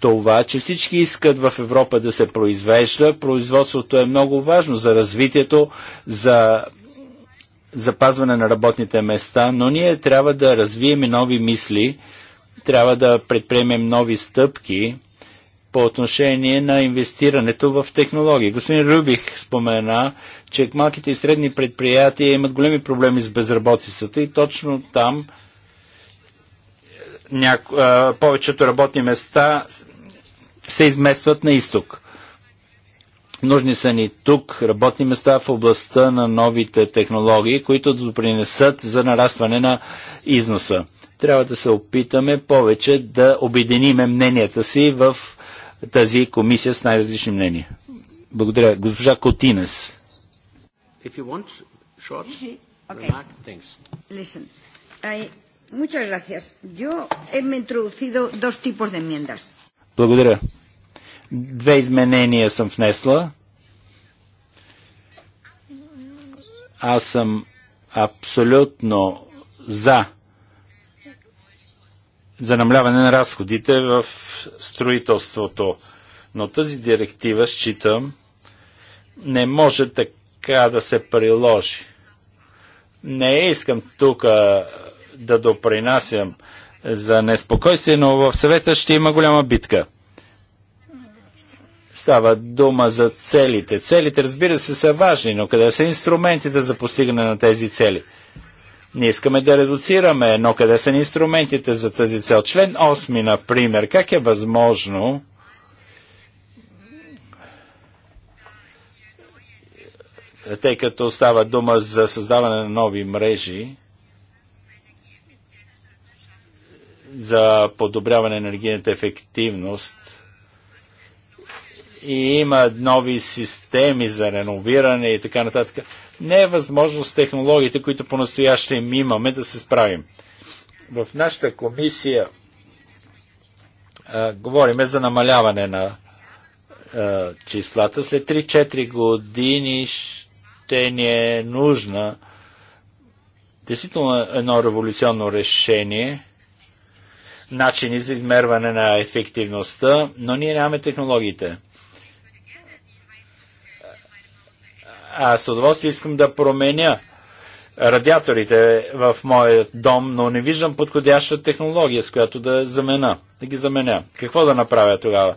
това, че всички искат в Европа да се произвежда. Производството е много важно за развитието, за запазване на работните места, но ние трябва да развием и нови мисли, трябва да предприемем нови стъпки, по отношение на инвестирането в технологии. Господин Рубих спомена, че малките и средни предприятия имат големи проблеми с безработицата и точно там няко, а, повечето работни места се изместват на изток. Нужни са ни тук работни места в областта на новите технологии, които да допринесат за нарастване на износа. Трябва да се опитаме повече да обединиме мненията си в тази комисия с най-различни мнения. Благодаря. Госпожа Котинес. Want, short, okay. Listen, I... Muchas gracias. Yo he introducido dos tipos de enmiendas. Благодаря. Две изменения съм внесла. Аз съм абсолютно за за намляване на разходите в строителството. Но тази директива, считам, не може така да се приложи. Не искам тук да допринасям за неспокойствие, но в съвета ще има голяма битка. Става дума за целите. Целите, разбира се, са важни, но къде са инструментите за постигане на тези цели? Ние искаме да редуцираме, но къде са ни инструментите за тази цел? Член 8, например, как е възможно тъй като става дума за създаване на нови мрежи, за подобряване на енергийната ефективност и има нови системи за реновиране и така нататък не е възможно с технологиите, които по-настояще им имаме, да се справим. В нашата комисия а, говориме за намаляване на а, числата. След 3-4 години ще ни е нужна действително едно революционно решение, начини за измерване на ефективността, но ние нямаме технологиите. Аз с удоволствие искам да променя радиаторите в моя дом, но не виждам подходяща технология, с която да замена, да ги заменя. Какво да направя тогава?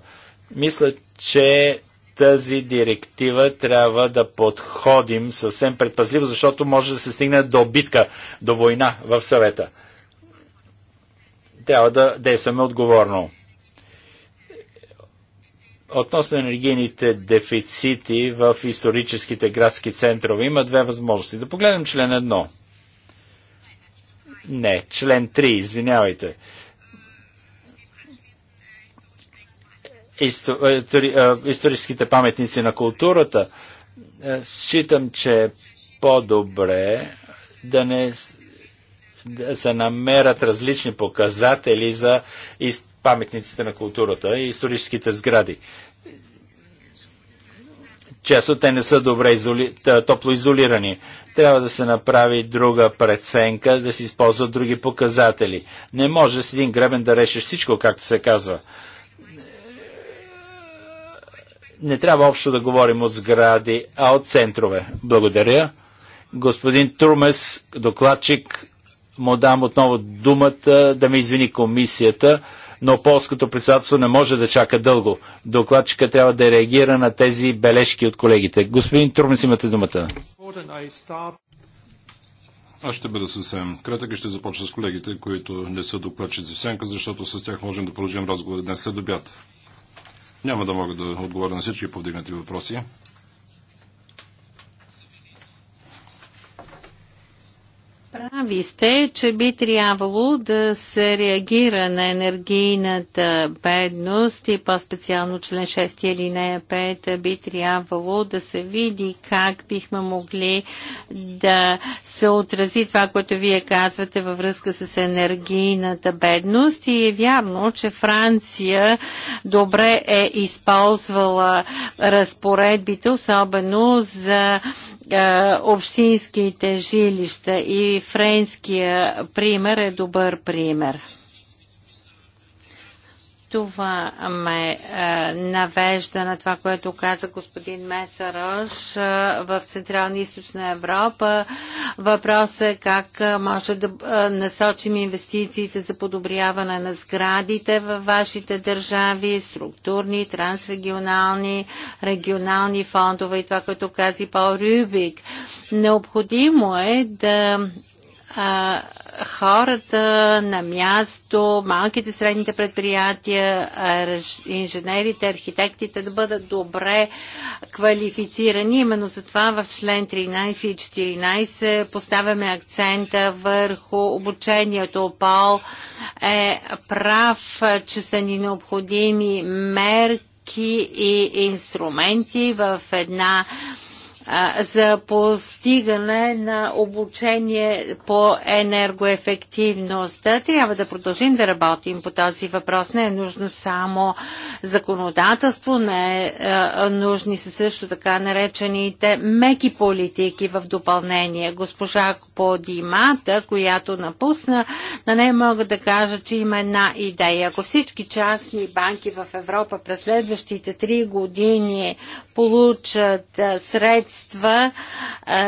Мисля, че тази директива трябва да подходим съвсем предпазливо, защото може да се стигне до битка, до война в съвета. Трябва да действаме отговорно. Относно енергийните дефицити в историческите градски центрове има две възможности. Да погледнем член 1. Не, член 3, извинявайте. Е, е, историческите паметници на културата, е, считам, че е по-добре да не да се намерят различни показатели за историческите паметниците на културата и историческите сгради. Често те не са добре изоли... топло изолирани. Трябва да се направи друга преценка, да се използват други показатели. Не може с един гребен да решиш всичко, както се казва. Не трябва общо да говорим от сгради, а от центрове. Благодаря. Господин Турмес, докладчик, му дам отново думата да ме извини комисията но полското председателство не може да чака дълго. Докладчика трябва да реагира на тези бележки от колегите. Господин Турмес, имате думата. Аз ще бъда съвсем кратък и ще започна с колегите, които не са докладчици в сенка, защото с тях можем да продължим разговора днес след обяд. Няма да мога да отговоря на всички повдигнати въпроси. Прави сте, че би трябвало да се реагира на енергийната бедност и по-специално член 6 или нея 5 би трябвало да се види как бихме могли да се отрази това, което вие казвате във връзка с енергийната бедност и е вярно, че Франция добре е използвала разпоредбите, особено за е, общинските жилища и френския пример е добър пример. Това ме е, навежда на това, което каза господин Месарош е, в Централна и Източна Европа. Въпросът е как е, може да е, насочим инвестициите за подобряване на сградите във вашите държави, структурни, трансрегионални, регионални фондове и това, което каза Пол Рюбик. Необходимо е да хората на място, малките средните предприятия, инженерите, архитектите да бъдат добре квалифицирани. Именно затова в член 13 и 14 поставяме акцента върху обучението. Пол е прав, че са ни необходими мерки и инструменти в една за постигане на обучение по енергоефективност. Трябва да продължим да работим по този въпрос. Не е нужно само законодателство, не е, нужни са също така наречените меки политики в допълнение. Госпожа Подимата, която напусна, на нея мога да кажа, че има една идея. Ако всички частни банки в Европа през следващите три години получат средства, средства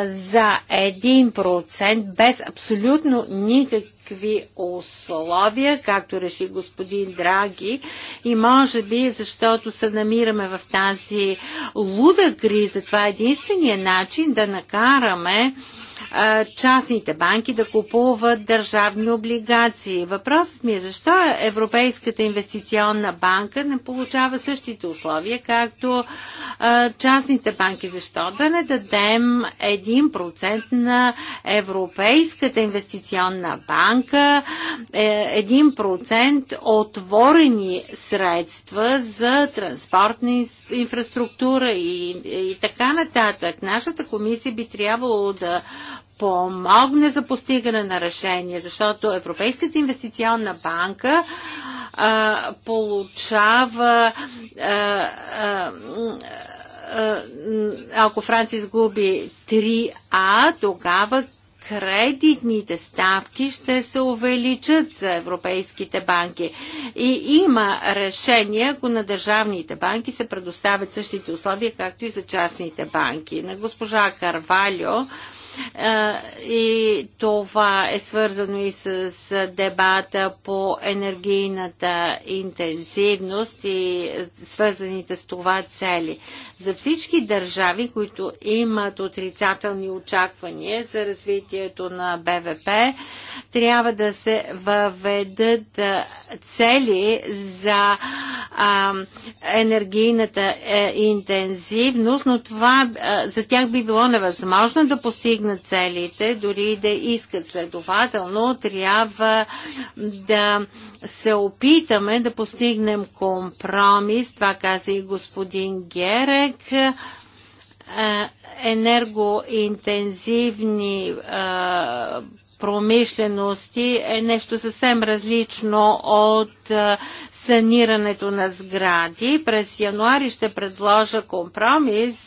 за 1% без абсолютно никакви условия, както реши господин Драги. И може би, защото се намираме в тази луда криза, това е единствения начин да накараме частните банки да купуват държавни облигации. Въпросът ми е защо Европейската инвестиционна банка не получава същите условия, както частните банки. Защо да не дадем 1% на Европейската инвестиционна банка, 1% е, отворени средства за транспортна инфраструктура и, и така нататък. Нашата комисия би трябвало да помогне за постигане на решение, защото Европейската инвестиционна банка а, получава а, а, а, ако Франция изгуби 3А, тогава кредитните ставки ще се увеличат за европейските банки. И има решение, ако на държавните банки се предоставят същите условия, както и за частните банки. На госпожа Карвалио и това е свързано и с дебата по енергийната интензивност и свързаните с това цели за всички държави, които имат отрицателни очаквания за развитието на БВП, трябва да се въведат цели за енергийната е, интензивност, но това за тях би било невъзможно да постигнат целите, дори да искат следователно. Трябва да се опитаме да постигнем компромис, това каза и господин Гере, човек енергоинтензивни промишлености е нещо съвсем различно от санирането на сгради. През януари ще предложа компромис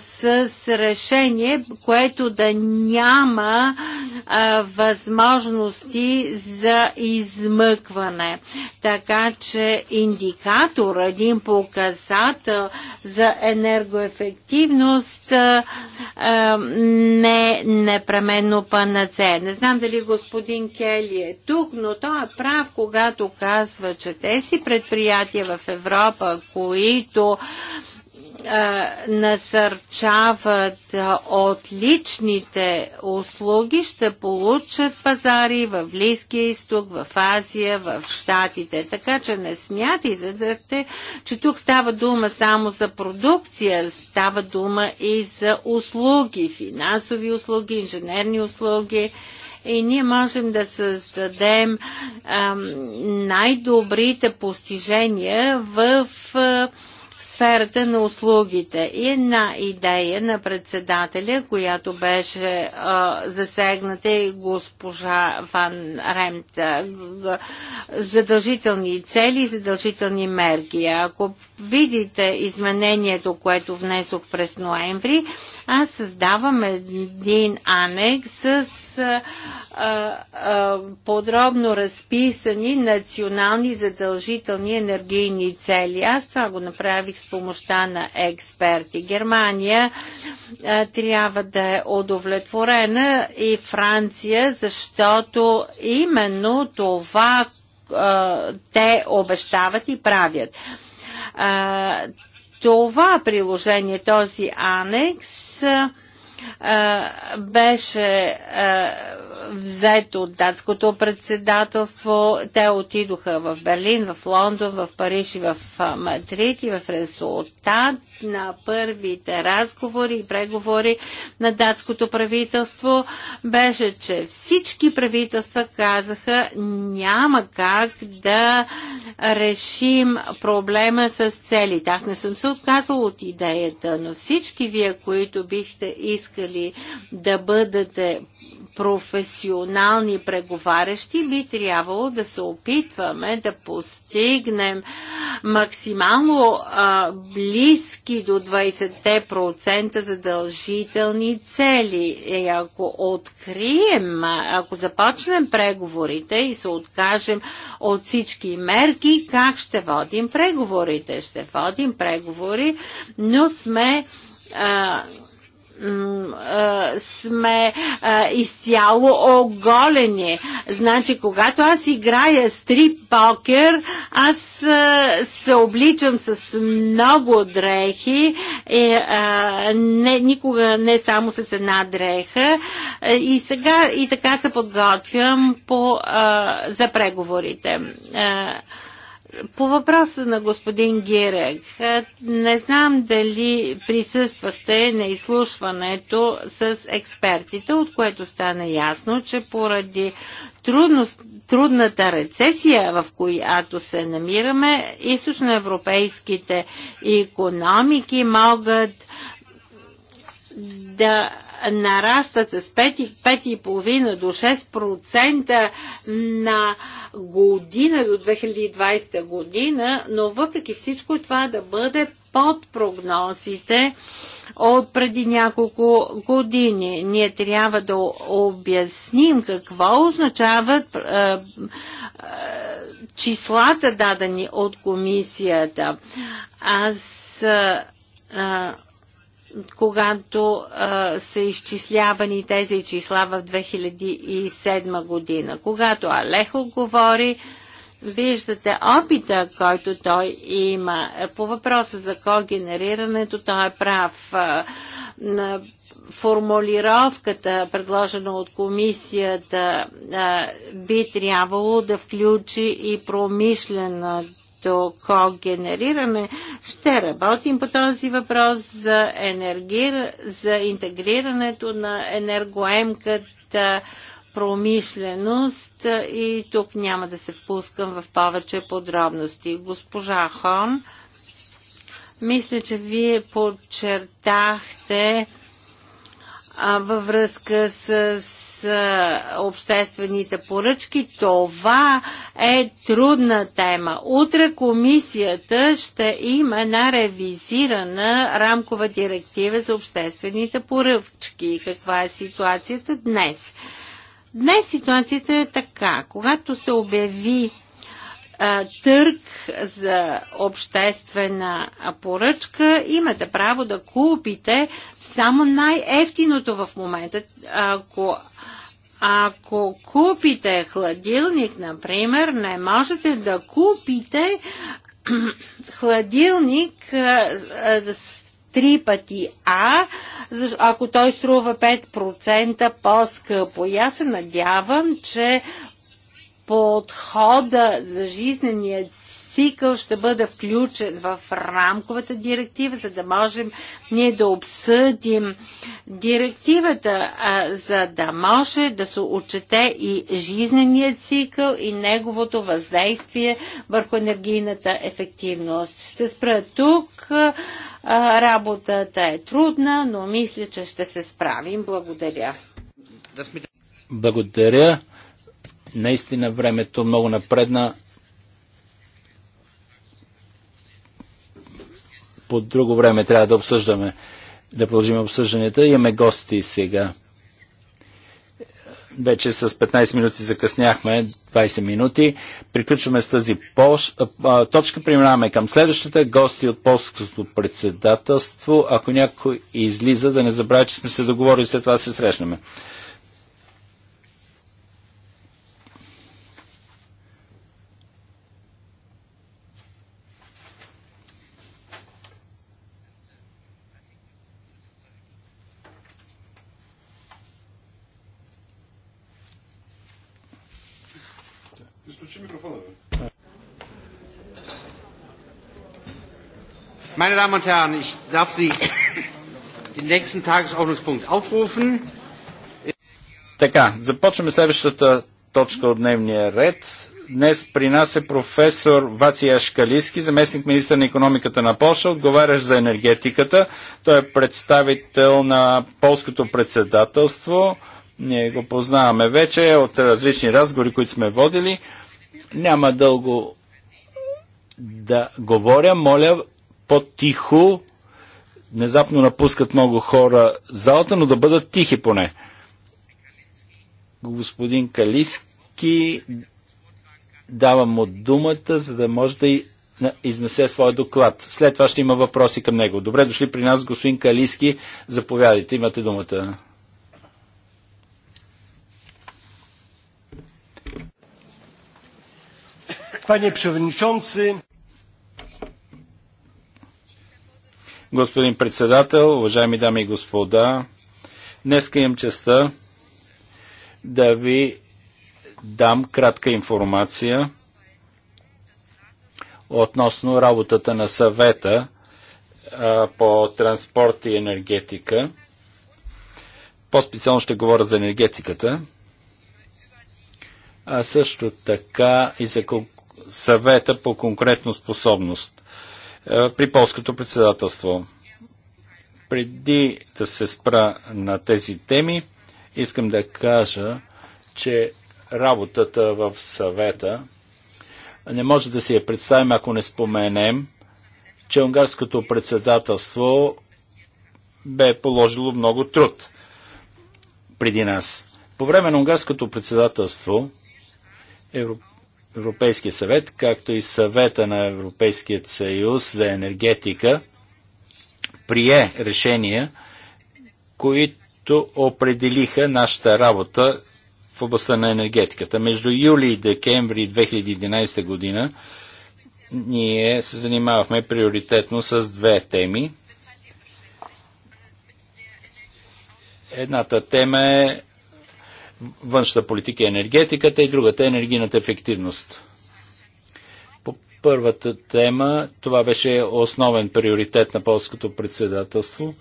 с, с решение, което да няма а, възможности за измъкване. Така че индикатор, един показател за енергоефективност не непременно панацея. Не знам дали господин Кели е тук, но той е прав, когато казва, казва, че тези предприятия в Европа, които насърчават отличните услуги, ще получат пазари в Близкия изток, в Азия, в Штатите. Така че не смятайте, че тук става дума само за продукция, става дума и за услуги, финансови услуги, инженерни услуги и ние можем да създадем най-добрите постижения в а, сферата на услугите. И една идея на председателя, която беше а, засегната и е госпожа Ван Ремт, задължителни цели и задължителни мерки. Ако видите изменението, което внесох през ноември, аз създавам един анекс с подробно разписани национални задължителни енергийни цели. Аз това го направих с помощта на експерти. Германия трябва да е удовлетворена и Франция, защото именно това те обещават и правят това приложение, този анекс, беше взето от датското председателство. Те отидоха в Берлин, в Лондон, в Париж и в Мадрид и в резултат на първите разговори и преговори на датското правителство беше, че всички правителства казаха няма как да решим проблема с целите. Аз не съм се отказал от идеята, но всички вие, които бихте искали да бъдете професионални преговарящи, би трябвало да се опитваме да постигнем максимално а, близки до 20% задължителни цели. И ако открием, ако започнем преговорите и се откажем от всички мерки, как ще водим преговорите? Ще водим преговори, но сме а, сме а, изцяло оголени. Значи, когато аз играя стрип покер, аз а, се обличам с много дрехи, и, а, не, никога не само с една дреха. И сега и така се подготвям по, а, за преговорите. А, по въпроса на господин Гирек, не знам дали присъствахте на изслушването с експертите, от което стана ясно, че поради трудност, трудната рецесия, в която се намираме, източноевропейските економики могат да нарастват с 5,5 до 6% на година до 2020 година, но въпреки всичко това да бъде под прогнозите от преди няколко години. Ние трябва да обясним какво означават е, е, числата дадени от комисията. Аз е, когато а, са изчислявани тези числа в 2007 година. Когато Алехо говори, виждате опита, който той има. По въпроса за когенерирането, той е прав. А, формулировката, предложена от комисията, а, би трябвало да включи и промишлената като когенерираме, ще работим по този въпрос за, енергир, за интегрирането на енергоемката промишленост и тук няма да се впускам в повече подробности. Госпожа Хон, мисля, че вие подчертахте а, във връзка с обществените поръчки, това е трудна тема. Утре комисията ще има една ревизирана рамкова директива за обществените поръчки. Каква е ситуацията днес? Днес ситуацията е така. Когато се обяви търг за обществена поръчка, имате право да купите само най-ефтиното в момента. Ако ако купите хладилник, например, не можете да купите хладилник с три пъти А, ако той струва 5% по-скъпо. И аз се надявам, че подхода за жизненият цикъл ще бъде включен в рамковата директива, за да можем ние да обсъдим директивата, за да може да се отчете и жизненият цикъл и неговото въздействие върху енергийната ефективност. Ще спра тук. Работата е трудна, но мисля, че ще се справим. Благодаря. Благодаря. Наистина времето много напредна. по друго време трябва да обсъждаме, да продължим обсъжданията. Имаме гости сега. Вече с 15 минути закъсняхме, 20 минути. Приключваме с тази полш... точка, преминаваме към следващата. Гости от полското председателство. Ако някой излиза, да не забравя, че сме се договорили, след това се срещнаме. Meine Damen und Herren, ich darf Sie den nächsten Tagesordnungspunkt aufrufen. Така, започваме следващата точка от дневния ред. Днес при нас е професор Вация Ашкалиски, заместник министър на економиката на Польша, отговарящ за енергетиката. Той е представител на полското председателство. Ние го познаваме вече от различни разговори, които сме водили. Няма дълго да говоря. Моля, по-тихо. Внезапно напускат много хора залата, но да бъдат тихи поне. Господин Калиски, давам му думата, за да може да изнесе своя доклад. След това ще има въпроси към него. Добре дошли при нас, господин Калиски. Заповядайте, имате думата. Пане Пшевничонци, Господин председател, уважаеми дами и господа, днеска имам честа да ви дам кратка информация относно работата на съвета а, по транспорт и енергетика. По-специално ще говоря за енергетиката, а също така и за съвета по конкретно способност. Е, при полското председателство. Преди да се спра на тези теми, искам да кажа, че работата в съвета не може да си я представим, ако не споменем, че унгарското председателство бе положило много труд преди нас. По време на унгарското председателство Европейското Европейския съвет, както и съвета на Европейският съюз за енергетика, прие решения, които определиха нашата работа в областта на енергетиката. Между юли и декември 2011 година ние се занимавахме приоритетно с две теми. Едната тема е външната политика и е енергетиката и другата е енергийната ефективност. По първата тема, това беше основен приоритет на полското председателство.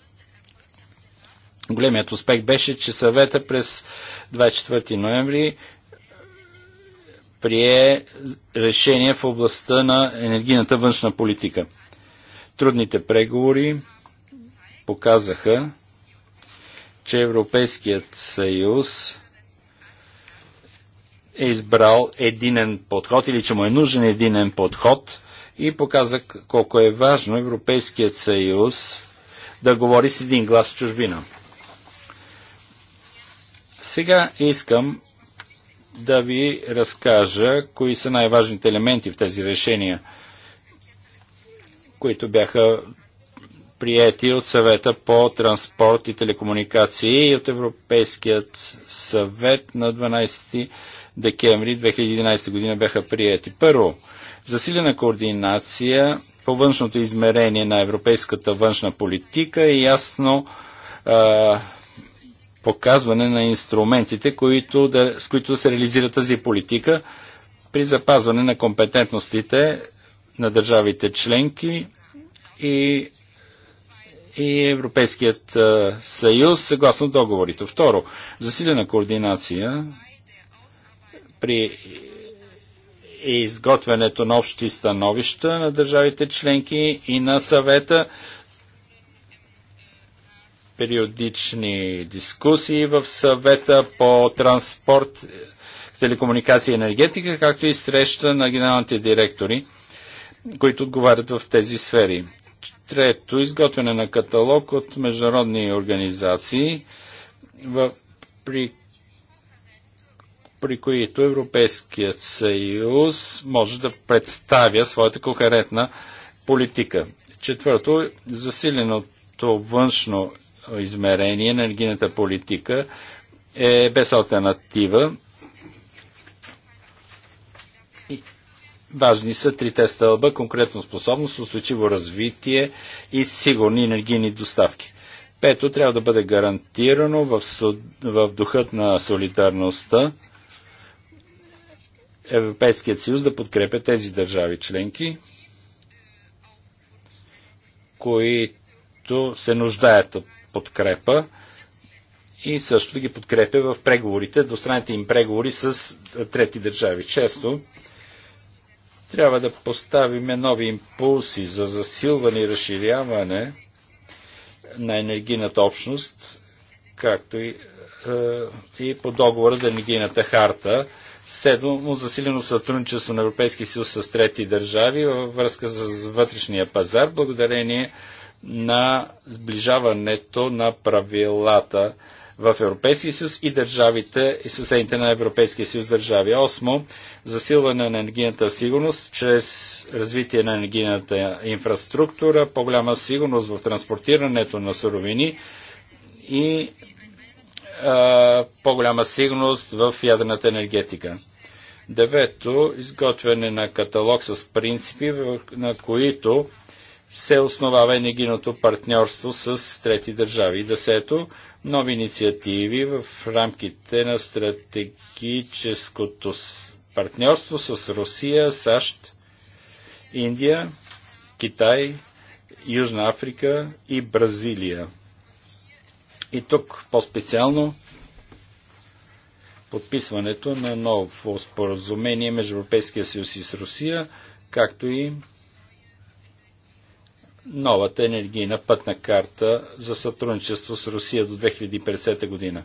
Големият успех беше, че съвета през 24 ноември прие решение в областта на енергийната външна политика. Трудните преговори показаха, че Европейският съюз е избрал единен подход или че му е нужен единен подход и показа колко е важно Европейският съюз да говори с един глас в чужбина. Сега искам да ви разкажа кои са най-важните елементи в тези решения, които бяха приети от съвета по транспорт и телекомуникации и от Европейският съвет на 12 декември 2011 година бяха приети. Първо, засилена координация по външното измерение на европейската външна политика и ясно а, показване на инструментите, които да, с които да се реализира тази политика при запазване на компетентностите на държавите членки и, и Европейският съюз съгласно договорите. Второ, засилена координация при изготвянето на общи становища на държавите членки и на съвета, периодични дискусии в съвета по транспорт, телекомуникация и енергетика, както и среща на генералните директори, които отговарят в тези сфери. Трето, изготвяне на каталог от международни организации, в, при при които Европейският съюз може да представя своята кохерентна политика. Четвърто, засиленото външно измерение на енергийната политика е без альтернатива. важни са трите стълба конкретно способност, устойчиво развитие и сигурни енергийни доставки. Пето, трябва да бъде гарантирано в, в духът на солидарността Европейският съюз да подкрепя тези държави членки, които се нуждаят от подкрепа и също да ги подкрепя в преговорите, двустранните им преговори с трети държави. Често трябва да поставиме нови импулси за засилване и разширяване на енергийната общност, както и, е, и по договора за енергийната харта Седмо, засилено сътрудничество на Европейския съюз с трети държави във връзка с вътрешния пазар, благодарение на сближаването на правилата в Европейския съюз и държавите и съседните на Европейския съюз държави. Осмо, засилване на енергийната сигурност чрез развитие на енергийната инфраструктура, по-голяма сигурност в транспортирането на суровини и по-голяма сигурност в ядрената енергетика. Девето, изготвяне на каталог с принципи, на които се основава енергийното партньорство с трети държави. Десето, нови инициативи в рамките на стратегическото партньорство с Русия, САЩ, Индия, Китай, Южна Африка и Бразилия. И тук по-специално подписването на ново споразумение между Европейския съюз и с Русия, както и новата енергийна пътна карта за сътрудничество с Русия до 2050 година.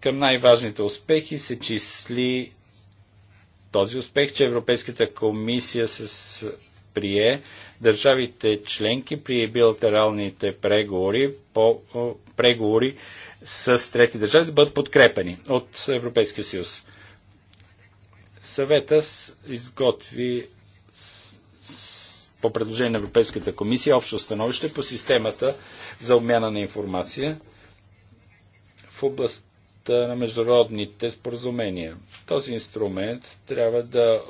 Към най-важните успехи се числи този успех, че Европейската комисия се прие държавите членки при билатералните преговори, по, преговори с трети държави да бъдат подкрепени от Европейския съюз. Съвета изготви с, с, по предложение на Европейската комисия общо становище по системата за обмяна на информация в област на международните споразумения. Този инструмент трябва да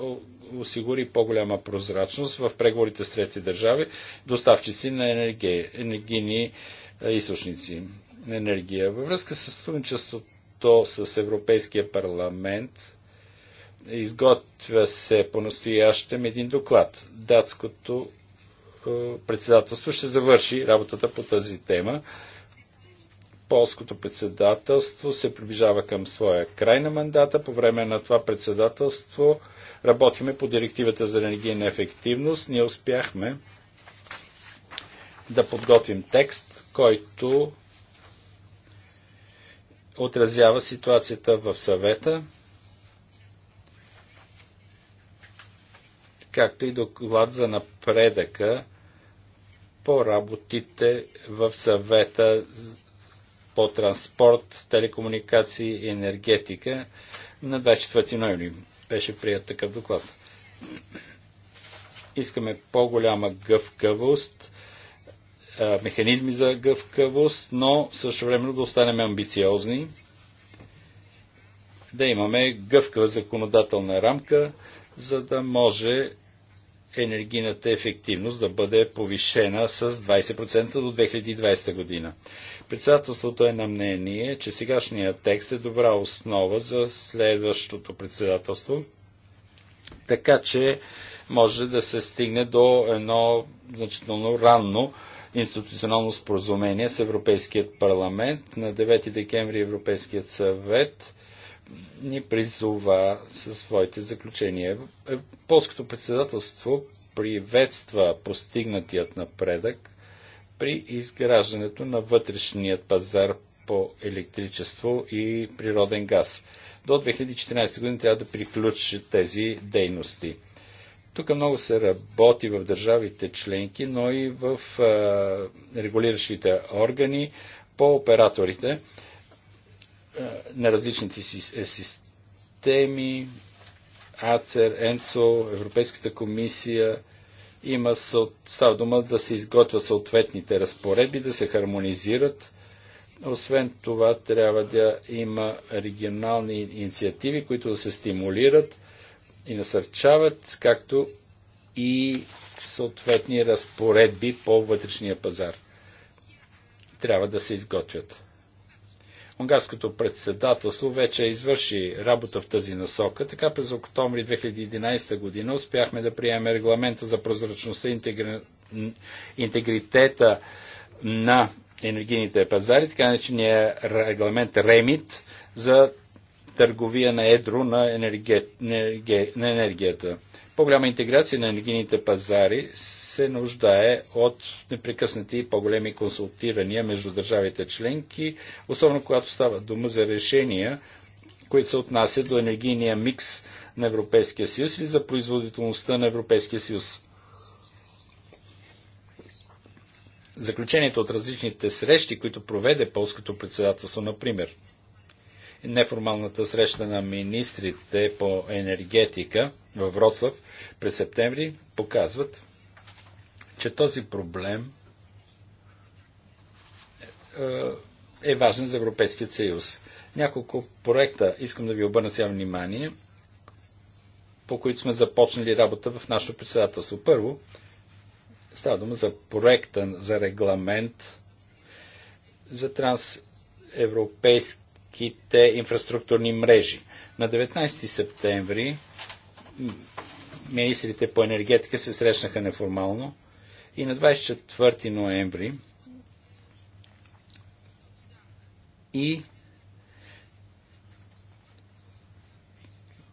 осигури по-голяма прозрачност в преговорите с трети държави, доставчици на енергия, енергийни източници на енергия. Във връзка с сътрудничеството с Европейския парламент, изготвя се по-настоящем един доклад. Датското председателство ще завърши работата по тази тема полското председателство се приближава към своя край на мандата. По време на това председателство работиме по директивата за енергийна ефективност. Ние успяхме да подготвим текст, който отразява ситуацията в съвета, както и доклад за напредъка по работите в съвета по транспорт, телекомуникации и енергетика на 24 ноември. Беше прият такъв доклад. Искаме по-голяма гъвкавост, механизми за гъвкавост, но също време да останем амбициозни, да имаме гъвкава законодателна рамка, за да може енергийната ефективност да бъде повишена с 20% до 2020 година. Председателството е на мнение, че сегашният текст е добра основа за следващото председателство, така че може да се стигне до едно значително ранно институционално споразумение с Европейският парламент. На 9 декември Европейският съвет ни призова със своите заключения. Е, Полското председателство приветства постигнатият напредък при изграждането на вътрешният пазар по електричество и природен газ. До 2014 година трябва да приключи тези дейности. Тук много се работи в държавите членки, но и в регулиращите органи, по операторите на различните е, системи, АЦЕР, ЕНСО, Европейската комисия, има, става дума да се изготвят съответните разпоредби, да се хармонизират. Освен това, трябва да има регионални инициативи, които да се стимулират и насърчават, както и съответни разпоредби по вътрешния пазар. Трябва да се изготвят. Унгарското председателство вече извърши работа в тази насока. Така през октомври 2011 година успяхме да приемем регламента за прозрачността и интегри... интегритета на енергийните пазари, така наречения регламент РЕМИТ за търговия на едро на, енерге, енерге, на енергията. По-голяма интеграция на енергийните пазари се нуждае от непрекъснати и по-големи консултирания между държавите членки, особено когато става дума за решения, които се отнасят до енергийния микс на Европейския съюз или за производителността на Европейския съюз. Заключението от различните срещи, които проведе полското председателство, например – неформалната среща на министрите по енергетика в Вроцлав през септември показват, че този проблем е, е важен за Европейският съюз. Няколко проекта искам да ви обърна сега внимание, по които сме започнали работа в нашето председателство. Първо, става дума за проекта за регламент за трансевропейски широките инфраструктурни мрежи. На 19 септември министрите по енергетика се срещнаха неформално и на 24 ноември и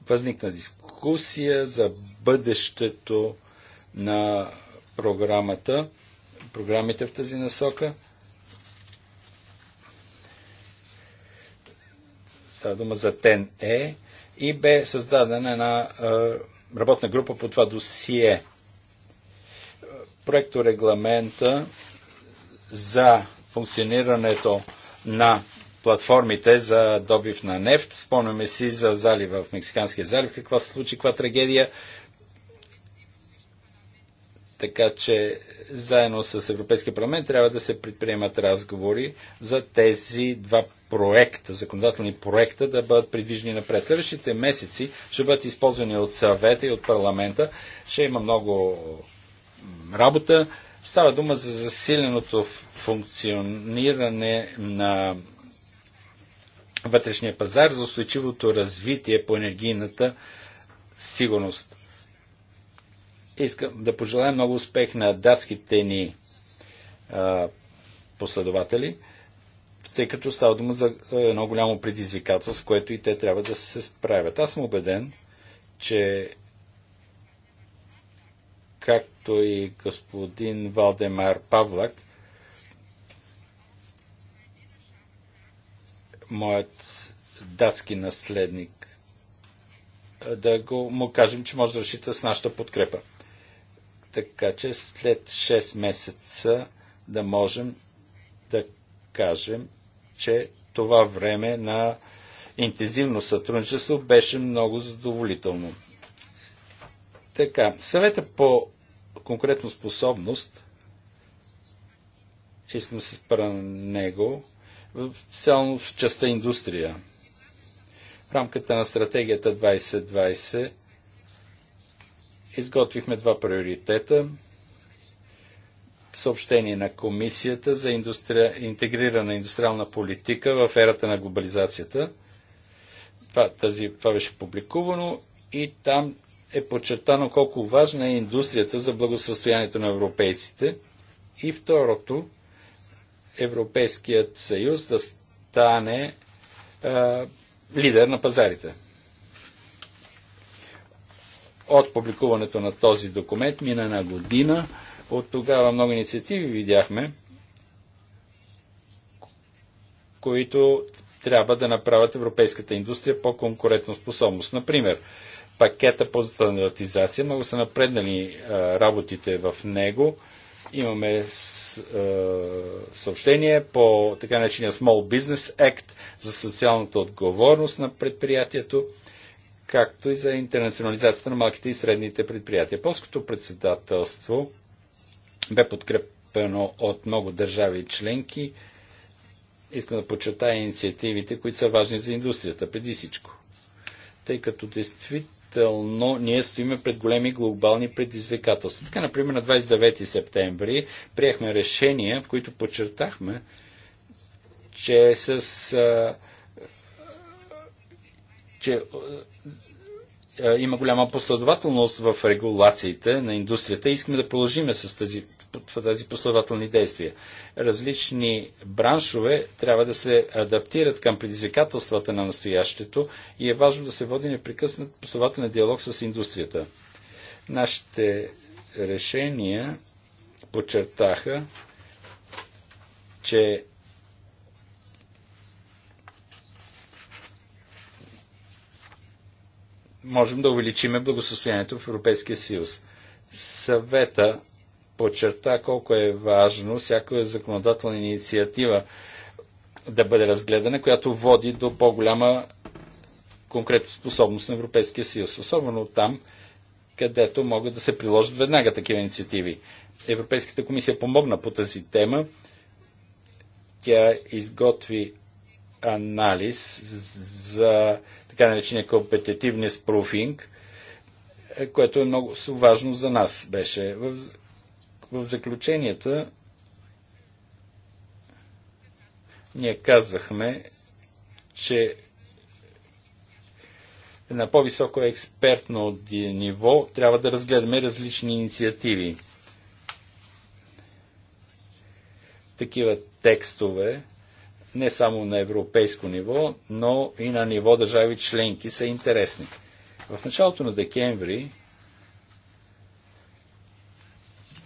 възникна дискусия за бъдещето на програмата, програмите в тази насока – Става дума за ТЕН-Е и бе създадена една е, работна група по това досие. Проекто регламента за функционирането на платформите за добив на нефт. Спомняме си за залива в Мексиканския залив, какво се случи, каква трагедия така че заедно с Европейския парламент трябва да се предприемат разговори за тези два проекта, законодателни проекта да бъдат придвижени напред. Следващите месеци ще бъдат използвани от съвета и от парламента. Ще има много работа. Става дума за засиленото функциониране на вътрешния пазар, за устойчивото развитие по енергийната сигурност. Искам да пожелая много успех на датските ни а, последователи, тъй като става дума за едно голямо предизвикателство, с което и те трябва да се справят. Аз съм убеден, че както и господин Валдемар Павлак, моят датски наследник, да го, му кажем, че може да решите с нашата подкрепа така че след 6 месеца да можем да кажем, че това време на интензивно сътрудничество беше много задоволително. Така, съвета по конкретно способност, искам да се спра на него, специално в частта индустрия. В рамката на стратегията 2020 Изготвихме два приоритета. Съобщение на Комисията за индустри... интегрирана индустриална политика в ерата на глобализацията. Това, тази, това беше публикувано и там е подчертано колко важна е индустрията за благосъстоянието на европейците. И второто, Европейският съюз да стане а, лидер на пазарите от публикуването на този документ мина на година. От тогава много инициативи видяхме, които трябва да направят европейската индустрия по-конкурентно способност. Например, пакета по стандартизация, много са напреднали а, работите в него. Имаме съобщение по така наречения Small Business Act за социалната отговорност на предприятието както и за интернационализацията на малките и средните предприятия. Полското председателство бе подкрепено от много държави и членки. Искам да почетая инициативите, които са важни за индустрията, преди всичко. Тъй като действително ние стоиме пред големи глобални предизвикателства. Така, например, на 29 септември приехме решения, в които подчертахме, че с а, че е, е, има голяма последователност в регулациите на индустрията и искаме да положим с тази, тази последователни действия. Различни браншове трябва да се адаптират към предизвикателствата на настоящето и е важно да се води непрекъснат последователен диалог с индустрията. Нашите решения подчертаха, че можем да увеличиме благосостоянието в Европейския съюз. Съвета подчерта колко е важно всяка законодателна инициатива да бъде разгледана, която води до по-голяма конкретоспособност на Европейския съюз. Особено там, където могат да се приложат веднага такива инициативи. Европейската комисия помогна по тази тема. Тя изготви анализ за така наречения компетитивни спруфинг, е, което е много важно за нас беше. В, в заключенията ние казахме, че на по-високо експертно ниво трябва да разгледаме различни инициативи. Такива текстове не само на европейско ниво, но и на ниво държави членки са интересни. В началото на декември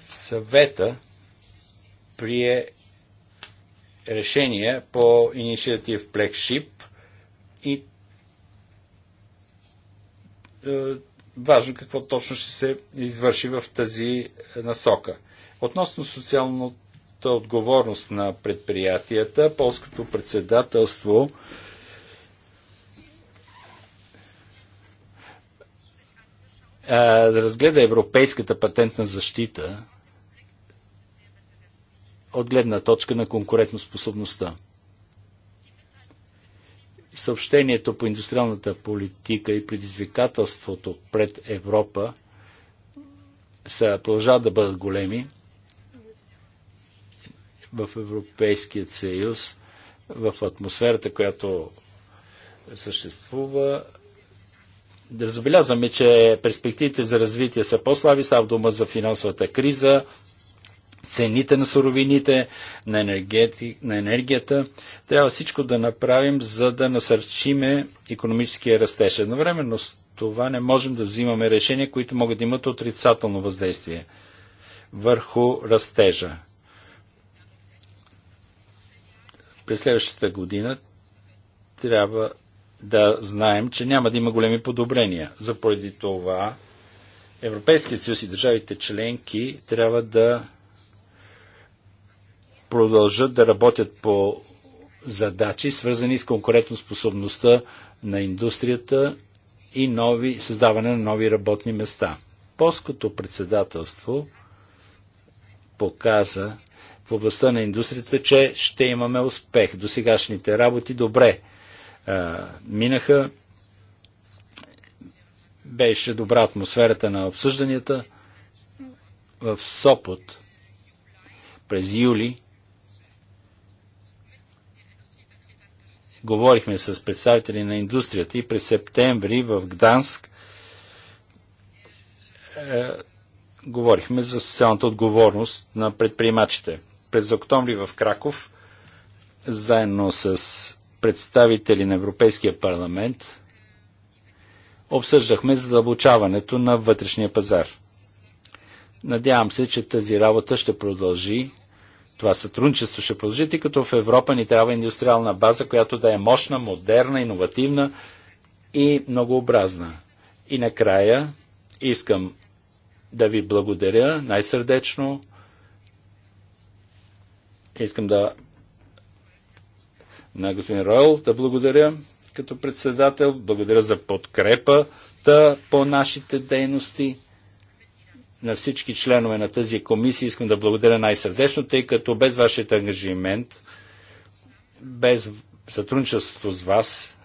съвета прие решение по инициатив Плекшип и е, важно какво точно ще се извърши в тази насока. Относно социалното отговорност на предприятията. Полското председателство разгледа европейската патентна защита от гледна точка на конкурентоспособността. Съобщението по индустриалната политика и предизвикателството пред Европа са продължават да бъдат големи в Европейският съюз, в атмосферата, която съществува, да забелязваме, че перспективите за развитие са по-слаби, става дума за финансовата криза, цените на суровините, на, енергети, на енергията. Трябва всичко да направим, за да насърчиме економическия растеж. Едновременно с това не можем да взимаме решения, които могат да имат отрицателно въздействие върху растежа. През следващата година трябва да знаем, че няма да има големи подобрения. За поради това Европейският съюз и държавите членки трябва да продължат да работят по задачи, свързани с конкурентоспособността на индустрията и нови, създаване на нови работни места. Полското председателство показа, в областта на индустрията, че ще имаме успех. До сегашните работи добре а, минаха. Беше добра атмосферата на обсъжданията в Сопот през юли. Говорихме с представители на индустрията и през септември в Гданск е, говорихме за социалната отговорност на предприемачите през октомври в Краков, заедно с представители на Европейския парламент, обсъждахме задълбочаването на вътрешния пазар. Надявам се, че тази работа ще продължи, това сътрудничество ще продължи, тъй като в Европа ни трябва индустриална база, която да е мощна, модерна, иновативна и многообразна. И накрая искам да ви благодаря най-сърдечно Искам да на господин Ройл да благодаря като председател. Благодаря за подкрепата по нашите дейности на всички членове на тази комисия. Искам да благодаря най-сърдечно, тъй като без вашият ангажимент, без сътрудничество с вас,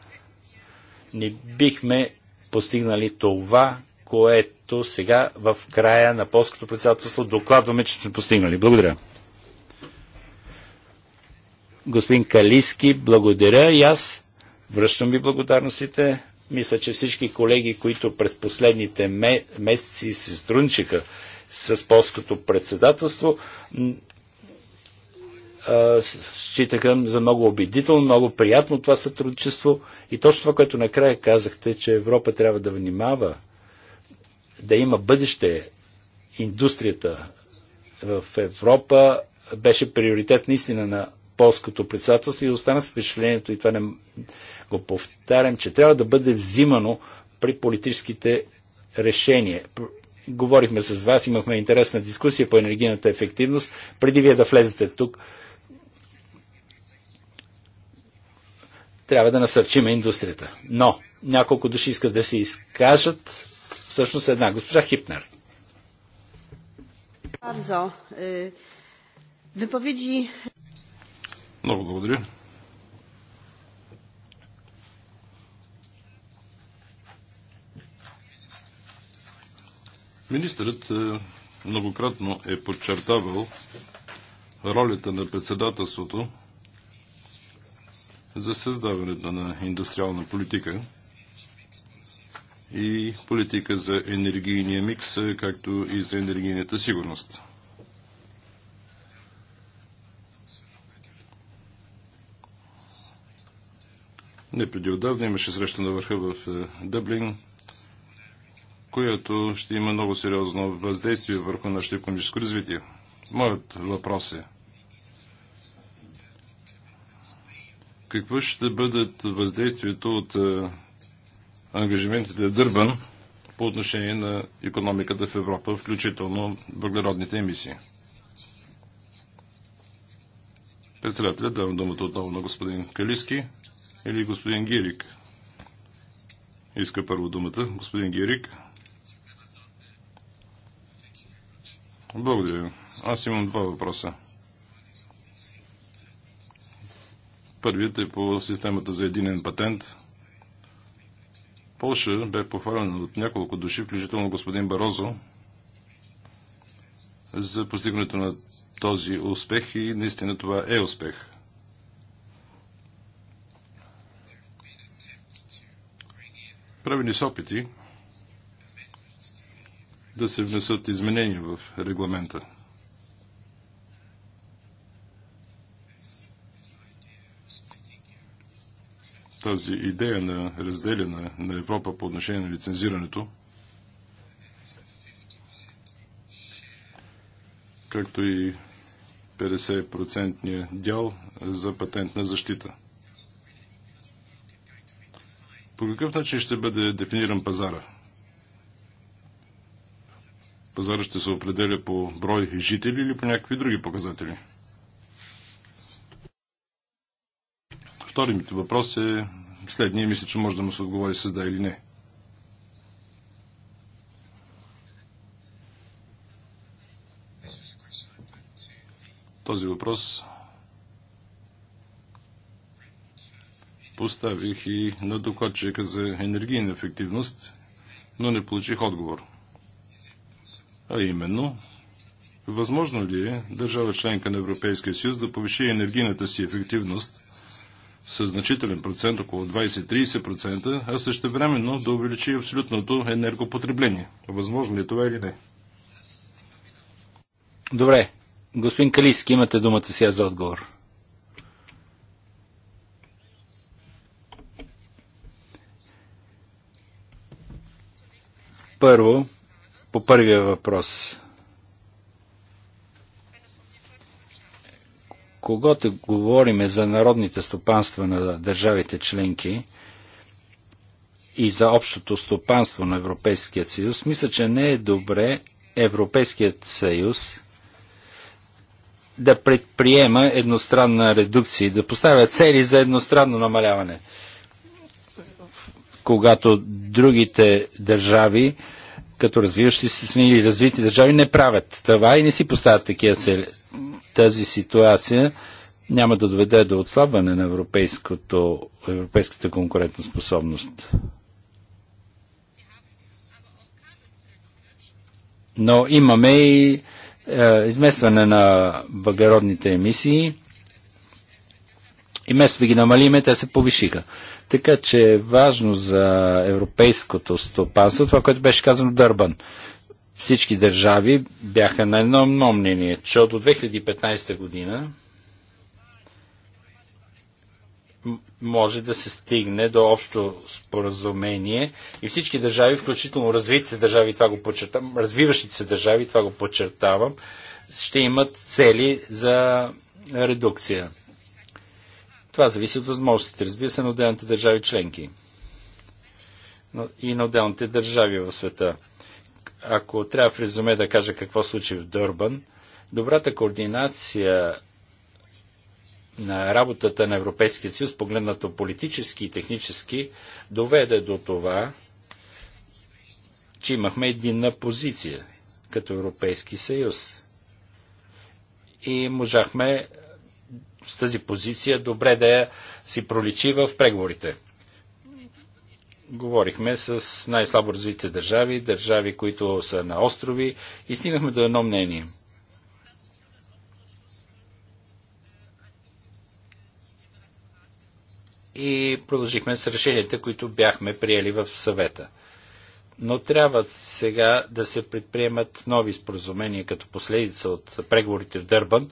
не бихме постигнали това, което сега в края на полското председателство докладваме, че сме постигнали. Благодаря господин Калиски, благодаря и аз връщам ви благодарностите. Мисля, че всички колеги, които през последните месеци се струнчиха с полското председателство, считаха за много убедително, много приятно това сътрудничество и точно това, което накрая казахте, че Европа трябва да внимава да има бъдеще индустрията в Европа беше приоритет наистина на полското председателство и остана с впечатлението, и това не го повтарям, че трябва да бъде взимано при политическите решения. Говорихме с вас, имахме интересна дискусия по енергийната ефективност, преди вие да влезете тук. Трябва да насърчим индустрията. Но няколко души искат да се изкажат. Всъщност една. Госпожа Хипнер. Bardzo. Е, Wypowiedzi много благодаря. Министърът е, многократно е подчертавал ролята на председателството за създаването на индустриална политика и политика за енергийния микс, е, както и за енергийната сигурност. Не преди отдавна имаше среща на върха в е, Дъблин, която ще има много сериозно въздействие върху нашето економическо развитие. Моят въпрос е какво ще бъдат въздействието от е, ангажиментите Дърбан по отношение на економиката в Европа, включително въглеродните емисии. Председателя давам думата отново на господин Калиски или господин Гирик? Иска първо думата. Господин Гирик. Благодаря. Аз имам два въпроса. Първият е по системата за единен патент. Полша бе похвалена от няколко души, включително господин Барозо, за постигането на този успех и наистина това е успех. направени с опити да се внесат изменения в регламента. Тази идея на разделена на Европа по отношение на лицензирането, както и 50 дял за патентна защита – по какъв начин ще бъде дефиниран пазара? Пазара ще се определя по брой жители или по някакви други показатели? Втори ми въпрос е следния. Мисля, че може да му се отговори с да или не. Този въпрос Поставих и на докладчика за енергийна ефективност, но не получих отговор. А именно, възможно ли е държава членка на Европейския съюз да повиши енергийната си ефективност с значителен процент, около 20-30%, а също времено да увеличи абсолютното енергопотребление? Възможно ли е това или не? Добре. Господин Калиски, имате думата сега за отговор. Първо, по първия въпрос. Когато говориме за народните стопанства на държавите членки и за общото стопанство на Европейския съюз, мисля, че не е добре Европейският съюз да предприема едностранна редукция, да поставя цели за едностранно намаляване когато другите държави, като развиващи се страни или развити държави, не правят това и не си поставят такива цели. Тази ситуация няма да доведе до отслабване на европейската конкурентоспособност. Но имаме и е, изместване на въглеродните емисии и вместо да ги намалиме, те се повишиха. Така че е важно за европейското стопанство това, което беше казано Дърбан. Всички държави бяха на едно мнение, че до 2015 година може да се стигне до общо споразумение и всички държави, включително развитите държави, това го подчертавам, развиващите се държави, това го подчертавам, ще имат цели за редукция. Това зависи от възможностите, разбира се, на отделните държави членки но и на отделните държави в света. Ако трябва в резюме да кажа какво случи в Дърбан, добрата координация на работата на Европейския съюз, погледнато политически и технически, доведе до това, че имахме единна позиция като Европейски съюз. И можахме с тази позиция добре да я си проличи в преговорите. Говорихме с най-слабо развитите държави, държави, които са на острови и стигнахме до едно мнение. И продължихме с решенията, които бяхме приели в съвета но трябва сега да се предприемат нови споразумения като последица от преговорите в Дърбан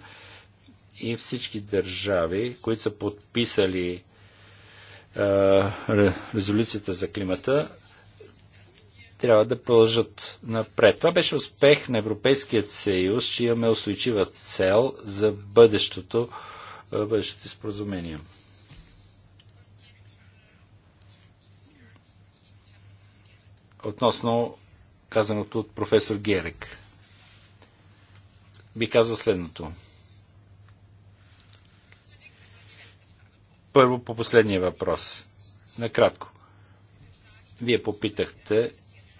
и всички държави, които са подписали резолюцията за климата, трябва да продължат напред. Това беше успех на Европейският съюз, че имаме устойчива цел за бъдещото, бъдещите споразумения. Относно казаното от професор Герек. Би казал следното. Първо по последния въпрос. Накратко. Вие попитахте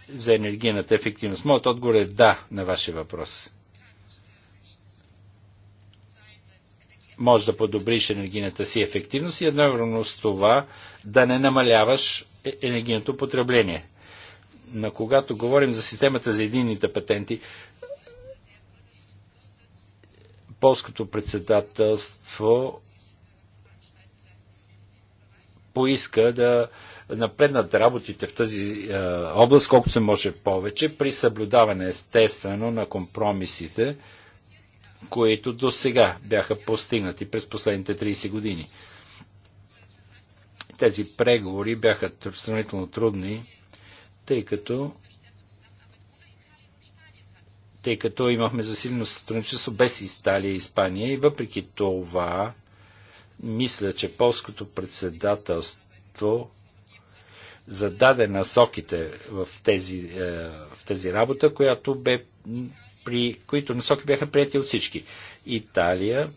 за енергийната ефективност. Моят отговор е да на вашия въпрос. Може да подобриш енергийната си ефективност и едновременно с това да не намаляваш е, енергийното потребление. Но когато говорим за системата за единните патенти, полското председателство поиска да напреднат работите в тази е, област, колкото се може повече, при съблюдаване естествено на компромисите, които до сега бяха постигнати през последните 30 години. Тези преговори бяха сравнително трудни, тъй като тъй като имахме засилено сътрудничество без Италия и Испания и въпреки това мисля, че полското председателство зададе насоките в тези, е, в тези работа, която бе при които насоки бяха прияти от всички. Италия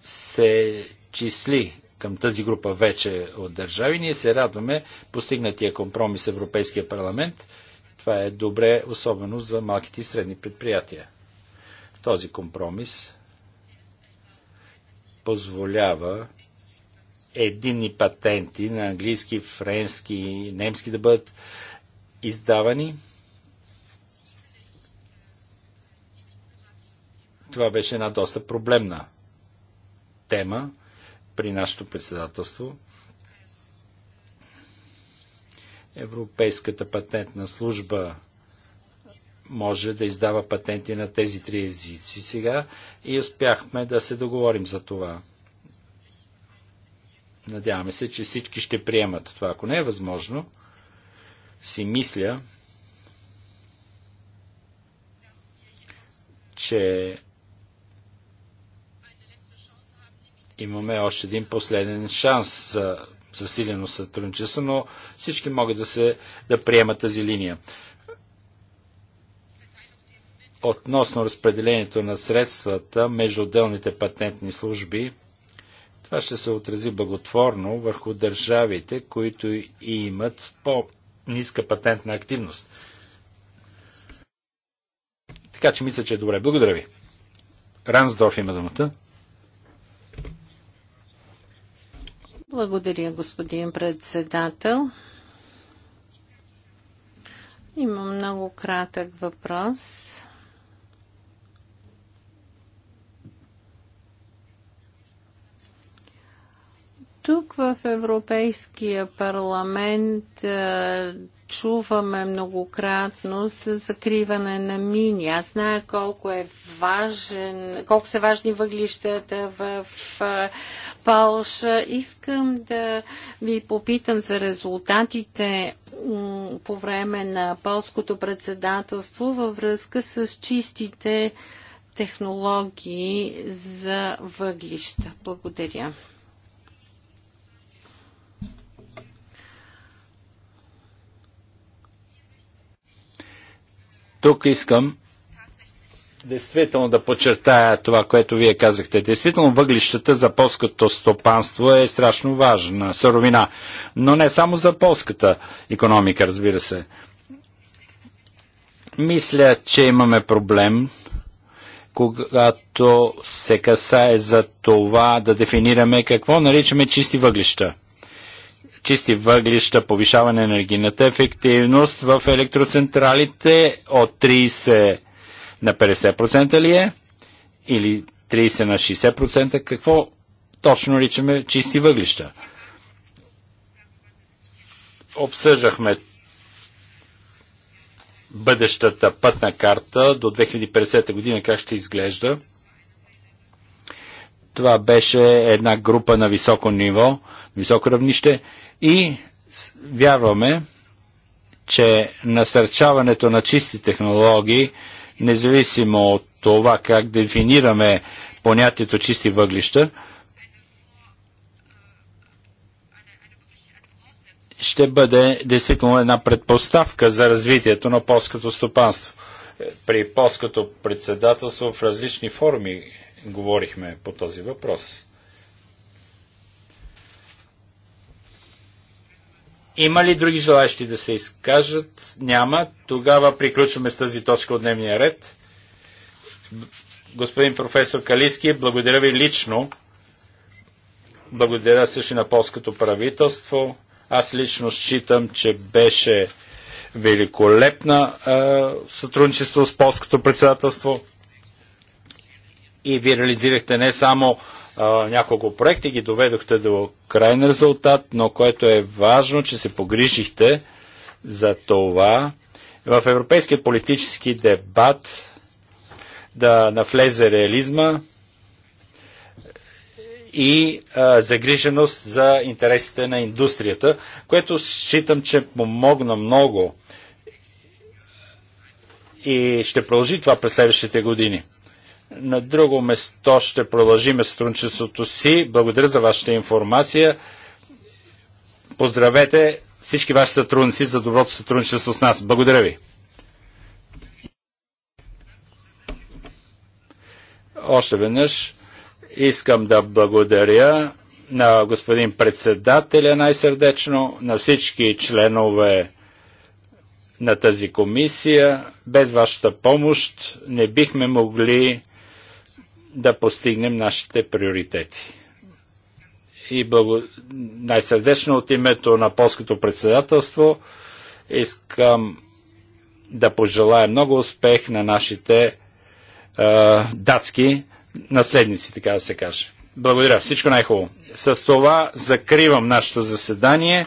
се числи към тази група вече от държави. Ние се радваме постигнатия компромис Европейския парламент. Това е добре, особено за малките и средни предприятия. Този компромис позволява единни патенти на английски, френски и немски да бъдат издавани. Това беше една доста проблемна тема при нашето председателство. Европейската патентна служба може да издава патенти на тези три езици сега и успяхме да се договорим за това. Надяваме се, че всички ще приемат това. Ако не е възможно, си мисля, че имаме още един последен шанс за засилено сътрудничество, но всички могат да, се, да приемат тази линия относно разпределението на средствата между отделните патентни служби, това ще се отрази благотворно върху държавите, които и имат по-ниска патентна активност. Така че мисля, че е добре. Благодаря ви. Рансдорф има думата. Благодаря, господин председател. Имам много кратък въпрос. Тук в Европейския парламент чуваме многократно с закриване на мини. Аз знае колко е важен, колко са важни въглищата в, в Полша. Искам да ви попитам за резултатите по време на полското председателство във връзка с чистите технологии за въглища. Благодаря. Тук искам действително да подчертая това, което вие казахте. Действително въглищата за полското стопанство е страшно важна суровина, но не само за полската економика, разбира се. Мисля, че имаме проблем, когато се касае за това да дефинираме какво наричаме чисти въглища чисти въглища, повишаване на енергийната ефективност в електроцентралите от 30 на 50% ли е? Или 30 на 60%? Какво точно ричаме чисти въглища? Обсъждахме бъдещата пътна карта до 2050 година как ще изглежда. Това беше една група на високо ниво, високо равнище и вярваме, че насърчаването на чисти технологии, независимо от това как дефинираме понятието чисти въглища, ще бъде действително една предпоставка за развитието на полското стопанство. При полското председателство в различни форми говорихме по този въпрос. Има ли други желащи да се изкажат? Няма. Тогава приключваме с тази точка от дневния ред. Господин професор Калиски, благодаря ви лично. Благодаря също на полското правителство. Аз лично считам, че беше великолепна е, сътрудничество с полското председателство и ви реализирахте не само а, няколко проекти, ги доведохте до крайен резултат, но което е важно, че се погрижихте за това в европейския политически дебат да навлезе реализма и а, загриженост за интересите на индустрията, което считам, че помогна много и ще продължи това през следващите години. На друго место ще продължим сътрудничеството си. Благодаря за вашата информация. Поздравете всички ваши сътрудници за доброто сътрудничество с нас. Благодаря ви. Още веднъж искам да благодаря на господин председателя най-сърдечно, на всички членове на тази комисия. Без вашата помощ не бихме могли да постигнем нашите приоритети. И благо... най-сърдечно от името на полското председателство искам да пожелая много успех на нашите е, датски наследници, така да се каже. Благодаря. Всичко най-хубаво. С това закривам нашето заседание.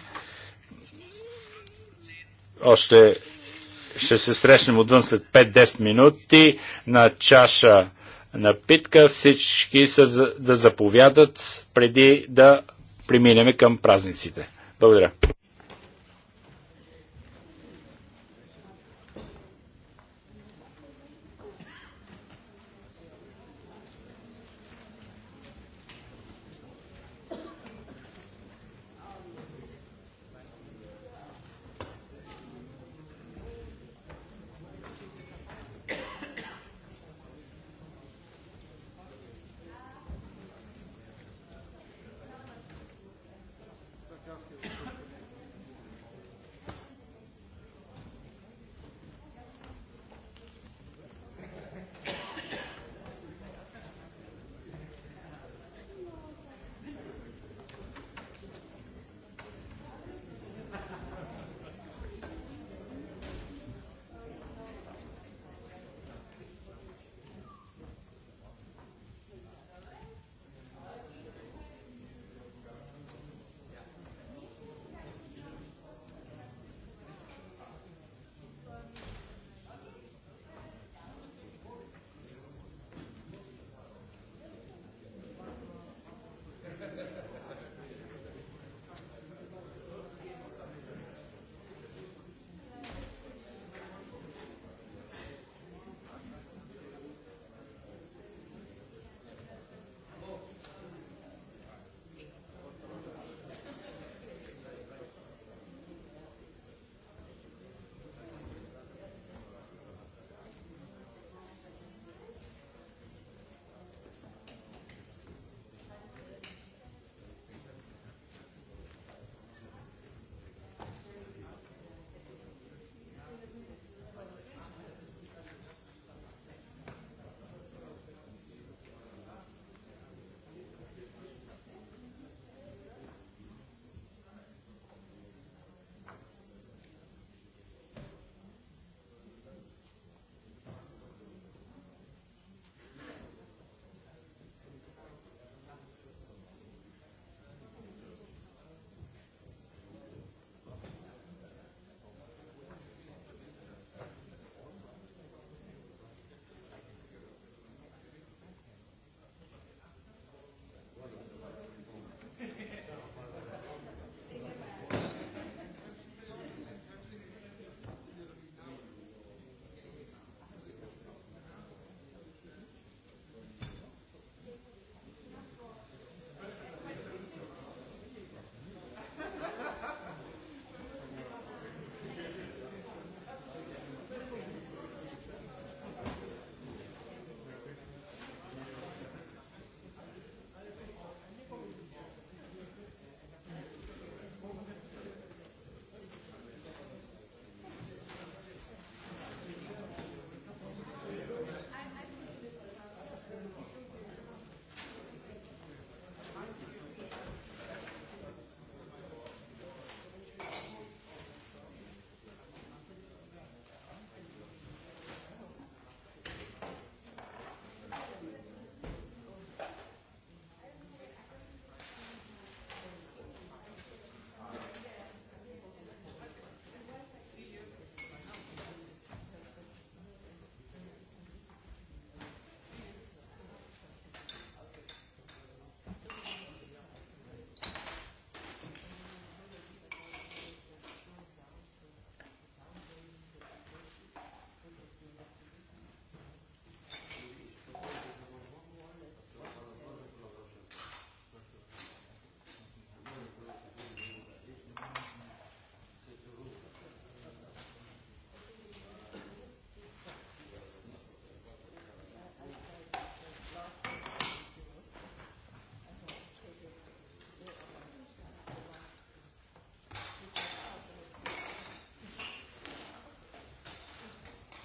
Още ще се срещнем отвън след 5-10 минути на чаша напитка, всички са да заповядат преди да преминем към празниците. Благодаря.